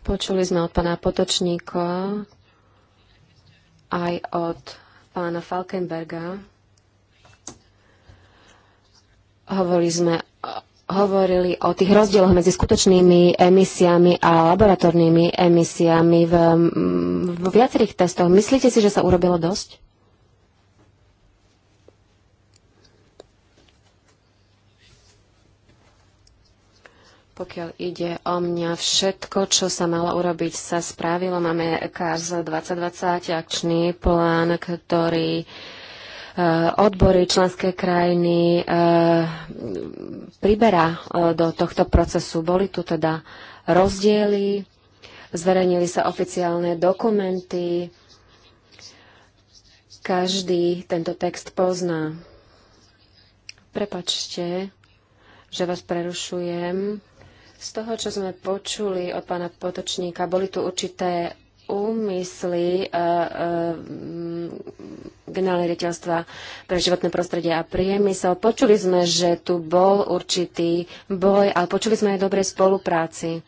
Počuli sme od pána Potočníka aj od pána Falkenberga. Hovorili sme hovorili o tých rozdieloch medzi skutočnými emisiami a laboratórnymi emisiami v, v viacerých testoch. Myslíte si, že sa urobilo dosť? Pokiaľ ide o mňa, všetko, čo sa malo urobiť, sa spravilo. Máme CARS 2020, akčný plán, ktorý e, odbory členské krajiny e, priberá e, do tohto procesu. Boli tu teda rozdiely, zverejnili sa oficiálne dokumenty, každý tento text pozná. Prepačte, že vás prerušujem. Z toho, čo sme počuli od pána Potočníka, boli tu určité úmysly e, e, generálne riaditeľstva pre životné prostredie a priemysel. Počuli sme, že tu bol určitý boj, ale počuli sme aj dobrej spolupráci.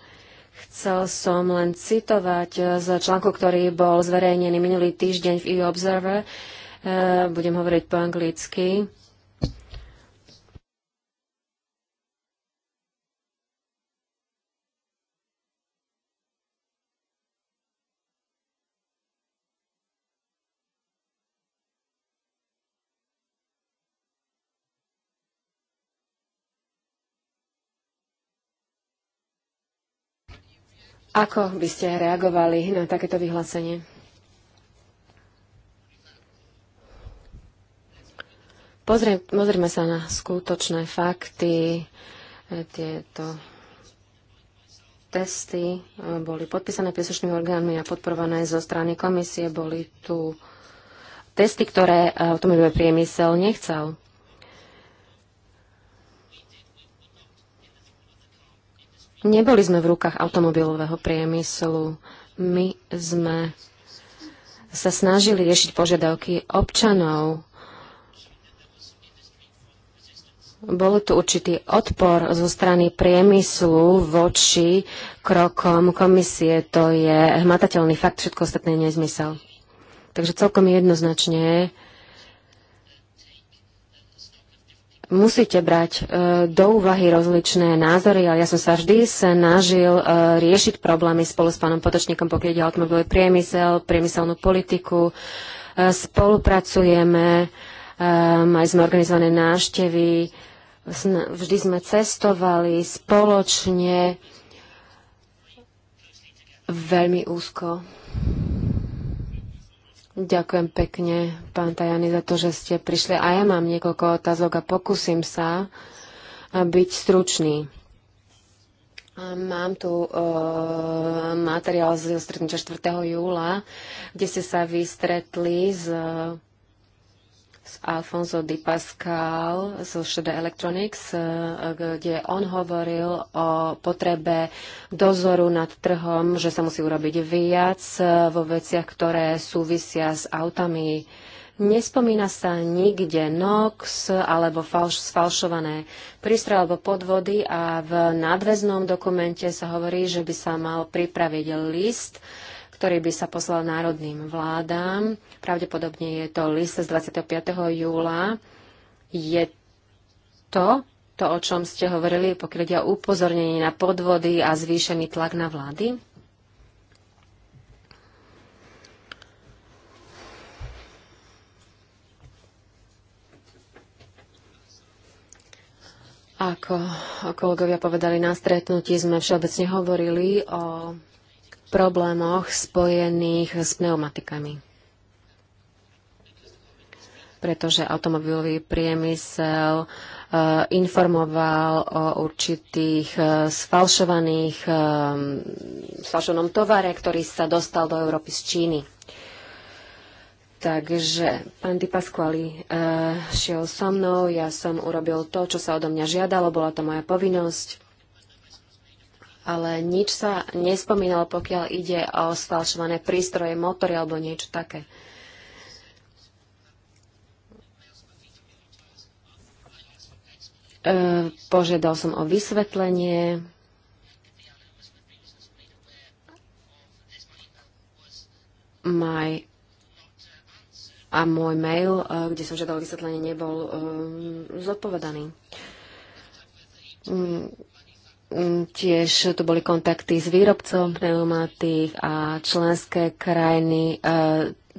Chcel som len citovať z článku, ktorý bol zverejnený minulý týždeň v EU Observer. E, budem hovoriť po anglicky Ako by ste reagovali na takéto vyhlásenie? Pozrie, pozrime sa na skutočné fakty. E, tieto testy e, boli podpísané príslušnými orgánmi a podporované zo strany komisie. Boli tu testy, ktoré e, automobilový priemysel nechcel. Neboli sme v rukách automobilového priemyslu. My sme sa snažili riešiť požiadavky občanov. Bol tu určitý odpor zo strany priemyslu voči krokom komisie. To je hmatateľný fakt, všetko ostatné je nezmysel. Takže celkom jednoznačne musíte brať e, do úvahy rozličné názory, ale ja som sa vždy snažil e, riešiť problémy spolu s pánom Potočníkom, pokiaľ ide automobilový priemysel, priemyselnú politiku. E, spolupracujeme, mali sme organizované náštevy, vždy sme cestovali spoločne veľmi úzko. Ďakujem pekne, pán Tajani, za to, že ste prišli. A ja mám niekoľko otázok a pokúsim sa byť stručný. Mám tu uh, materiál z stretnutia 4. júla, kde ste sa vystretli s s Alfonso Di Pascal z Shada Electronics, eh, kde on hovoril o potrebe dozoru nad trhom, že sa musí urobiť viac eh, vo veciach, ktoré súvisia s autami. Nespomína sa nikde NOx alebo falš, sfalšované prístroje alebo podvody a v nadväznom dokumente sa hovorí, že by sa mal pripraviť list, ktorý by sa poslal národným vládám. Pravdepodobne je to list z 25. júla. Je to, to, o čom ste hovorili, pokiaľ ide o upozornenie na podvody a zvýšený tlak na vlády? Ako kolegovia povedali na stretnutí, sme všeobecne hovorili o problémoch spojených s pneumatikami pretože automobilový priemysel e, informoval o určitých e, sfalšovaných e, sfalšovanom tovare, ktorý sa dostal do Európy z Číny. Takže pán Di Pasquali šiel so mnou, ja som urobil to, čo sa odo mňa žiadalo, bola to moja povinnosť ale nič sa nespomínalo, pokiaľ ide o sfalšované prístroje, motory alebo niečo také. E, požiadal som o vysvetlenie. My a môj mail, e, kde som žiadal vysvetlenie, nebol um, zodpovedaný. Mm, Mm, tiež tu boli kontakty s výrobcom pneumatík a členské krajiny e,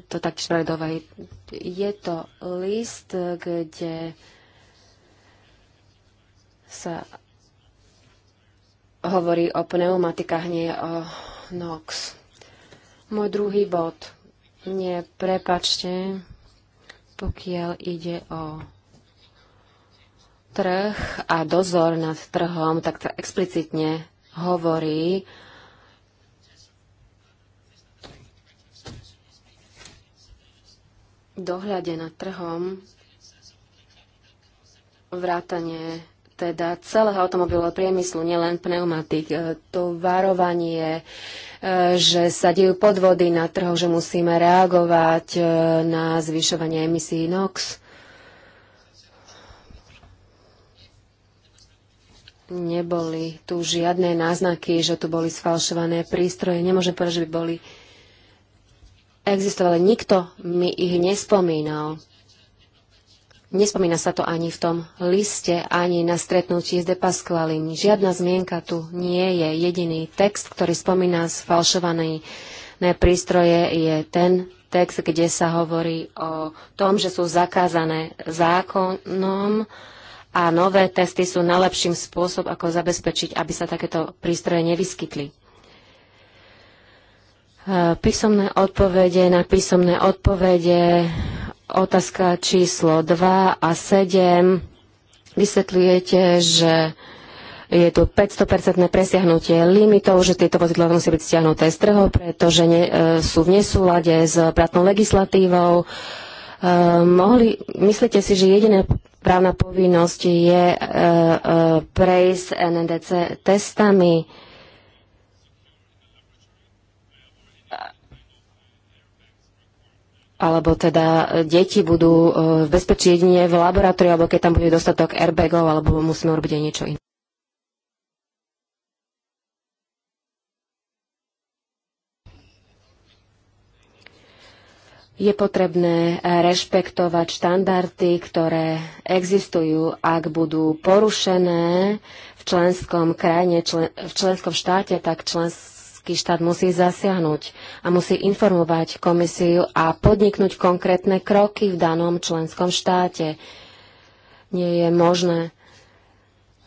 to taktiež brali Je to list, kde sa hovorí o pneumatikách, nie o NOx. Môj druhý bod. Nie, prepačte, pokiaľ ide o trh a dozor nad trhom tak explicitne hovorí, dohľade nad trhom vrátanie teda celého automobilového priemyslu, nielen pneumatik, e, to varovanie, e, že sa dejú podvody na trhu, že musíme reagovať e, na zvyšovanie emisí NOx. neboli tu žiadne náznaky, že tu boli sfalšované prístroje. Nemôžem povedať, že by boli existovali. Nikto mi ich nespomínal. Nespomína sa to ani v tom liste, ani na stretnutí s Depasqualim. Žiadna zmienka tu nie je. Jediný text, ktorý spomína sfalšované prístroje, je ten text, kde sa hovorí o tom, že sú zakázané zákonom, a nové testy sú najlepším spôsob, ako zabezpečiť, aby sa takéto prístroje nevyskytli. E, písomné odpovede na písomné odpovede. Otázka číslo 2 a 7. Vysvetľujete, že je tu 500% presiahnutie limitov, že tieto vozidla musí byť stiahnuté z trhu, pretože ne, e, sú v nesúlade s platnou legislatívou. Uh, mohli, myslíte si, že jediné právna povinnosť je e, e, prejsť NDC testami. alebo teda deti budú e, v bezpečí jedine v laboratóriu, alebo keď tam bude dostatok airbagov, alebo musíme urobiť aj niečo iné. Je potrebné eh, rešpektovať štandardy, ktoré existujú, ak budú porušené v členskom krajine, člen, v členskom štáte, tak členský štát musí zasiahnuť a musí informovať komisiu a podniknúť konkrétne kroky v danom členskom štáte. Nie je možné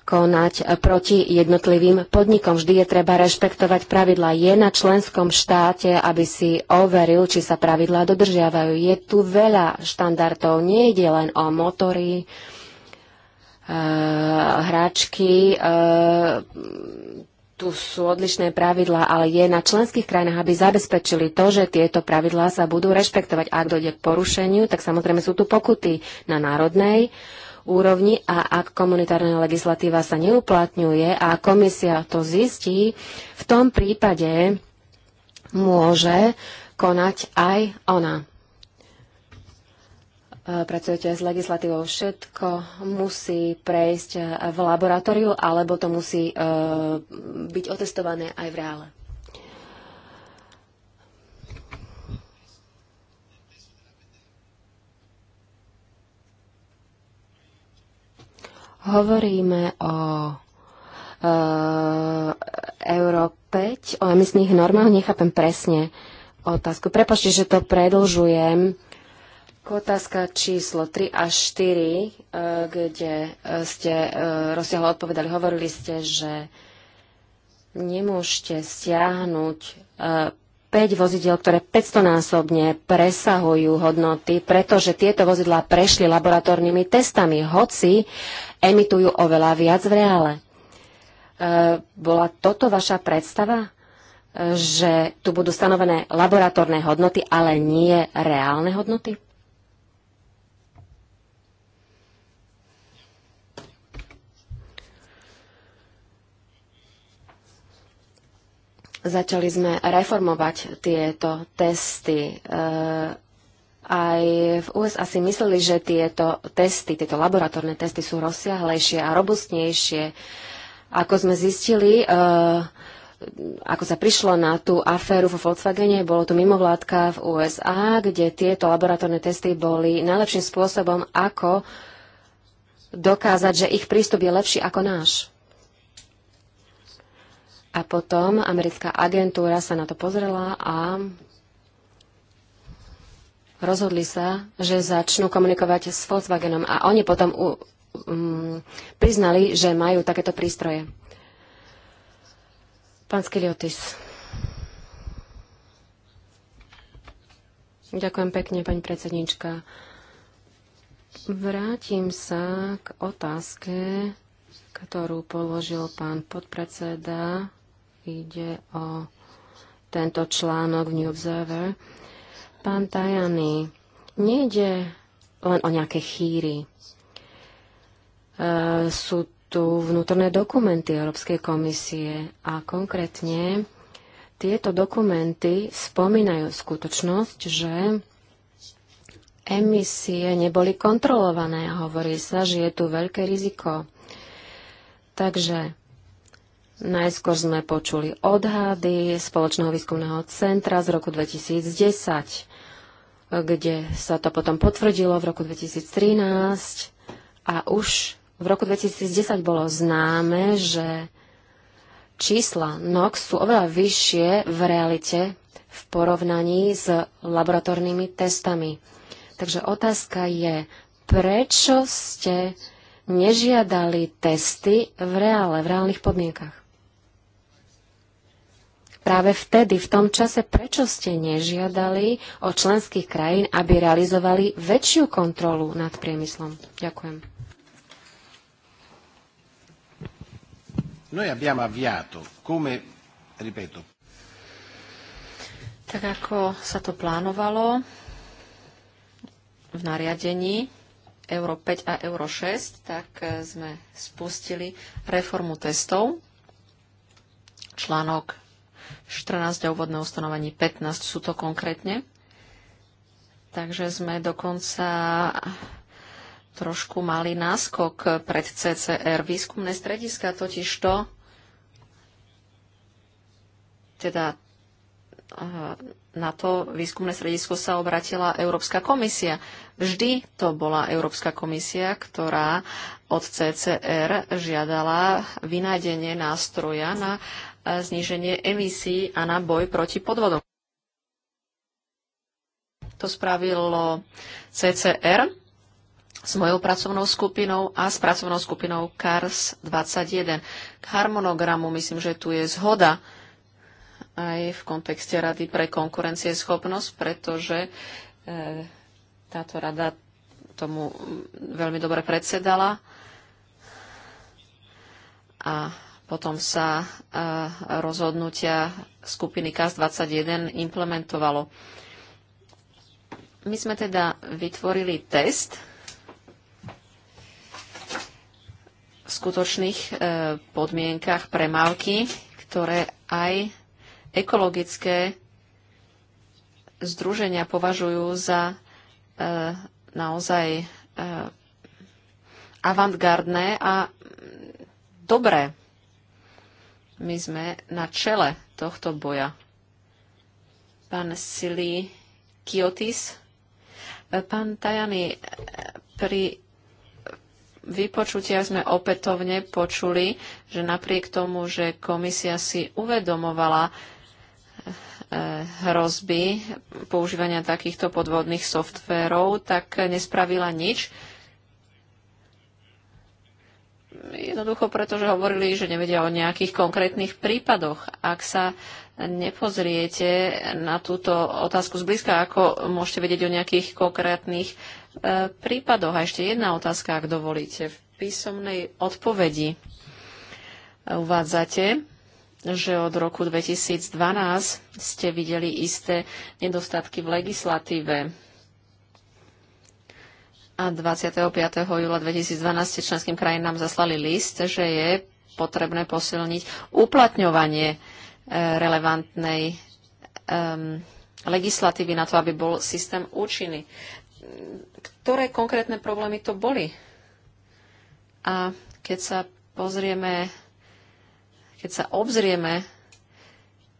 konať proti jednotlivým podnikom. Vždy je treba rešpektovať pravidla. Je na členskom štáte, aby si overil, či sa pravidlá dodržiavajú. Je tu veľa štandardov. Nie ide len o motory, e, hráčky. E, tu sú odlišné pravidlá, ale je na členských krajinách, aby zabezpečili to, že tieto pravidlá sa budú rešpektovať. Ak dojde k porušeniu, tak samozrejme sú tu pokuty na národnej úrovni a ak komunitárna legislatíva sa neuplatňuje a komisia to zistí, v tom prípade môže konať aj ona. E, pracujete s legislatívou, všetko musí prejsť v laboratóriu alebo to musí e, byť otestované aj v reále. Hovoríme o e, Euro 5, o emisných normách, nechápem presne otázku. Prepašte, že to predlžujem. K otázka číslo 3 a 4, e, kde ste e, rozsiahlo odpovedali, hovorili ste, že nemôžete stiahnuť 5 vozidel, ktoré 500-násobne presahujú hodnoty, pretože tieto vozidlá prešli laboratórnymi testami, hoci emitujú oveľa viac v reále. E, bola toto vaša predstava, e, že tu budú stanovené laboratórne hodnoty, ale nie reálne hodnoty? Začali sme reformovať tieto testy. Eh, aj v USA si mysleli, že tieto testy, tieto laboratórne testy sú rozsiahlejšie a robustnejšie. Ako sme zistili, eh, ako sa prišlo na tú aféru vo Volkswagene, bolo to mimovládka v USA, kde tieto laboratórne testy boli najlepším spôsobom, ako dokázať, že ich prístup je lepší ako náš. A potom americká agentúra sa na to pozrela a rozhodli sa, že začnú komunikovať s Volkswagenom a oni potom u, um, priznali, že majú takéto prístroje. Pán Skiliotis. Ďakujem pekne, pani predsednička. Vrátim sa k otázke, ktorú položil pán podpredseda ide o tento článok v New Observer. Pán Tajany, nejde len o nejaké chýry. E, sú tu vnútorné dokumenty Európskej komisie a konkrétne tieto dokumenty spomínajú skutočnosť, že emisie neboli kontrolované a hovorí sa, že je tu veľké riziko. Takže Najskôr sme počuli odhady Spoločného výskumného centra z roku 2010, kde sa to potom potvrdilo v roku 2013 a už v roku 2010 bolo známe, že čísla NOx sú oveľa vyššie v realite v porovnaní s laboratórnymi testami. Takže otázka je, prečo ste nežiadali testy v reále, v reálnych podmienkach? práve vtedy, v tom čase, prečo ste nežiadali o členských krajín, aby realizovali väčšiu kontrolu nad priemyslom? Ďakujem. Noi abbiamo avviato, come, ripeto, tak ako sa to plánovalo v nariadení Euro 5 a Euro 6, tak e, sme spustili reformu testov. Článok 14 a úvodné ustanovenie 15 sú to konkrétne. Takže sme dokonca trošku mali náskok pred CCR. Výskumné strediska totiž to, teda eh, na to výskumné stredisko sa obratila Európska komisia. Vždy to bola Európska komisia, ktorá od CCR žiadala vynájdenie nástroja na zníženie emisí a na boj proti podvodom. To spravilo CCR s mojou pracovnou skupinou a s pracovnou skupinou CARS 21. K harmonogramu myslím, že tu je zhoda aj v kontexte Rady pre konkurencieschopnosť, pretože eh, táto rada tomu mm, veľmi dobre predsedala a potom sa e, rozhodnutia skupiny KAS 21 implementovalo. My sme teda vytvorili test v skutočných e, podmienkach premávky, ktoré aj ekologické združenia považujú za e, naozaj avantgardné a dobré. My sme na čele tohto boja. Pán Sili Kiotis, pán Tajany, pri vypočutiach sme opätovne počuli, že napriek tomu, že komisia si uvedomovala eh, hrozby používania takýchto podvodných softvérov, tak nespravila nič Jednoducho preto, že hovorili, že nevedia o nejakých konkrétnych prípadoch. Ak sa nepozriete na túto otázku zblízka, ako môžete vedieť o nejakých konkrétnych e, prípadoch. A ešte jedna otázka, ak dovolíte. V písomnej odpovedi uvádzate, že od roku 2012 ste videli isté nedostatky v legislatíve a 25. júla 2012 členským krajinám zaslali list, že je potrebné posilniť uplatňovanie e, relevantnej legislatívy na to, aby bol systém účinný. Ktoré konkrétne problémy to boli? A keď sa pozrieme, keď sa obzrieme,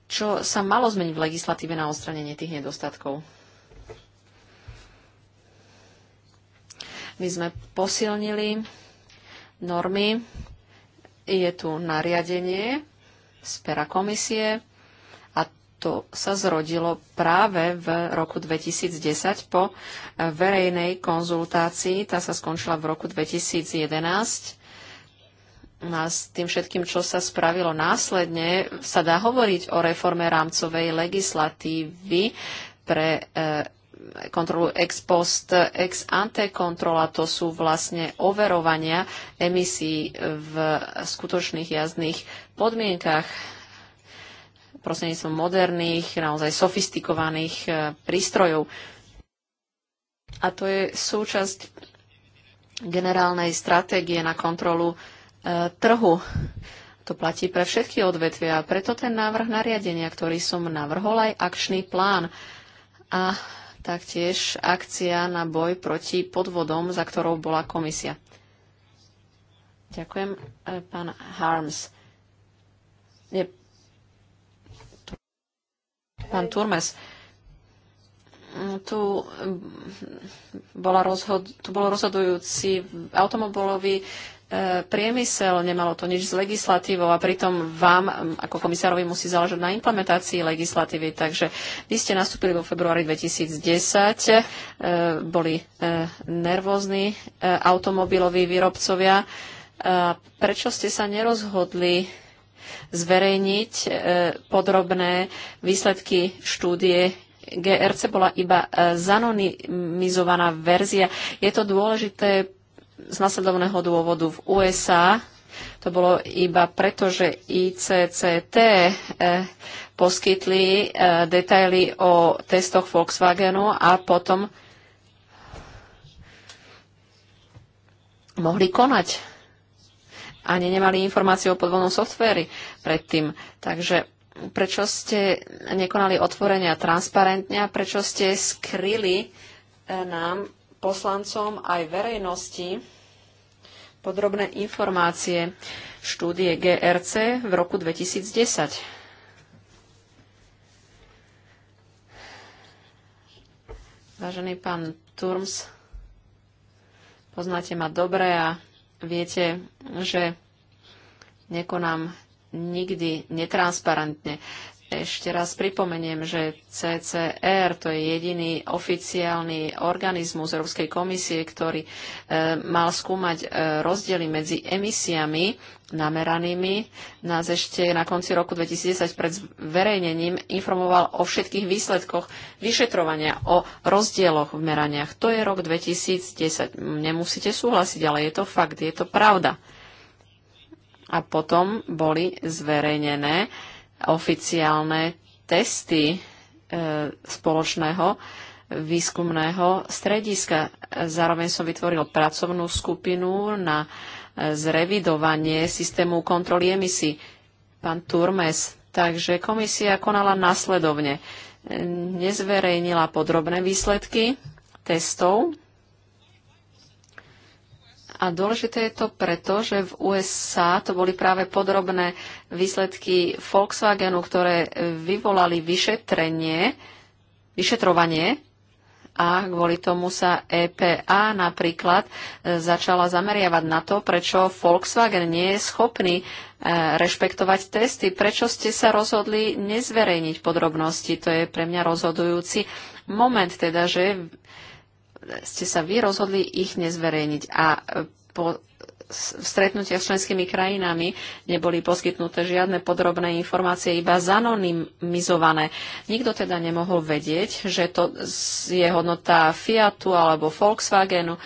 čo sa malo zmeniť v legislatíve na odstranenie tých nedostatkov? My sme posilnili normy. Je tu nariadenie z pera komisie a to sa zrodilo práve v roku 2010 po verejnej konzultácii. Tá sa skončila v roku 2011 no a s tým všetkým, čo sa spravilo následne, sa dá hovoriť o reforme rámcovej legislatívy pre e, kontrolu ex post, ex ante kontrola, to sú vlastne overovania emisí v skutočných jazdných podmienkach prostredníctvom moderných, naozaj sofistikovaných e, prístrojov. A to je súčasť generálnej stratégie na kontrolu e, trhu. To platí pre všetky odvetvia, preto ten návrh nariadenia, ktorý som navrhol, aj akčný plán. A taktiež akcia na boj proti podvodom, za ktorou bola komisia. Ďakujem, e, pán Harms. Je... Pán Turmes, mm, tu, mm, bola rozhod, tu bol rozhodujúci automobilový E, priemysel, nemalo to nič s legislatívou a pritom vám ako komisárovi musí záležať na implementácii legislatívy. Takže vy ste nastúpili vo februári 2010, e, boli e, nervózni automobiloví výrobcovia. Prečo ste sa nerozhodli zverejniť podrobné výsledky štúdie GRC bola iba zanonymizovaná verzia. Je to dôležité z nasledovného dôvodu v USA. To bolo iba preto, že ICCT eh, poskytli eh, detaily o testoch Volkswagenu a potom mohli konať. Ani nemali informácie o podvodnom softvéri predtým. Takže prečo ste nekonali otvorenia transparentne a prečo ste skryli eh, nám poslancom aj verejnosti podrobné informácie štúdie GRC v roku 2010. Vážený pán Turms, poznáte ma dobre a viete, že nekonám nikdy netransparentne. Ešte raz pripomeniem, že CCR to je jediný oficiálny organizmus Európskej komisie, ktorý e, mal skúmať e, rozdiely medzi emisiami nameranými. Nás ešte na konci roku 2010 pred zverejnením informoval o všetkých výsledkoch vyšetrovania, o rozdieloch v meraniach. To je rok 2010. Nemusíte súhlasiť, ale je to fakt, je to pravda. A potom boli zverejnené oficiálne testy e, spoločného výskumného strediska. Zároveň som vytvoril pracovnú skupinu na e, zrevidovanie systému kontroly emisí. Pán Turmes, takže komisia konala následovne. Nezverejnila podrobné výsledky testov a dôležité je to preto, že v USA to boli práve podrobné výsledky Volkswagenu, ktoré vyvolali vyšetrenie, vyšetrovanie a kvôli tomu sa EPA napríklad e, začala zameriavať na to, prečo Volkswagen nie je schopný e, rešpektovať testy. Prečo ste sa rozhodli nezverejniť podrobnosti? To je pre mňa rozhodujúci moment, teda, že ste sa vy rozhodli ich nezverejniť a e, po stretnutiach s členskými krajinami neboli poskytnuté žiadne podrobné informácie, iba zanonymizované. Nikto teda nemohol vedieť, že to je hodnota Fiatu alebo Volkswagenu.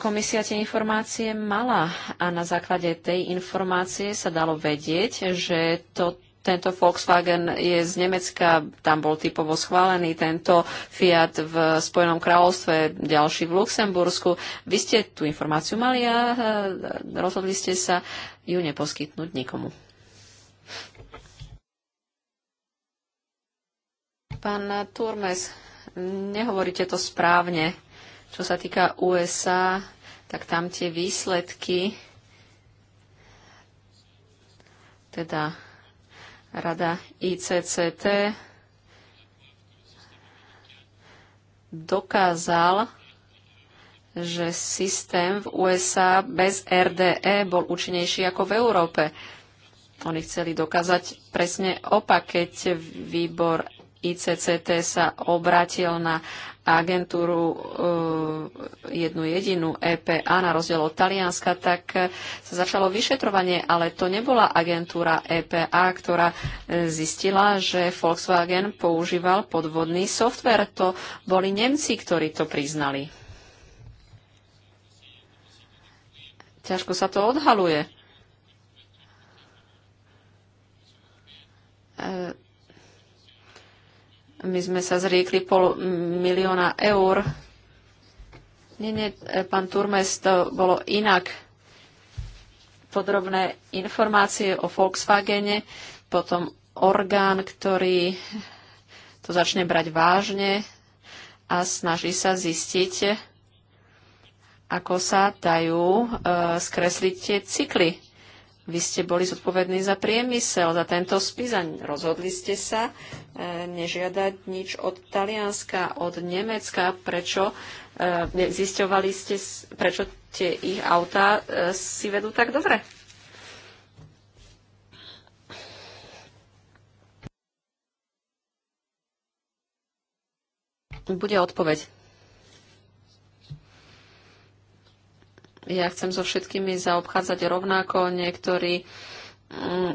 Komisia tie informácie mala a na základe tej informácie sa dalo vedieť, že to tento Volkswagen je z Nemecka, tam bol typovo schválený, tento Fiat v Spojenom kráľovstve, ďalší v Luxembursku. Vy ste tú informáciu mali a rozhodli ste sa ju neposkytnúť nikomu. Pán Turmes, nehovoríte to správne. Čo sa týka USA, tak tam tie výsledky, teda Rada ICCT dokázal, že systém v USA bez RDE bol účinnejší ako v Európe. Oni chceli dokázať presne opak, keď výbor ICCT sa obratil na agentúru eh, jednu jedinú EPA na rozdiel od Talianska, tak eh, sa začalo vyšetrovanie, ale to nebola agentúra EPA, ktorá eh, zistila, že Volkswagen používal podvodný software. To boli Nemci, ktorí to priznali. Ťažko sa to odhaluje. My sme sa zriekli pol milióna eur. Nie, nie, pán Turmes, to bolo inak. Podrobné informácie o Volkswagene, potom orgán, ktorý to začne brať vážne a snaží sa zistiť, ako sa dajú e, skresliť tie cykly. Vy ste boli zodpovední za priemysel, za tento spis a rozhodli ste sa e, nežiadať nič od Talianska, od Nemecka. Prečo e, zisťovali ste, prečo tie ich autá e, si vedú tak dobre? Bude odpoveď. ja chcem so všetkými zaobchádzať rovnako. Niektorí mm,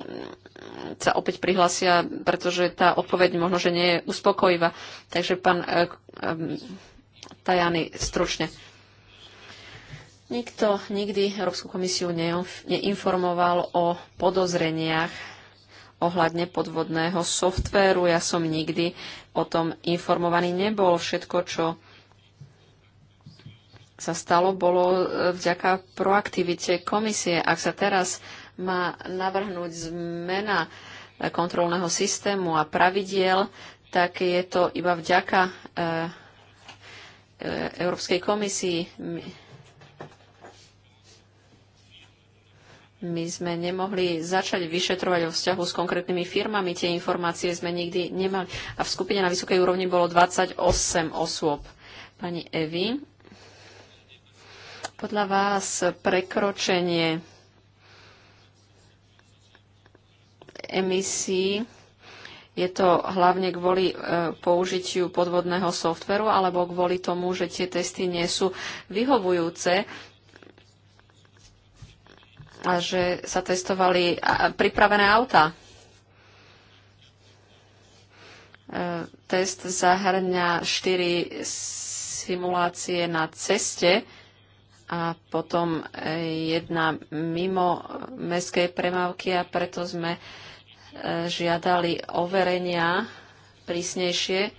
sa opäť prihlasia, pretože tá odpoveď možno, že nie je uspokojivá. Takže pán eh, eh, Tajany, stručne. Nikto nikdy Európsku komisiu neinformoval o podozreniach ohľadne podvodného softvéru. Ja som nikdy o tom informovaný nebol. Všetko, čo sa stalo, bolo e, vďaka proaktivite komisie. Ak sa teraz má navrhnúť zmena e, kontrolného systému a pravidiel, tak je to iba vďaka e, Európskej komisii. My sme nemohli začať vyšetrovať o vzťahu s konkrétnymi firmami, tie informácie sme nikdy nemali. A v skupine na vysokej úrovni bolo 28 osôb. Pani Evi, podľa vás prekročenie emisí je to hlavne kvôli e, použitiu podvodného softveru alebo kvôli tomu, že tie testy nie sú vyhovujúce a že sa testovali pripravené auta. E, test zahrňa 4 simulácie na ceste, a potom e, jedna mimo mestskej premávky a preto sme e, žiadali overenia prísnejšie.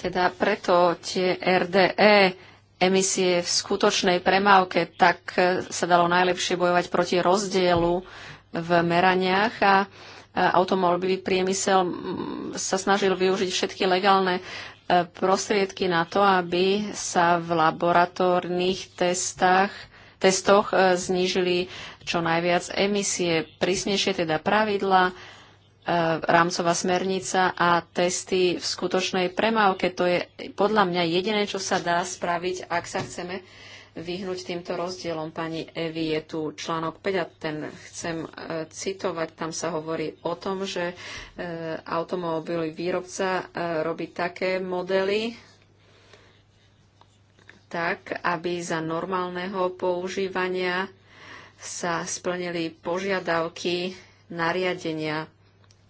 Teda preto tie RDE emisie v skutočnej premávke, tak e, sa dalo najlepšie bojovať proti rozdielu v meraniach a automobilový priemysel sa snažil využiť všetky legálne e, prostriedky na to, aby sa v laboratórnych testách, testoch e, znížili čo najviac emisie, prísnejšie teda pravidla, e, rámcová smernica a testy v skutočnej premávke. To je podľa mňa jediné, čo sa dá spraviť, ak sa chceme vyhnúť týmto rozdielom. Pani Evi je tu článok 5 a ten chcem e, citovať. Tam sa hovorí o tom, že e, automobilový výrobca e, robí také modely, tak, aby za normálneho používania sa splnili požiadavky nariadenia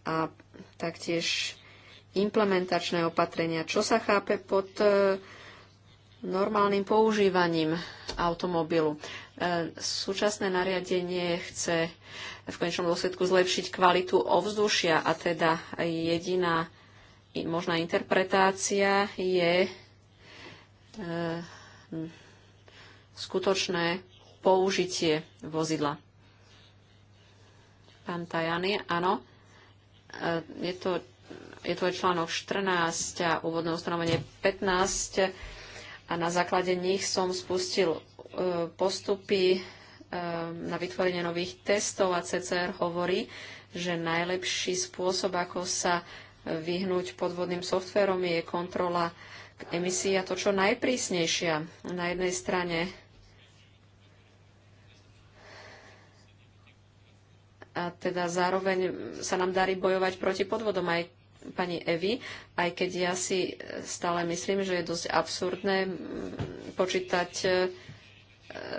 a taktiež implementačné opatrenia. Čo sa chápe pod normálnym používaním automobilu. E, súčasné nariadenie chce v konečnom dôsledku zlepšiť kvalitu ovzdušia a teda jediná možná interpretácia je e, skutočné použitie vozidla. Pán Tajany, áno. E, je to, je to článok 14 a úvodné ustanovenie 15 a na základe nich som spustil e, postupy e, na vytvorenie nových testov a CCR hovorí, že najlepší spôsob, ako sa vyhnúť podvodným softverom, je kontrola emisí a to čo najprísnejšia. Na jednej strane a teda zároveň sa nám darí bojovať proti podvodom. Aj pani Evi, aj keď ja si e, stále myslím, že je dosť absurdné počítať e,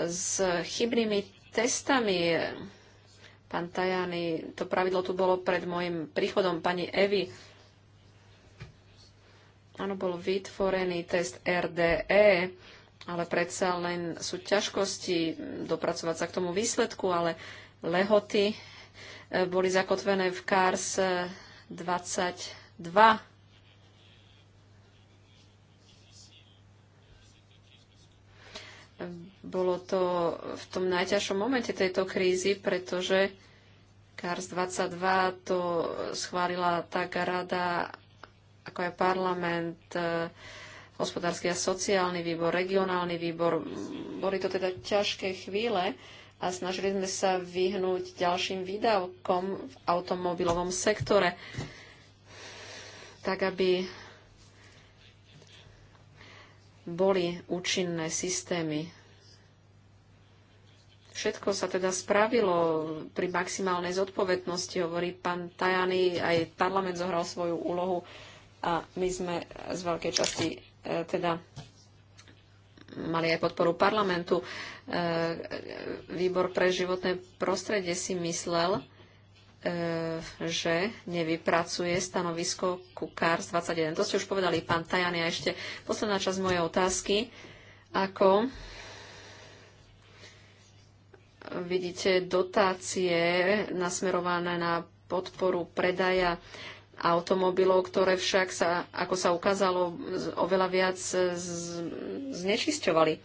s chybnými testami. Pán Tajany, to pravidlo tu bolo pred môjim príchodom pani Evy. Áno, bol vytvorený test RDE, ale predsa len sú ťažkosti dopracovať sa k tomu výsledku, ale lehoty e, boli zakotvené v CARS 22. Bolo to v tom najťažšom momente tejto krízy, pretože CARS 22 to schválila tak rada, ako aj parlament, eh, hospodársky a sociálny výbor, regionálny výbor. Boli to teda ťažké chvíle a snažili sme sa vyhnúť ďalším výdavkom v automobilovom sektore, tak aby boli účinné systémy. Všetko sa teda spravilo pri maximálnej zodpovednosti, hovorí pán Tajany, aj parlament zohral svoju úlohu a my sme z veľkej časti e, teda mali aj podporu parlamentu. E, výbor pre životné prostredie si myslel, e, že nevypracuje stanovisko ku CARS 21. To ste už povedali, pán Tajany. A ešte posledná časť mojej otázky. Ako vidíte dotácie nasmerované na podporu predaja automobilov, ktoré však sa, ako sa ukázalo, oveľa viac e, znečisťovali.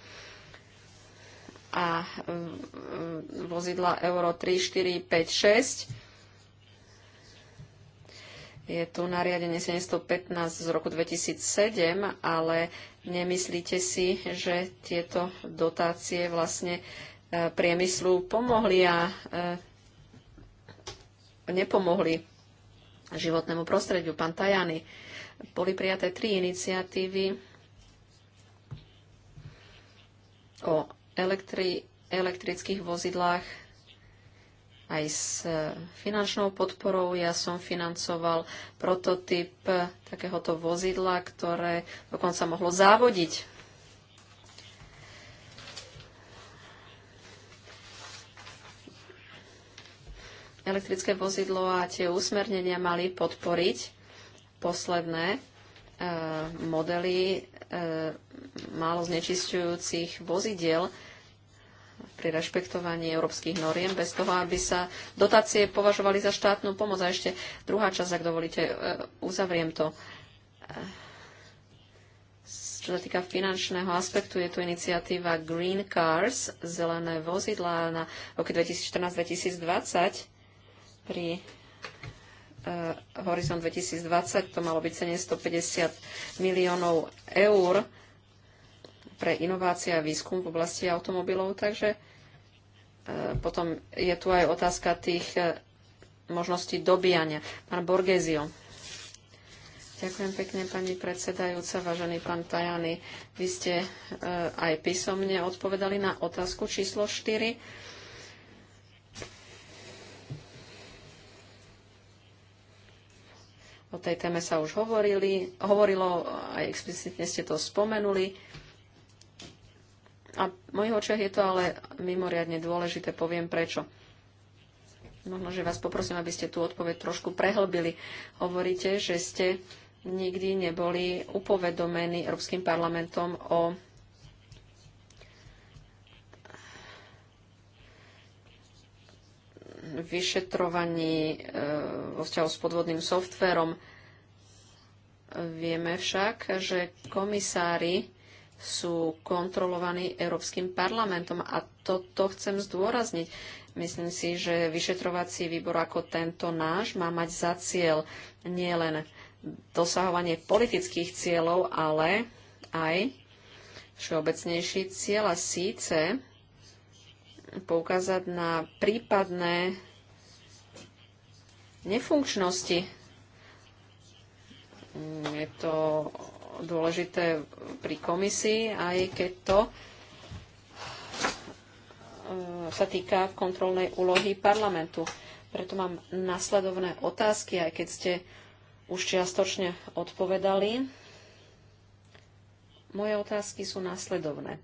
A e, vozidla Euro 3, 4, 5, 6 je tu nariadenie 715 z roku 2007, ale nemyslíte si, že tieto dotácie vlastne e, priemyslu pomohli a nepomohli a životnému prostrediu. Pán Tajany, boli prijaté tri iniciatívy o elektri- elektrických vozidlách aj s e, finančnou podporou. Ja som financoval prototyp takéhoto vozidla, ktoré dokonca mohlo závodiť elektrické vozidlo a tie usmernenia mali podporiť posledné e, modely e, málo znečisťujúcich vozidiel pri rešpektovaní európskych noriem, bez toho, aby sa dotácie považovali za štátnu pomoc. A ešte druhá časť, ak dovolíte, e, uzavriem to. E, čo sa týka finančného aspektu, je tu iniciatíva Green Cars, zelené vozidlá na roky 2014-2020 pri eh, Horizon 2020 to malo byť 750 miliónov eur pre inovácie a výskum v oblasti automobilov, takže eh, potom je tu aj otázka tých eh, možností dobíjania. Pán Borgesio. Ďakujem pekne, pani predsedajúca, vážený pán Tajany. Vy ste aj písomne odpovedali na otázku číslo 4 O tej téme sa už hovorili, hovorilo, aj explicitne ste to spomenuli. A v mojich očiach je to ale mimoriadne dôležité, poviem prečo. Možno, že vás poprosím, aby ste tú odpoveď trošku prehlbili. Hovoríte, že ste nikdy neboli upovedomení Európskym parlamentom o vyšetrovaní e, vo vzťahu s podvodným softverom. Vieme však, že komisári sú kontrolovaní Európskym parlamentom a toto chcem zdôrazniť. Myslím si, že vyšetrovací výbor ako tento náš má mať za cieľ nielen dosahovanie politických cieľov, ale aj všeobecnejší cieľ a síce poukázať na prípadné nefunkčnosti. Je to dôležité pri komisii, aj keď to eh, sa týka kontrolnej úlohy parlamentu. Preto mám nasledovné otázky, aj keď ste už čiastočne odpovedali. Moje otázky sú následovné.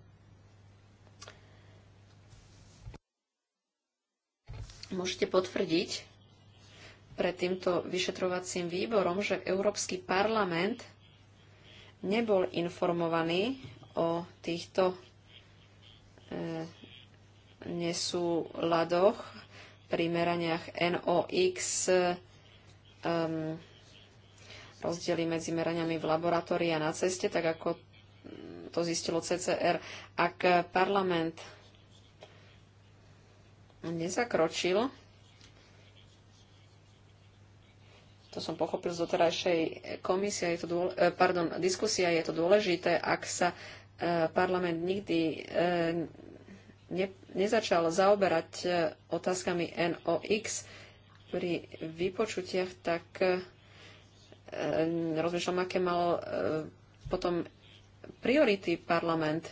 Môžete potvrdiť pred týmto vyšetrovacím výborom, že Európsky parlament nebol informovaný o týchto e, nesúladoch pri meraniach NOx, e, rozdiely medzi meraniami v laboratórii a na ceste, tak ako to zistilo CCR. Ak parlament nezakročil. To som pochopil z doterajšej komisie, je to dôle, eh, pardon, diskusia, je to dôležité, ak sa eh, parlament nikdy eh, ne, nezačal zaoberať otázkami NOx pri vypočutiach, tak rozmýšľam, aké mal potom priority parlament.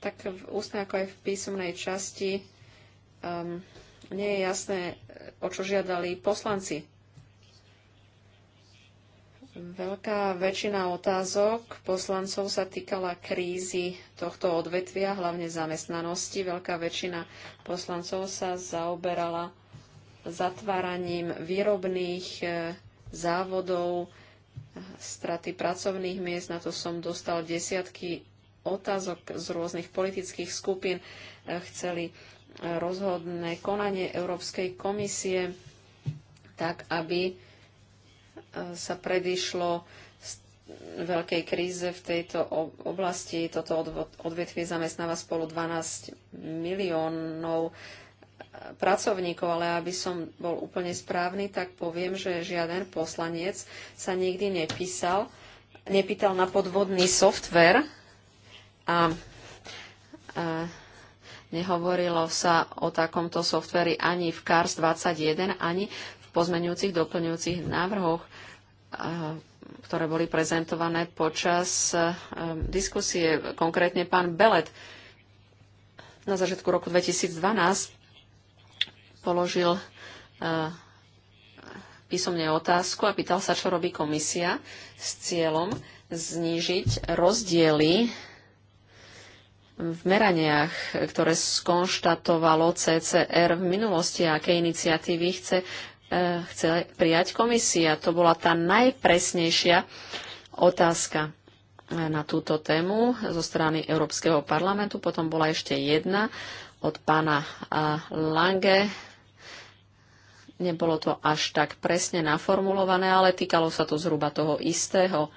tak v ústnej ako aj v písomnej časti um, nie je jasné, o čo žiadali poslanci. Veľká väčšina otázok poslancov sa týkala krízy tohto odvetvia, hlavne zamestnanosti. Veľká väčšina poslancov sa zaoberala zatváraním výrobných eh, závodov, straty pracovných miest. Na to som dostal desiatky otázok z rôznych politických skupín e, chceli e, rozhodné konanie Európskej komisie tak, aby e, sa predišlo veľkej kríze v tejto oblasti. Toto odvetvie zamestnáva spolu 12 miliónov pracovníkov, ale aby som bol úplne správny, tak poviem, že žiaden poslanec sa nikdy nepísal, nepýtal na podvodný software, a, a nehovorilo sa o takomto softveri ani v CARS 21, ani v pozmenujúcich, doplňujúcich návrhoch, a, ktoré boli prezentované počas a, diskusie, konkrétne pán Belet na začiatku roku 2012 položil a, písomne otázku a pýtal sa, čo robí komisia s cieľom znížiť rozdiely v meraniach, ktoré skonštatovalo CCR v minulosti, aké iniciatívy chce, eh, chce prijať komisia. To bola tá najpresnejšia otázka eh, na túto tému zo strany Európskeho parlamentu. Potom bola ešte jedna od pána eh, Lange. Nebolo to až tak presne naformulované, ale týkalo sa to zhruba toho istého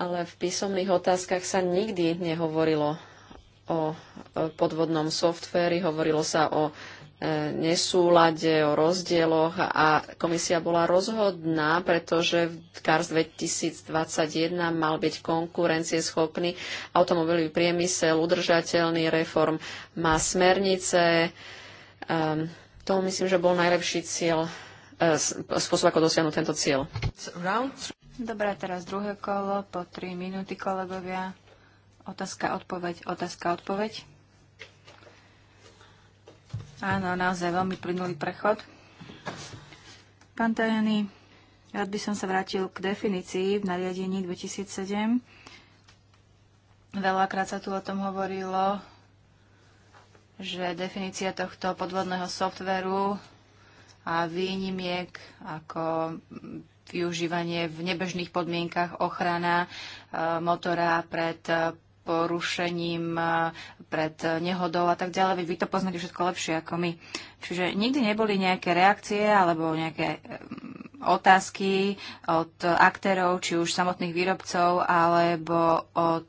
ale v písomných otázkach sa nikdy nehovorilo o podvodnom softvéri, hovorilo sa o e, nesúlade, o rozdieloch a komisia bola rozhodná, pretože v CARS 2021 mal byť konkurencieschopný automobilový priemysel, udržateľný reform, má smernice. Um, to myslím, že bol najlepší cieľ, e, spôsob, ako dosiahnuť tento cieľ. Dobre, teraz druhé kolo po 3 minúty, kolegovia. Otázka, odpoveď, otázka, odpoveď. Áno, naozaj veľmi plynulý prechod. Pán Tajany, rád by som sa vrátil k definícii v nariadení 2007. Veľakrát sa tu o tom hovorilo, že definícia tohto podvodného softveru a výnimiek ako využívanie v nebežných podmienkach, ochrana e, motora pred e, porušením, e, pred nehodou a tak ďalej. Vy to poznáte všetko lepšie ako my. Čiže nikdy neboli nejaké reakcie alebo nejaké otázky od aktérov, či už samotných výrobcov alebo od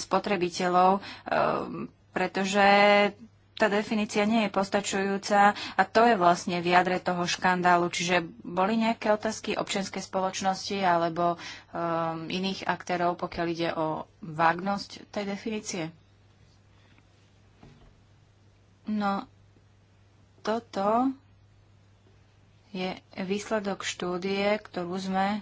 spotrebiteľov, pretože tá definícia nie je postačujúca a to je vlastne v jadre toho škandálu. Čiže boli nejaké otázky občianskej spoločnosti alebo um, iných aktérov, pokiaľ ide o vágnosť tej definície? No, toto je výsledok štúdie, ktorú sme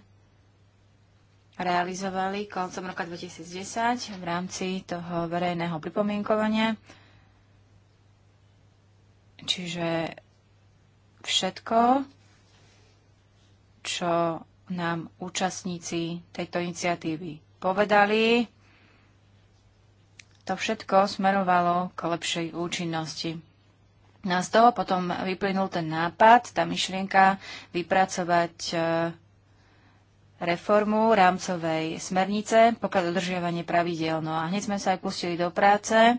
realizovali koncom roka 2010 v rámci toho verejného pripomienkovania. Čiže všetko, čo nám účastníci tejto iniciatívy povedali, to všetko smerovalo k lepšej účinnosti. No a z toho potom vyplynul ten nápad, tá myšlienka vypracovať e, reformu rámcovej smernice, pokiaľ dodržiavanie pravidel. No a hneď sme sa aj pustili do práce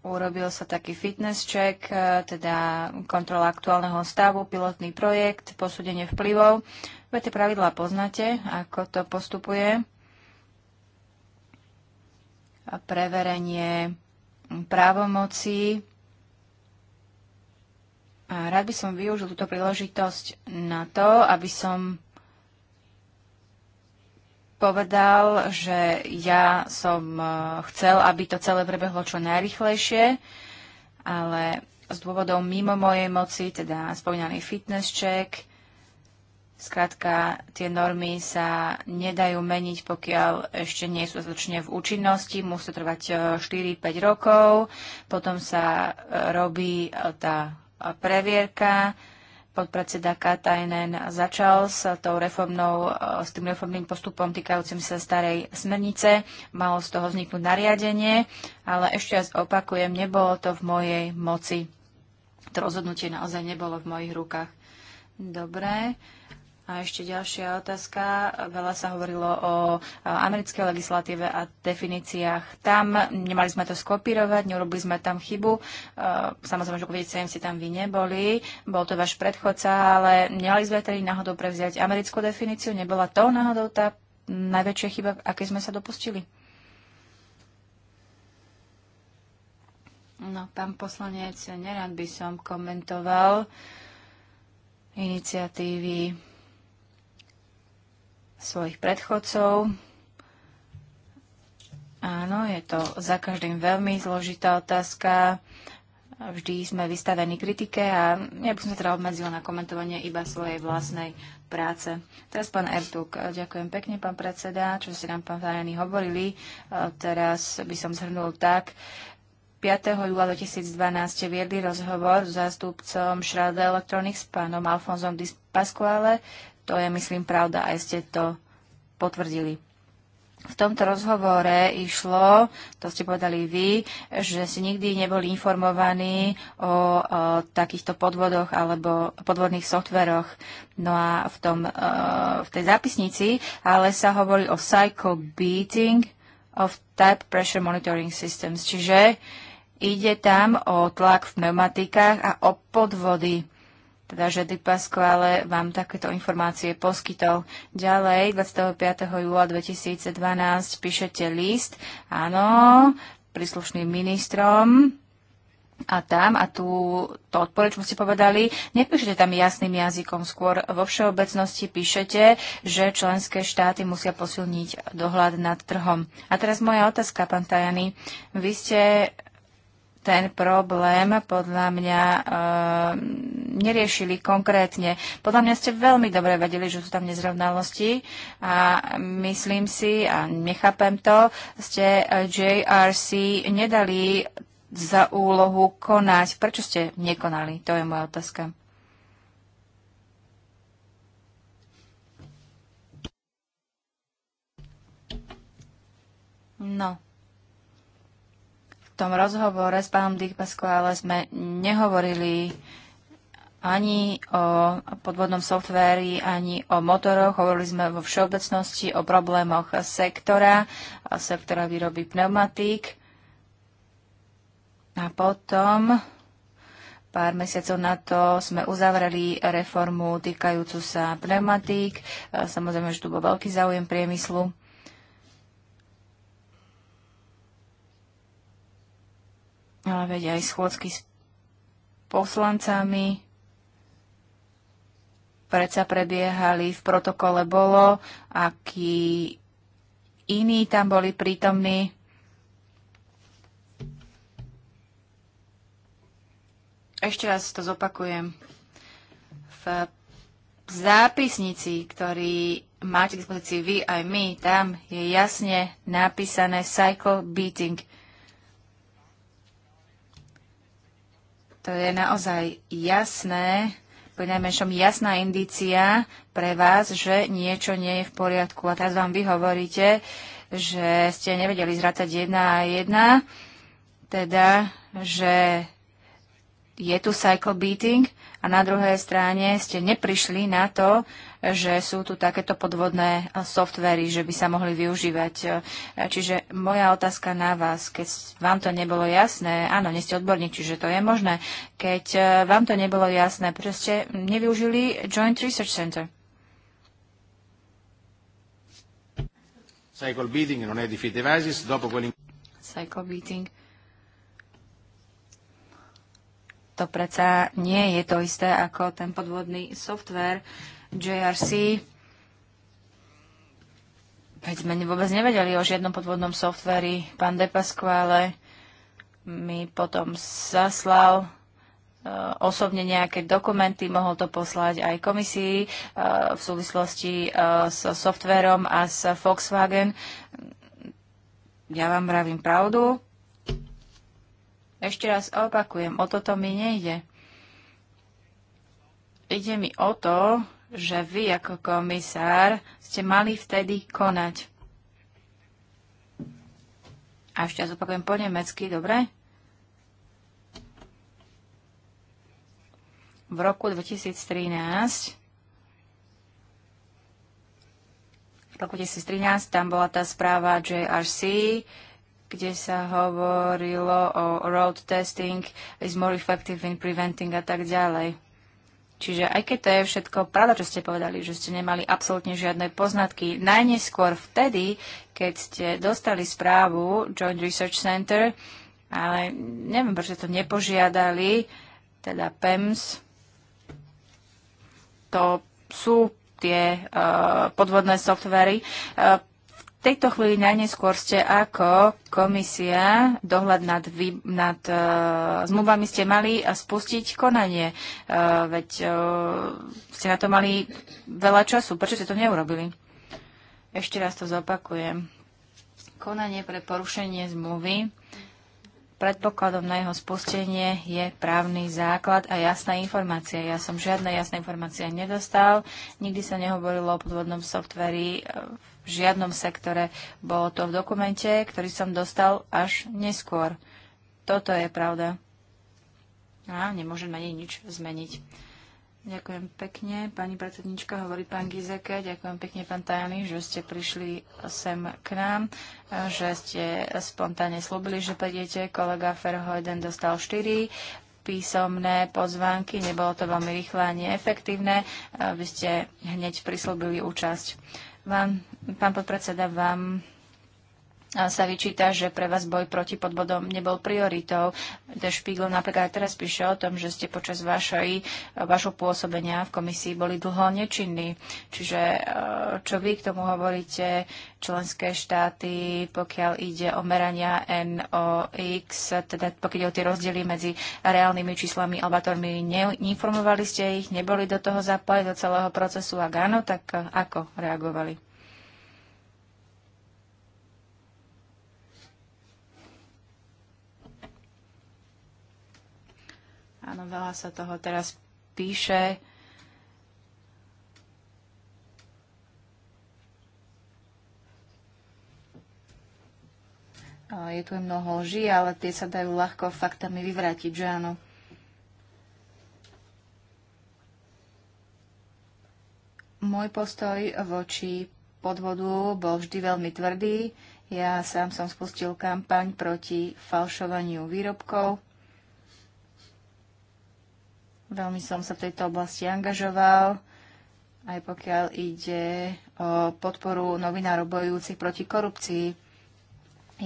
urobil sa taký fitness check, e, teda kontrola aktuálneho stavu, pilotný projekt, posúdenie vplyvov. Veď tie pravidlá poznáte, ako to postupuje. A preverenie právomocí. A rád by som využil túto príležitosť na to, aby som povedal, že ja som e, chcel, aby to celé prebehlo čo najrychlejšie, ale z dôvodov mimo mojej moci, teda spomínaný fitness check, Skrátka, tie normy sa nedajú meniť, pokiaľ ešte nie sú zločne v účinnosti. Musí to trvať 4-5 e, rokov. Potom sa e, robí tá previerka podpredseda Katajnen začal s, tou reformnou, eh, s tým reformným postupom týkajúcim sa starej smernice. Malo z toho vzniknúť nariadenie, ale ešte raz opakujem, nebolo to v mojej moci. To rozhodnutie naozaj nebolo v mojich rukách. Dobre. A ešte ďalšia otázka. Veľa sa hovorilo o americkej legislatíve a definíciách tam. Nemali sme to skopírovať, neurobili sme tam chybu. Samozrejme, že povedieť sem si tam vy neboli. Bol to váš predchodca, ale nemali sme tedy náhodou prevziať americkú definíciu. Nebola to náhodou tá najväčšia chyba, aké sme sa dopustili? No, pán poslanec, nerad by som komentoval iniciatívy svojich predchodcov. Áno, je to za každým veľmi zložitá otázka. Vždy sme vystavení kritike a ja by som sa teda obmedzila na komentovanie iba svojej vlastnej práce. Teraz pán Ertuk, ďakujem pekne, pán predseda, čo ste nám, pán Zajany, hovorili. E, teraz by som zhrnul tak. 5. júla 2012 viedli rozhovor s zástupcom Schrade Electronics, pánom Alfonzom Pasquale, to je, myslím, pravda, aj ste to potvrdili. V tomto rozhovore išlo, to ste povedali vy, že si nikdy neboli informovaní o, o takýchto podvodoch alebo podvodných softveroch. No a v, tom, o, e, v tej zápisnici ale sa hovorí o cycle beating of type pressure monitoring systems, čiže ide tam o tlak v pneumatikách a o podvody teda že Di Pasquale vám takéto informácie poskytol. Ďalej, 25. júla 2012 píšete list, áno, príslušným ministrom, a tam, a tu to odpoveď, čo ste povedali, nepíšete tam jasným jazykom, skôr vo všeobecnosti píšete, že členské štáty musia posilniť dohľad nad trhom. A teraz moja otázka, pán Tajany. Vy ste ten problém podľa mňa e, neriešili konkrétne. Podľa mňa ste veľmi dobre vedeli, že sú tam nezrovnalosti a myslím si, a nechápem to, ste eh, JRC nedali za úlohu konať. Prečo ste nekonali? To je moja otázka. No tom rozhovore s pánom Dick Pasquale sme nehovorili ani o podvodnom softvéri, ani o motoroch. Hovorili sme vo všeobecnosti o problémoch sektora, sektora výroby pneumatík. A potom, pár mesiacov na to, sme uzavreli reformu týkajúcu sa pneumatík. Samozrejme, že tu bol veľký záujem priemyslu. ale veď aj schôdzky s poslancami predsa prebiehali, v protokole bolo, akí iní tam boli prítomní. Ešte raz to zopakujem. V zápisnici, ktorý máte k dispozícii vy aj my, tam je jasne napísané cycle beating – To je naozaj jasné, pri najmenšom jasná indícia pre vás, že niečo nie je v poriadku. A teraz vám vy hovoríte, že ste nevedeli zrátať jedna a jedna, teda, že je tu cycle beating a na druhej strane ste neprišli na to, že sú tu takéto podvodné softvery, že by sa mohli využívať. Čiže moja otázka na vás, keď vám to nebolo jasné, áno, nie ste odborník, čiže to je možné, keď eh, vám to nebolo jasné, prečo ste nevyužili Joint Research Center? Cycle beating non è di fit devices, dopo quelli... Cycle beating. To predsa nie je to isté ako ten podvodný software. JRC. Veď sme vôbec nevedeli o žiadnom podvodnom softveri. Pán De Pasquale mi potom zaslal e, osobne nejaké dokumenty, mohol to poslať aj komisii e, v súvislosti e, s softverom a s Volkswagen. Ja vám pravím pravdu. Ešte raz opakujem, o toto mi nejde. Ide mi o to, že vy ako komisár ste mali vtedy konať. A ešte raz opakujem po nemecky, dobre? V roku 2013 v roku 2013 tam bola tá správa JRC, kde sa hovorilo o road testing is more effective in preventing a tak ďalej. Čiže aj keď to je všetko pravda, čo ste povedali, že ste nemali absolútne žiadne poznatky, najneskôr vtedy, keď ste dostali správu Joint Research Center, ale neviem, prečo to nepožiadali, teda PEMS, to sú tie uh, podvodné softvery. Uh, v tejto chvíli najneskôr ste ako komisia dohľad nad, vý, nad uh, zmluvami ste mali spustiť konanie. Uh, veď uh, ste na to mali veľa času. Prečo ste to neurobili? Ešte raz to zopakujem. Konanie pre porušenie zmluvy. Predpokladom na jeho spustenie je právny základ a jasná informácia. Ja som žiadne jasné informácie nedostal. Nikdy sa nehovorilo o podvodnom softveri v v žiadnom sektore. Bolo to v dokumente, ktorý som dostal až neskôr. Toto je pravda. A nemôžem ani nič zmeniť. Ďakujem pekne, pani predsednička, hovorí pán Gizeke. Ďakujem pekne, pán Tajany, že ste prišli sem k nám, že ste spontánne slúbili, že prídete. Kolega Ferhojden dostal 4 písomné pozvánky, nebolo to veľmi rýchle a neefektívne. Vy ste hneď prislúbili účasť. Vám Pán podpredseda, vám sa vyčíta, že pre vás boj proti podvodom nebol prioritou. De Spiegel napríklad teraz píše o tom, že ste počas vašej, vašho pôsobenia v komisii boli dlho nečinní. Čiže e, čo vy k tomu hovoríte, členské štáty, pokiaľ ide o merania NOx, teda pokiaľ o tie rozdiely medzi reálnymi číslami a neinformovali ste ich, neboli do toho zapojení do celého procesu, ak áno, tak e, ako reagovali? Áno, veľa sa toho teraz píše. Je tu mnoho lží, ale tie sa dajú ľahko faktami vyvrátiť, že áno. Môj postoj voči podvodu bol vždy veľmi tvrdý. Ja sám som spustil kampaň proti falšovaniu výrobkov. Veľmi som sa v tejto oblasti angažoval, aj pokiaľ ide o podporu novinárov bojujúcich proti korupcii.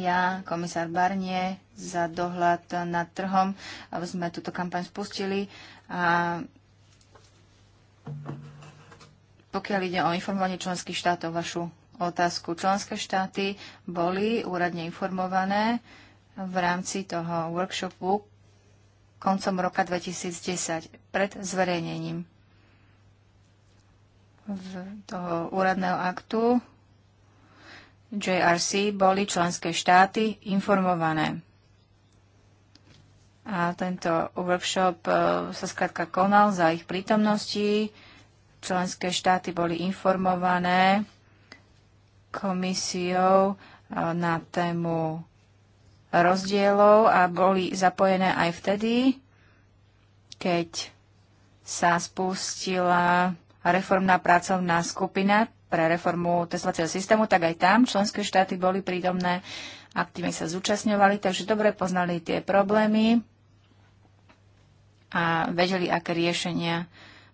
Ja, komisár Barnie, za dohľad nad trhom sme túto kampaň spustili a pokiaľ ide o informovanie členských štátov, vašu otázku. Členské štáty boli úradne informované v rámci toho workshopu, koncom roka 2010, pred zverejnením v toho úradného aktu JRC boli členské štáty informované. A tento workshop e, sa skrátka konal za ich prítomnosti. Členské štáty boli informované komisiou e, na tému rozdielov a boli zapojené aj vtedy, keď sa spustila reformná pracovná skupina pre reformu testovacieho systému, tak aj tam členské štáty boli prítomné, aktívne sa zúčastňovali, takže dobre poznali tie problémy a vedeli, aké riešenia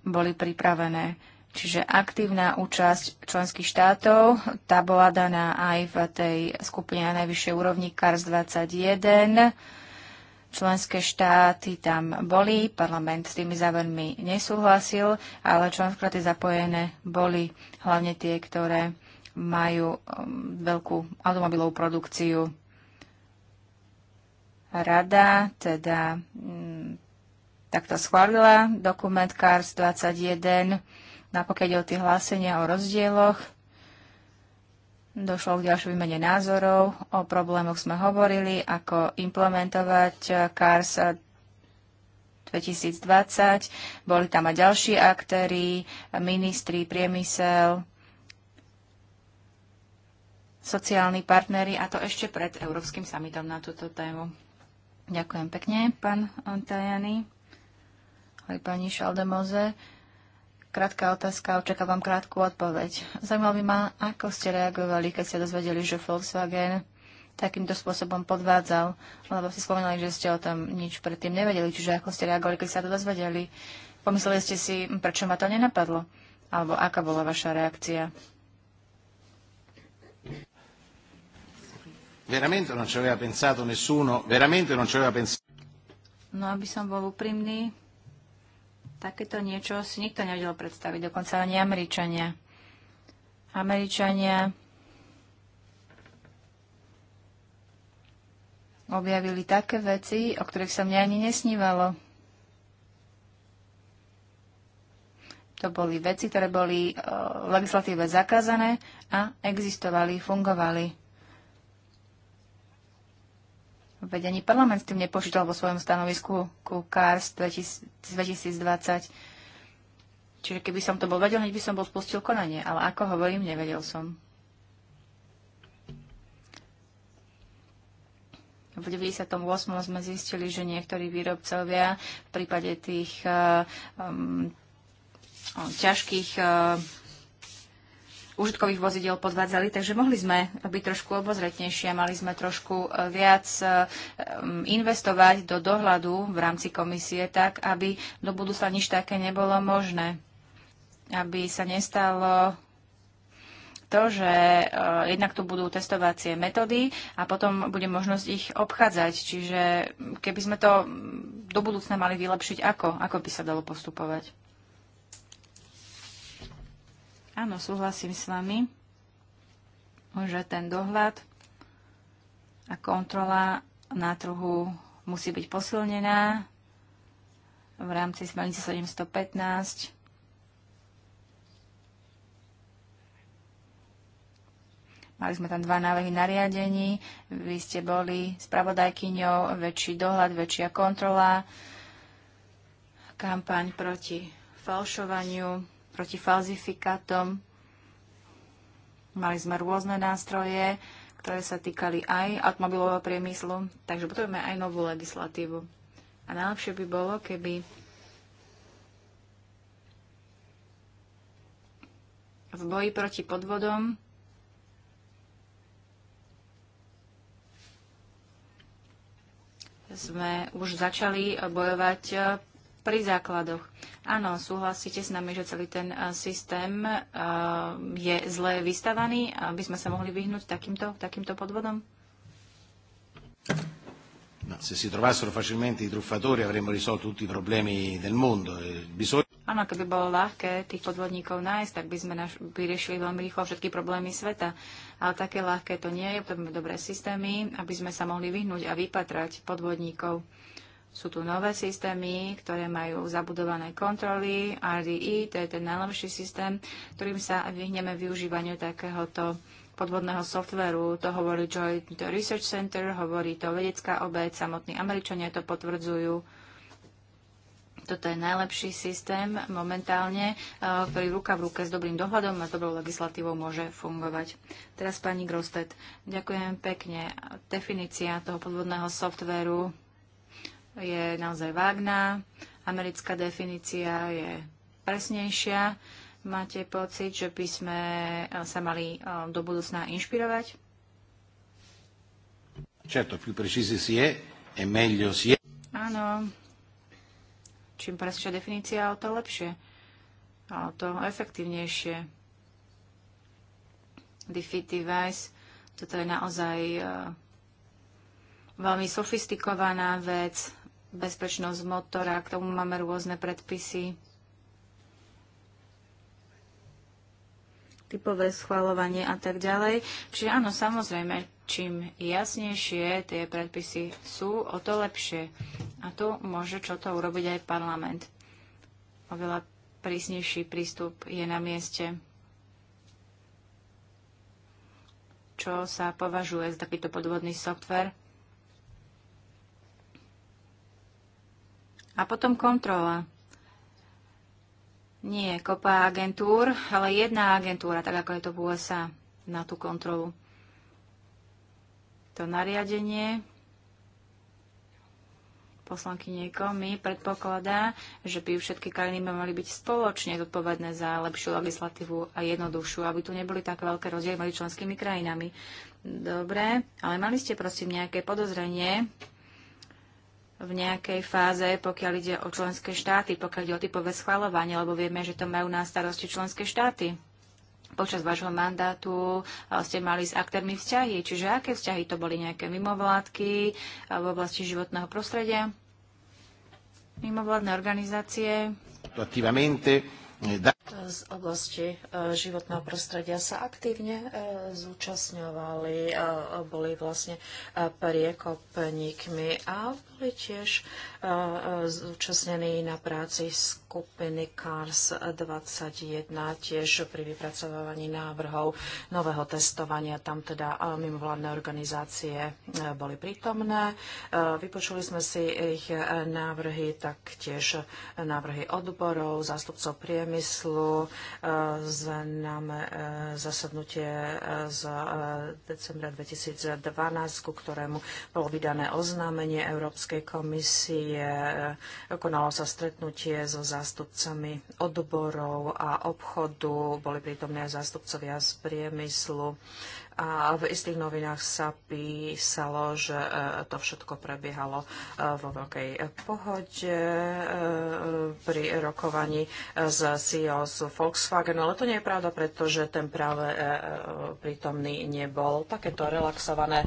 boli pripravené. Čiže aktívna účasť členských štátov, tá bola daná aj v tej skupine na najvyššej úrovni CARS 21. Členské štáty tam boli, parlament s tými závermi nesúhlasil, ale členské štáty zapojené boli hlavne tie, ktoré majú um, veľkú automobilovú produkciu. Rada teda mm, takto schválila dokument CARS 21 Napokiaľ ide o tie hlásenia o rozdieloch, došlo k ďalšej výmene názorov, o problémoch sme hovorili, ako implementovať CARS 2020, boli tam aj ďalší aktéry, ministri, priemysel, sociálni partnery a to ešte pred Európskym samitom na túto tému. Ďakujem pekne, pán Tajany, aj pani Šaldemoze. Krátka otázka, očakávam krátku odpoveď. Zaujímalo by ma, ako ste reagovali, keď ste dozvedeli, že Volkswagen takýmto spôsobom podvádzal, lebo si spomínali, že ste o tom nič predtým nevedeli, čiže ako ste reagovali, keď sa to dozvedeli. Pomysleli ste si, prečo ma to nenapadlo? Alebo aká bola vaša reakcia? Veramente non ci aveva pensato nessuno, veramente non ci aveva pensato. No, aby som bol úprimný, Takéto niečo si nikto nevedel predstaviť, dokonca ani Američania. Američania objavili také veci, o ktorých sa mne ani nesnívalo. To boli veci, ktoré boli v eh, legislatíve zakázané a existovali, fungovali. Veď ani parlament s tým nepočítal vo svojom stanovisku ku CARS 2020. Čiže keby som to bol vedel, hneď by som bol spustil konanie. Ale ako hovorím, nevedel som. V 98. sme zistili, že niektorí výrobcovia v prípade tých um, ťažkých eh, užitkových vozidiel podvádzali, takže mohli sme byť trošku obozretnejšie a mali sme trošku e, viac e, investovať do dohľadu v rámci komisie tak, aby do budúca nič také nebolo možné. Aby sa nestalo to, že e, jednak tu budú testovacie metódy a potom bude možnosť ich obchádzať. Čiže keby sme to do budúcna mali vylepšiť, ako? Ako by sa dalo postupovať? Áno, súhlasím s vami, že ten dohľad a kontrola na trhu musí byť posilnená v rámci smernice 715 Mali sme tam dva návrhy nariadení. Vy ste boli spravodajkyňou, väčší dohľad, väčšia kontrola, kampaň proti falšovaniu proti falzifikátom. Mali sme rôzne nástroje, ktoré sa týkali aj automobilového priemyslu, takže potrebujeme aj novú legislatívu. A najlepšie by bolo, keby v boji proti podvodom sme už začali bojovať pri základoch. Áno, súhlasíte s nami, že celý ten eh, systém eh, je zle vystavaný, aby sme sa mohli vyhnúť takýmto, takýmto podvodom? se si trovassero facilmente i truffatori avremmo risolto tutti i problemi del mondo. Eh, Áno, keby bolo ľahké tých podvodníkov nájsť, tak by sme naš- vyriešili veľmi rýchlo všetky problémy sveta. Ale také ľahké to nie je, potrebujeme dobré systémy, aby sme sa mohli vyhnúť a vypatrať podvodníkov. Sú tu nové systémy, ktoré majú zabudované kontroly, RDI, to je ten najlepší systém, ktorým sa vyhneme využívaniu takéhoto podvodného softveru. To hovorí Joint Research Center, hovorí to vedecká obec, samotní Američania to potvrdzujú. Toto je najlepší systém momentálne, e, ktorý ruka v ruke s dobrým dohľadom a dobrou legislatívou môže fungovať. Teraz pani Grostet, ďakujem pekne. Definícia toho podvodného softveru je naozaj vágná, americká definícia je presnejšia. Máte pocit, že by sme eh, sa mali eh, do budúcna inšpirovať? Certo, più precisi si è, e meglio si è. Áno. Čím presnejšia definícia, o to lepšie. O to efektívnejšie. Defeat device, toto je naozaj eh, veľmi sofistikovaná vec, bezpečnosť motora, k tomu máme rôzne predpisy. typové schvalovanie a tak ďalej. Čiže áno, samozrejme, čím jasnejšie tie predpisy sú, o to lepšie. A tu môže čo to urobiť aj parlament. Oveľa prísnejší prístup je na mieste. Čo sa považuje za takýto podvodný software? A potom kontrola. Nie kopa agentúr, ale jedna agentúra, tak ako je to v USA, na tú kontrolu. To nariadenie poslankyne Komi predpokladá, že by všetky krajiny mali byť spoločne zodpovedné za lepšiu legislatívu a jednoduchšiu, aby tu neboli také veľké rozdiely medzi členskými krajinami. Dobre, ale mali ste prosím nejaké podozrenie, v nejakej fáze, pokiaľ ide o členské štáty, pokiaľ ide o typové schvalovanie, lebo vieme, že to majú na starosti členské štáty. Počas vášho mandátu eh, ste mali s aktérmi vzťahy, čiže aké vzťahy to boli nejaké mimovládky eh, v oblasti životného prostredia? Mimovládne organizácie? z oblasti eh, životného prostredia sa aktívne eh, zúčastňovali, eh, boli vlastne priekopníkmi a boli tiež zúčastnení na práci s skupiny CARS 21 tiež pri vypracovávaní návrhov nového testovania. Tam teda mimovládne organizácie e, boli prítomné. E, vypočuli sme si ich e, návrhy, taktiež návrhy odborov, zástupcov priemyslu, známe zasadnutie z decembra 2012, ku ktorému bolo vydané oznámenie Európskej komisie. Konalo sa stretnutie so zástupcami zástupcami odborov a obchodu, boli prítomné aj zástupcovia z priemyslu a v istých novinách sa písalo, že e, to všetko prebiehalo e, vo veľkej pohode e, pri rokovaní z CEO z Volkswagenu, ale to nie je pravda, pretože ten práve prítomný nebol. Takéto relaxované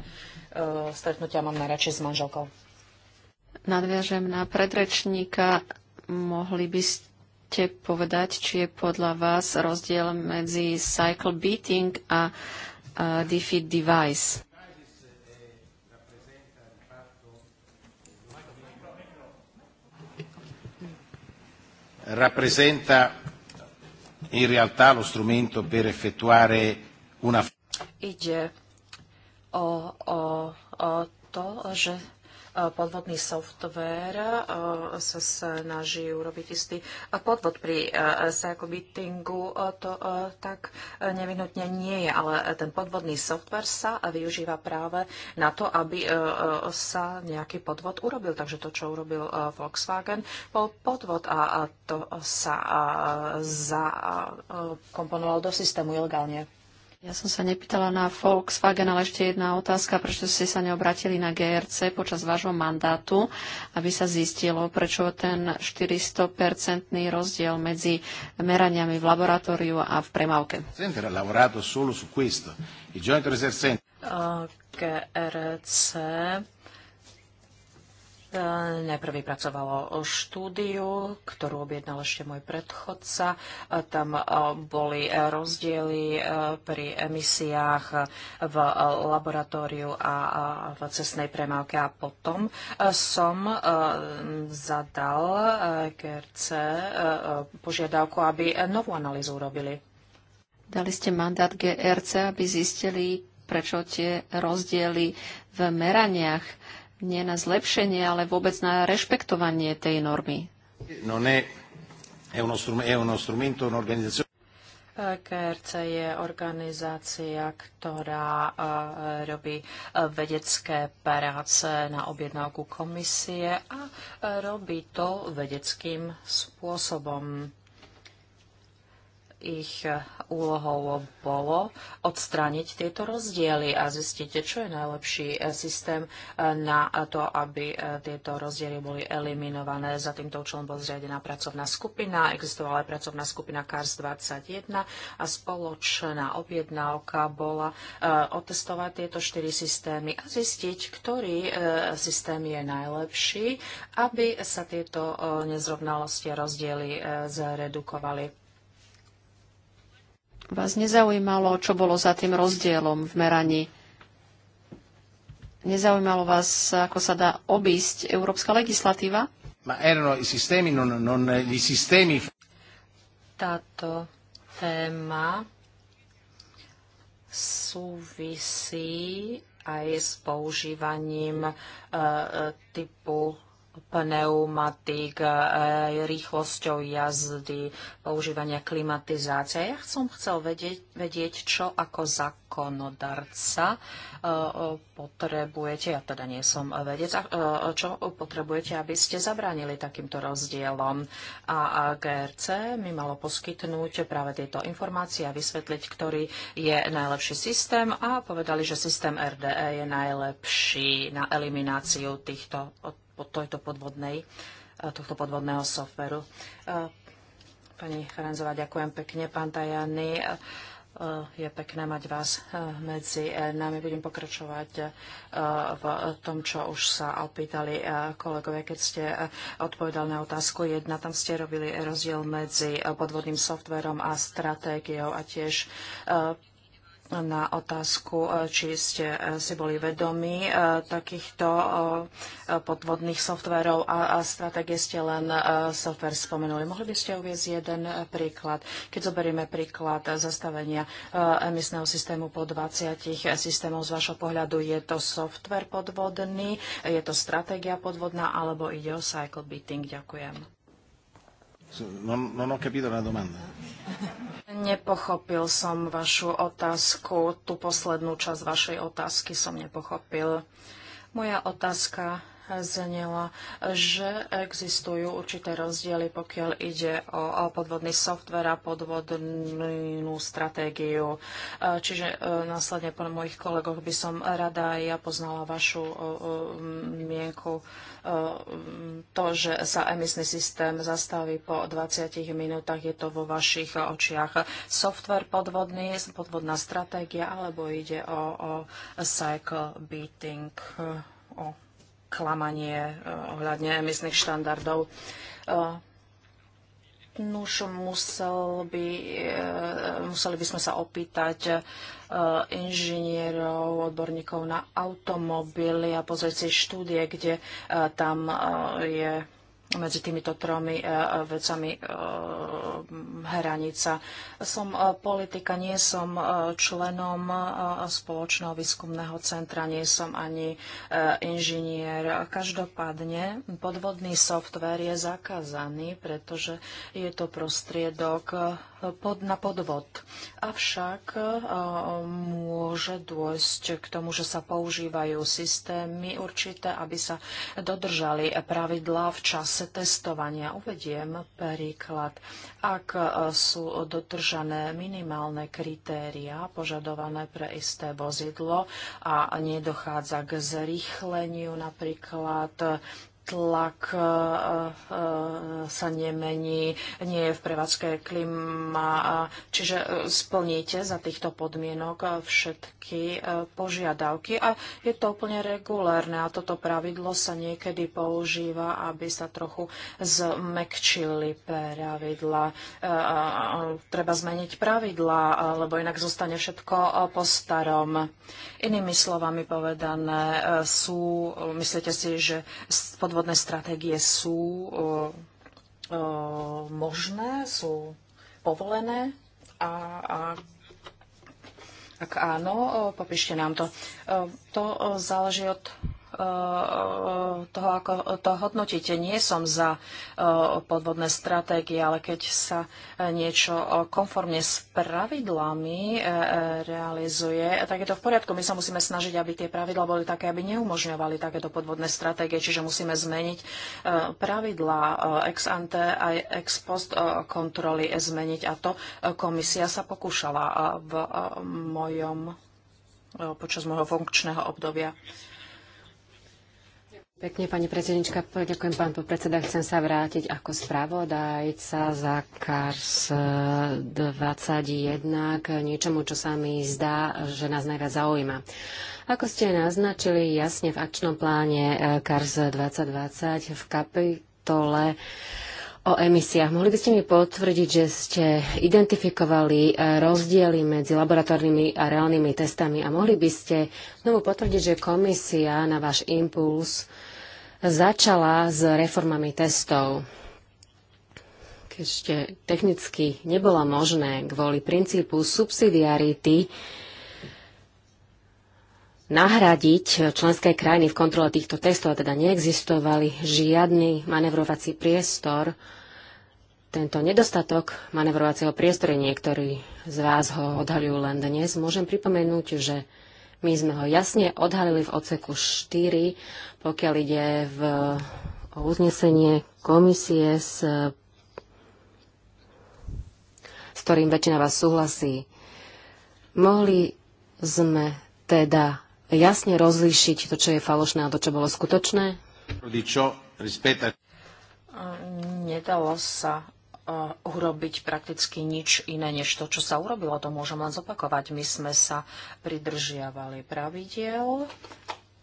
stretnutia mám najradšej s manželkou. Nadviažem na predrečníka. Mohli by ste povedať, či je podľa vás rozdiel medzi cycle beating a, uh, defeat device? Rappresenta in realtà lo strumento per effettuare una... Ide o, o, o to, že E, podvodný software e, sa snaží urobiť istý e, podvod pri seakobitingu. To tak nevinutne nie je, ale ten podvodný software sa využíva práve na to, aby sa nejaký podvod urobil. Takže to, čo urobil Volkswagen, bol podvod a to sa zakomponoval do systému ilegálne. Ja som sa nepýtala na Volkswagen, ale ešte jedna otázka, prečo ste sa neobratili na GRC počas vášho mandátu, aby sa zistilo, prečo ten 400-percentný rozdiel medzi meraniami v laboratóriu a v premávke. GRC E, Najprv vypracovalo štúdiu, ktorú objednal ešte môj predchodca. E, Tam e, boli rozdiely pri emisiách v laboratóriu a v cestnej premávke. A potom som zadal GRC požiadavku, aby novú analýzu urobili. Dali ste mandát GRC, aby zistili, prečo tie rozdiely v meraniach nie na zlepšenie, ale vôbec na rešpektovanie tej normy. KRC je organizácia, ktorá e, robí e, vedecké práce na objednávku komisie a e, robí to vedeckým spôsobom ich eh, úlohou bolo odstrániť tieto rozdiely a zistiť, čo je najlepší eh, systém eh, na to, aby tieto rozdiely boli eliminované. Za týmto účelom bola zriadená pracovná skupina, existovala aj pracovná skupina CARS 21 a spoločná objednávka bola otestovať tieto štyri systémy a zistiť, ktorý systém je najlepší, aby sa tieto nezrovnalosti a rozdiely zredukovali vás nezaujímalo, čo bolo za tým rozdielom v meraní. Nezaujímalo vás, ako sa dá obísť európska legislatíva? Ma erano i non, non gli Táto téma súvisí aj s používaním eh, eh, typu pneumatik, e, rýchlosťou jazdy, používania klimatizácie. Ja som chcel vedieť, vedieť čo ako zákonodarca e, potrebujete, ja teda nie som vedec, e, čo potrebujete, aby ste zabránili takýmto rozdielom. A GRC mi malo poskytnúť práve tieto informácie a vysvetliť, ktorý je najlepší systém a povedali, že systém RDE je najlepší na elimináciu týchto tohto podvodnej eh, tohto podvodného softveru. Eh, pani Ferenzová, ďakujem pekne. Pán Tajany, eh, je pekné mať vás medzi nami. Budem pokračovať v tom, čo už sa opýtali kolegovia, keď ste odpovedali na otázku jedna. Tam ste robili rozdiel medzi podvodným softverom a stratégiou a tiež na otázku, e, či ste e, si boli vedomi e, takýchto podvodných softverov a stratégie ste len software spomenuli. Mohli by ste uviezť jeden príklad? Keď zoberieme príklad zastavenia emisného systému po 20 systémov, z vašho pohľadu je to software podvodný, je to stratégia podvodná alebo ide o cycle beating? Ďakujem. Non, non ho capito la domanda. Nepochopil som vašu otázku, tú poslednú časť vašej otázky som nepochopil. Moja otázka znela, že existujú určité rozdiely, pokiaľ ide o podvodný software a podvodnú stratégiu. E, čiže e, následne po mojich kolegoch by som rada aj ja poznala vašu e, mienku to, že sa emisný systém zastaví po 20 minútach, je to vo vašich očiach software podvodný, podvodná stratégia, alebo ide o, o cycle beating, o klamanie eh, ohľadne emisných štandardov. Eh, nuž musel by, eh, museli by sme sa opýtať inžinierov, odborníkov na automobily a pozrieť si štúdie, kde tam je medzi týmito tromi e, vecami e, hranica. Som e, politika, nie som členom spoločného výskumného centra, nie som ani inžinier. Každopádne podvodný software je zakázaný, pretože je to prostriedok pod, na podvod. Avšak e, môže dôjsť k tomu, že sa používajú systémy určité, aby sa dodržali pravidlá v čase testovania. Uvediem príklad. Ak e, sú dodržané minimálne kritéria požadované pre isté vozidlo a nedochádza k zrýchleniu napríklad tlak e, e, sa nemení, nie je v prevádzke klima. Čiže e, splníte za týchto podmienok všetky požiadavky a je to úplne regulérne a toto pravidlo sa niekedy používa, aby sa trochu zmekčili pravidla. Treba zmeniť pravidla, lebo inak zostane všetko po starom. Inými slovami povedané sú, myslíte si, že pod podvodné stratégie sú eh, eh, možné, sú povolené a, a ak áno, eh, popíšte nám to. To záleží od Eh, toho, ako to hodnotíte. Nie som za eh, podvodné stratégie, ale keď sa eh, niečo konformne s pravidlami realizuje, tak je to v poriadku. My sa musíme snažiť, aby tie pravidla boli také, aby neumožňovali takéto podvodné stratégie, čiže musíme zmeniť pravidla ex ante aj ex post kontroly zmeniť a to komisia sa pokúšala v mojom počas môjho funkčného obdobia. Pekne, pani predsednička. Ďakujem, pán podpredseda. Chcem sa vrátiť ako spravodajca za CARS 21 eh, k niečomu, čo sa mi zdá, že nás najviac zaujíma. Ako ste naznačili jasne v akčnom pláne eh, CARS 2020 v kapitole o emisiách. Mohli by ste mi potvrdiť, že ste identifikovali eh, rozdiely medzi laboratórnymi a reálnymi testami a mohli by ste znovu potvrdiť, že komisia na váš impuls začala s reformami testov. Ešte technicky nebolo možné kvôli princípu subsidiarity nahradiť členské krajiny v kontrole týchto testov, a teda neexistovali žiadny manevrovací priestor. Tento nedostatok manevrovacieho priestoru, niektorí z vás ho odhalujú len dnes, môžem pripomenúť, že my sme ho jasne odhalili v odseku 4, pokiaľ ide v, o uznesenie komisie, s, s ktorým väčšina vás súhlasí. Mohli sme teda jasne rozlíšiť to, čo je falošné a to, čo bolo skutočné? Nedalo sa Eh, urobiť prakticky nič iné, než to, čo sa urobilo. To môžem len zopakovať. My sme sa pridržiavali pravidiel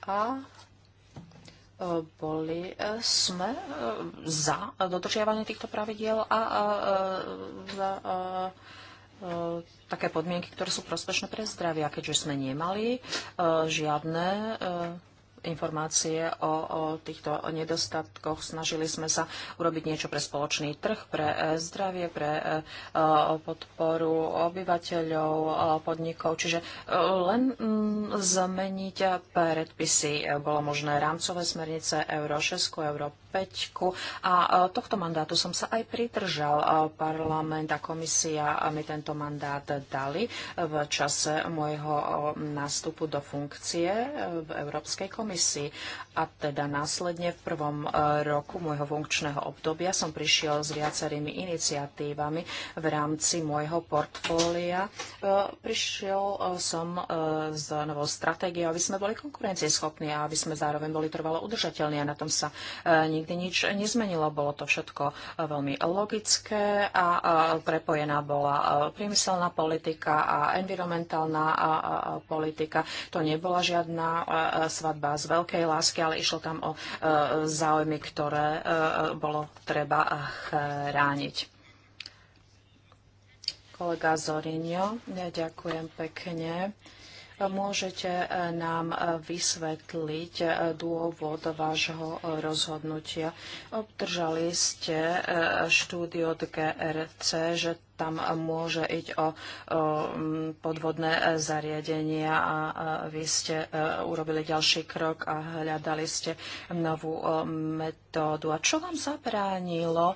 a eh, boli eh, sme za dodržiavanie týchto pravidiel a za také podmienky, ktoré sú prospešné pre zdravia, keďže sme nemali žiadne informácie o, o týchto nedostatkoch. Snažili sme sa urobiť niečo pre spoločný trh, pre e, zdravie, pre e, e, podporu obyvateľov, podnikov. Čiže len mm, zmeniť predpisy bolo možné rámcové smernice Euro 6, Euro a e, tohto mandátu som sa aj pridržal. E, parlament a komisia mi tento mandát dali e, v čase môjho nástupu do funkcie v Európskej komisii. A teda následne v prvom roku môjho funkčného obdobia som prišiel s viacerými iniciatívami v rámci môjho portfólia. Prišiel som s novou stratégiou, aby sme boli konkurencieschopní a aby sme zároveň boli trvalo udržateľní a na tom sa nikto nikdy nič nezmenilo. Bolo to všetko e, veľmi logické a e, prepojená bola e, priemyselná politika a environmentálna politika. To nebola žiadna svadba z veľkej lásky, ale išlo tam o záujmy, ktoré bolo treba chrániť kolega Zorinio. Ja ďakujem pekne. Môžete e, nám e, vysvetliť e, dôvod vášho rozhodnutia. Obdržali ste štúdiu od GRC, že tam môže ísť o podvodné zariadenia a vy ste e, urobili ďalší krok a hľadali ste novú e, metódu. A čo vám zabránilo e,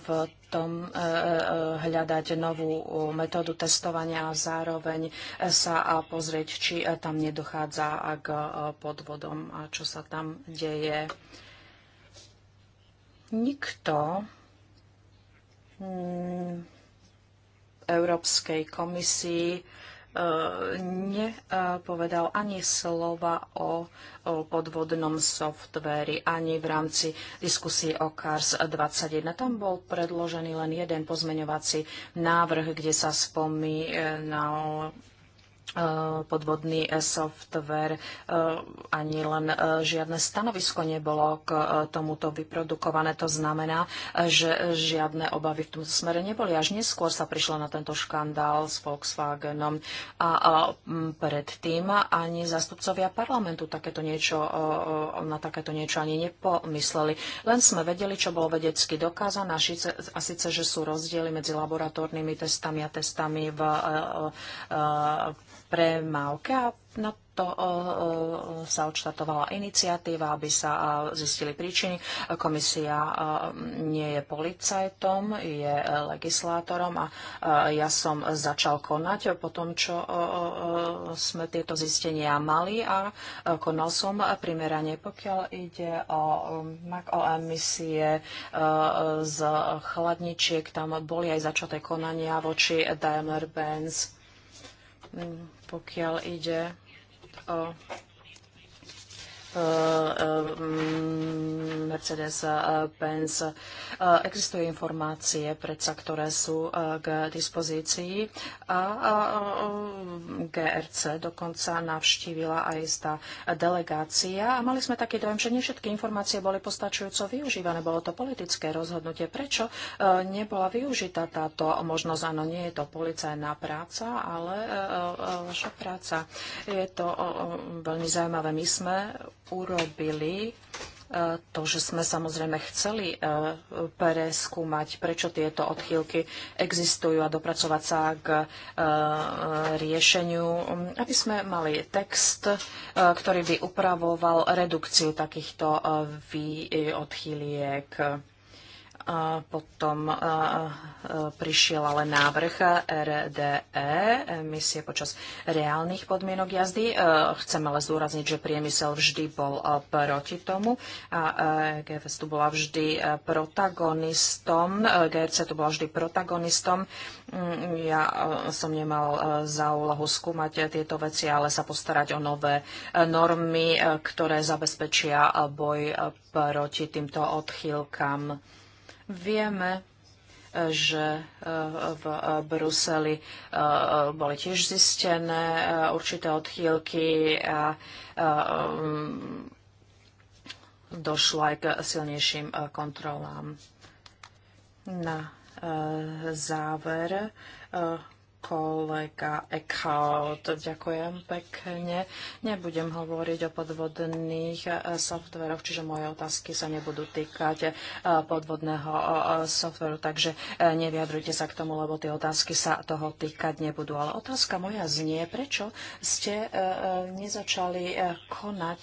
v tom hľadať novú metódu testovania a zároveň sa pozrieť, či tam nedochádza k podvodom a čo sa tam deje. Nikto mm, Európskej komisii e, nepovedal ani slova o podvodnom softvéri, ani v rámci diskusie o CARS 21. Tam bol predložený len jeden pozmeňovací návrh, kde sa spomínal E, podvodný software. E, ani len e, žiadne stanovisko nebolo k tomuto vyprodukované. To znamená, že žiadne obavy v tomto smere neboli. Až neskôr sa prišlo na tento škandál s Volkswagenom. A predtým ani zastupcovia parlamentu takéto niečo, na takéto niečo ani nepomysleli. Len sme vedeli, čo bolo vedecky dokázané a síce, že sú rozdiely medzi laboratórnymi testami a testami v premávke a na to sa odštatovala iniciatíva, aby sa zistili príčiny. Komisia nie je policajtom, je legislátorom a ja som začal konať po tom, čo sme tieto zistenia mali a konal som primerane, pokiaľ ide o, o emisie e, z chladničiek. Tam boli aj začaté konania voči Daimler-Benz pokiaľ ide o Eh, eh, Mercedes-Benz. Eh, existujú informácie, predsa, ktoré sú k dispozícii a GRC dokonca navštívila aj tá delegácia a mali sme taký dojem, že nie všetky informácie boli postačujúco využívané. Bolo to politické rozhodnutie. Prečo nebola využitá táto možnosť? Áno, nie je to policajná práca, ale vaša práca. Je to veľmi zaujímavé. My sme urobili e, to, že sme samozrejme chceli e, preskúmať, prečo tieto odchýlky existujú a dopracovať sa k e, riešeniu, aby sme mali text, ktorý by upravoval redukciu takýchto odchýliek. Potom prišiel ale návrh RDE, misie počas reálnych podmienok jazdy. E, chcem ale zdôrazniť, že priemysel vždy bol e, proti tomu a e, GFS tu bola vždy protagonistom. GRC tu bola vždy protagonistom. Mm, ja som nemal za úlohu skúmať tieto veci, ale sa postarať o nové normy, ktoré zabezpečia boj proti týmto odchýlkam. Vieme, e, že e, v e, Bruseli boli tiež zistené určité odchýlky a mm, došlo aj k silnejším kontrolám. Na záver kolega to Ďakujem pekne. Nebudem hovoriť o podvodných eh, softveroch, čiže moje otázky sa nebudú týkať eh, podvodného eh, softveru, takže neviadrujte sa k tomu, lebo tie otázky sa toho týkať nebudú. Ale otázka moja znie, prečo ste nezačali konať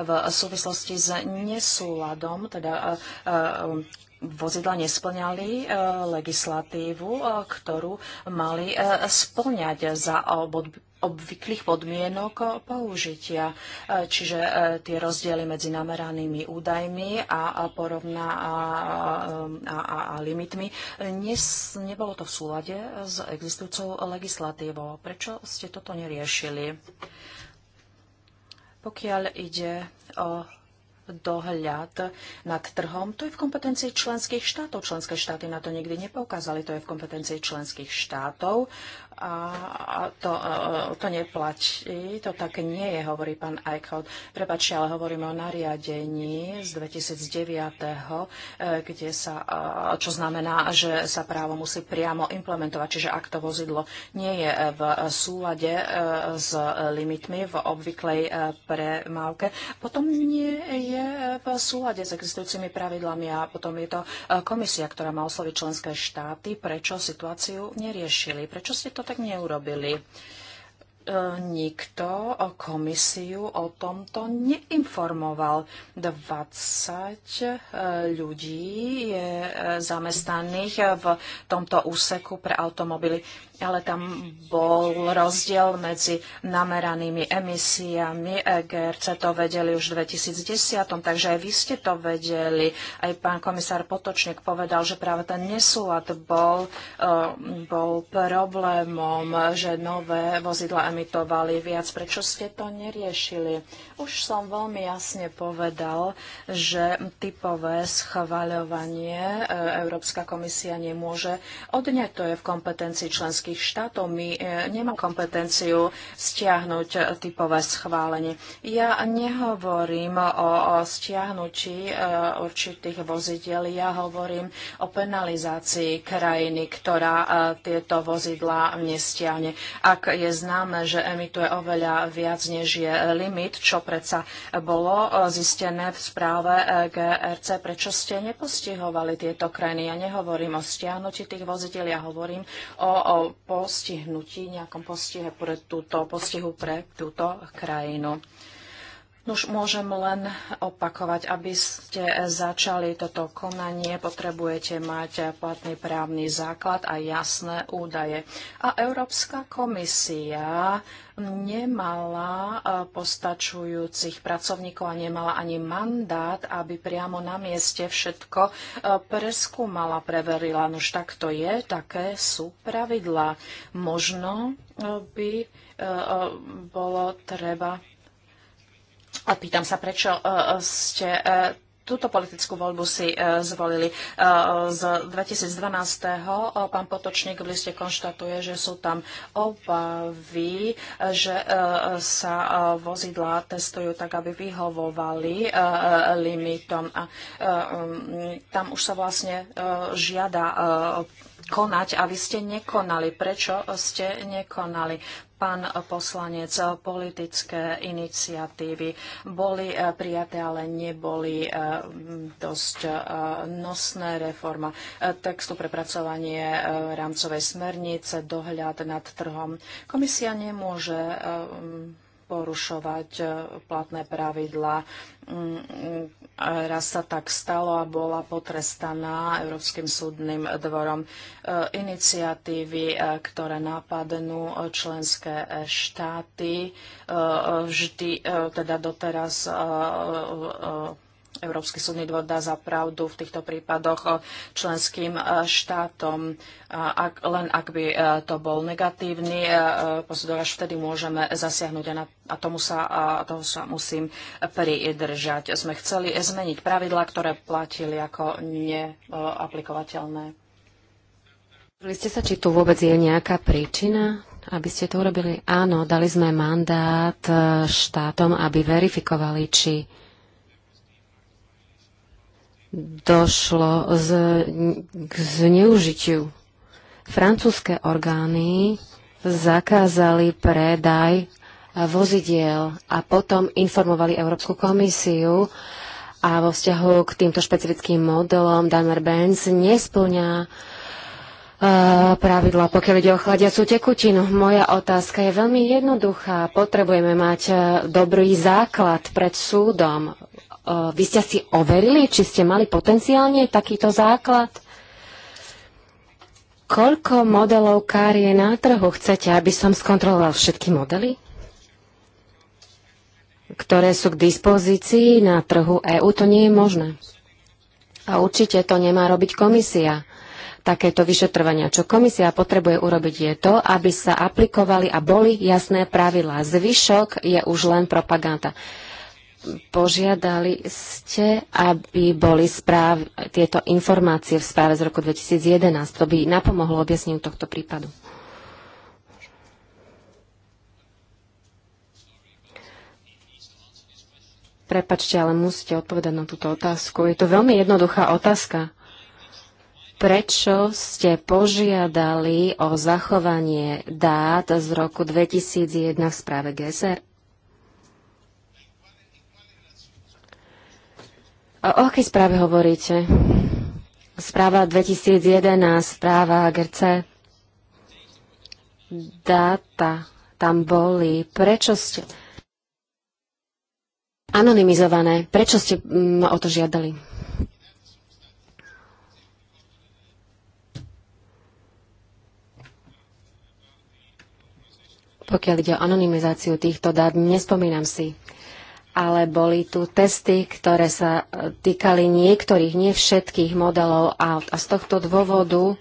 v súvislosti s nesúladom, teda vozidla nesplňali e, legislatívu, e, ktorú mali e, splňať za obvyklých podmienok použitia. Čiže tie rozdiely medzi nameranými údajmi a, porovná a, a, a limitmi, nes, nebolo to v súlade s existujúcou legislatívou. Prečo ste toto neriešili? Pokiaľ ide o dohľad nad trhom. To je v kompetencii členských štátov. Členské štáty na to nikdy nepoukázali. To je v kompetencii členských štátov a to, to neplatí, to tak nie je, hovorí pán Eichhout. Prepačte, ale hovoríme o nariadení z 2009, e, kde sa, čo znamená, že sa právo musí priamo implementovať, čiže ak to vozidlo nie je e, v súlade e, s limitmi v obvyklej premávke, potom nie je v súlade s existujúcimi pravidlami a potom je to komisia, ktorá má osloviť členské štáty, prečo situáciu neriešili. Prečo ste to tak neurobili e, nikto komisiu o tomto neinformoval. 20 e, ľudí je e, zamestnaných v tomto úseku pre automobily ale tam bol rozdiel medzi nameranými emisiami. EGRC to vedeli už v 2010, takže aj vy ste to vedeli. Aj pán komisár Potočník povedal, že práve ten nesúlad bol, e, bol problémom, že nové vozidla emitovali viac. Prečo ste to neriešili? Už som veľmi jasne povedal, že typové schvaľovanie e, Európska komisia nemôže odňať. To je v kompetencii členských členských štátov. My e, nemám kompetenciu stiahnuť typové schválenie. Ja nehovorím o stiahnutí e, určitých vozidiel, ja hovorím o penalizácii krajiny, ktorá e, tieto vozidlá nestiahne. Ak je známe, že emituje oveľa viac, než je limit, čo predsa bolo zistené v správe GRC, prečo ste nepostihovali tieto krajiny? Ja nehovorím o stiahnutí tých vozidel, ja hovorím o, o postihnutí, nejakom postihe pre túto, postihu pre túto krajinu. Už môžem len opakovať, aby ste začali toto konanie, potrebujete mať platný právny základ a jasné údaje. A Európska komisia nemala e, postačujúcich pracovníkov a nemala ani mandát, aby priamo na mieste všetko e, preskúmala, preverila. Nož tak to je, také sú pravidlá. Možno e, by bolo treba a pýtam sa, prečo e, ste e, túto politickú voľbu si e, zvolili. Z 2012. pán Potočník v liste konštatuje, že sú tam obavy, že sa vozidlá testujú tak, aby vyhovovali limitom. A tam už sa vlastne žiada konať a vy ste nekonali. Prečo ste nekonali? Pán poslanec, politické iniciatívy boli eh, prijaté, ale neboli eh, dosť eh, nosné reforma textu prepracovanie rámcovej smernice, dohľad nad trhom. Komisia nemôže porušovať e, platné pravidlá. Mm, raz sa tak stalo a bola potrestaná Európskym súdnym dvorom. E, iniciatívy, e, ktoré napadnú členské štáty, vždy teda doteraz Európsky súdny dvor dá za pravdu v týchto prípadoch eh, členským eh, štátom. Ak, len ak by eh, to bol negatívny posudok, až vtedy môžeme zasiahnuť a, na, a, tomu sa, a toho sa musím pridržať. Sme chceli zmeniť pravidla, ktoré platili ako neaplikovateľné. Vy ste sa, či tu vôbec je nejaká príčina, aby ste to urobili? Áno, dali sme mandát štátom, aby verifikovali, či došlo z, k zneužitiu. Francúzske orgány zakázali predaj vozidiel a potom informovali Európsku komisiu a vo vzťahu k týmto špecifickým modelom Daimler-Benz nesplňa Uh, pravidla, pokiaľ ide o chladiacu tekutinu. Moja otázka je veľmi jednoduchá. Potrebujeme mať uh, dobrý základ pred súdom. E, vy ste si overili, či ste mali potenciálne takýto základ? Koľko modelov kár je na trhu? Chcete, aby som skontroloval všetky modely, ktoré sú k dispozícii na trhu EÚ? To nie je možné. A určite to nemá robiť komisia. Takéto vyšetrovania, čo komisia potrebuje urobiť, je to, aby sa aplikovali a boli jasné pravidlá. Zvyšok je už len propaganda požiadali ste, aby boli správ, tieto informácie v správe z roku 2011. To by napomohlo objasneniu tohto prípadu. Prepačte, ale musíte odpovedať na túto otázku. Je to veľmi jednoduchá otázka. Prečo ste požiadali o zachovanie dát z roku 2001 v správe GSR? O akej správe hovoríte? Správa 2011, správa GRC. Dáta tam boli. Prečo ste... Anonymizované. Prečo ste ma mm, o to žiadali? Pokiaľ ide o anonymizáciu týchto dát, nespomínam si ale boli tu testy, ktoré sa e, týkali niektorých, nie všetkých modelov a, A z tohto dôvodu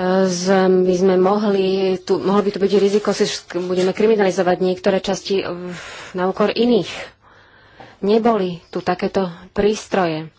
e, my sme mohli, tu, mohlo by to byť riziko, že budeme kriminalizovať niektoré časti e, na úkor iných. Neboli tu takéto prístroje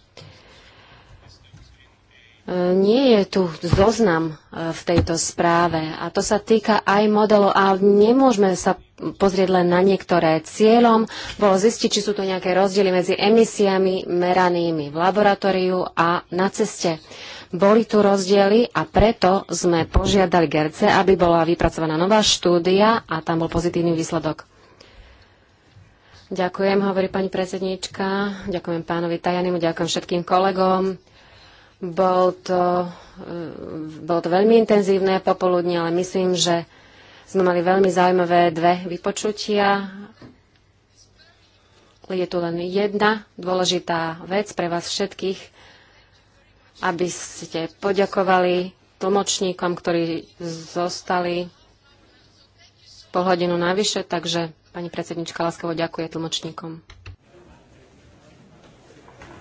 nie je tu zoznam e, v tejto správe a to sa týka aj modelov a nemôžeme sa pozrieť len na niektoré. Cieľom bolo zistiť, či sú tu nejaké rozdiely medzi emisiami meranými v laboratóriu a na ceste. Boli tu rozdiely a preto sme požiadali Gerce, aby bola vypracovaná nová štúdia a tam bol pozitívny výsledok. Ďakujem, hovorí pani predsedníčka, ďakujem pánovi Tajanimu, ďakujem všetkým kolegom. Bol to, bolo to veľmi intenzívne popoludne, ale myslím, že sme mali veľmi zaujímavé dve vypočutia. Je tu len jedna dôležitá vec pre vás všetkých, aby ste poďakovali tlmočníkom, ktorí zostali pol hodinu navyše, takže pani predsednička Láskovo ďakuje tlmočníkom.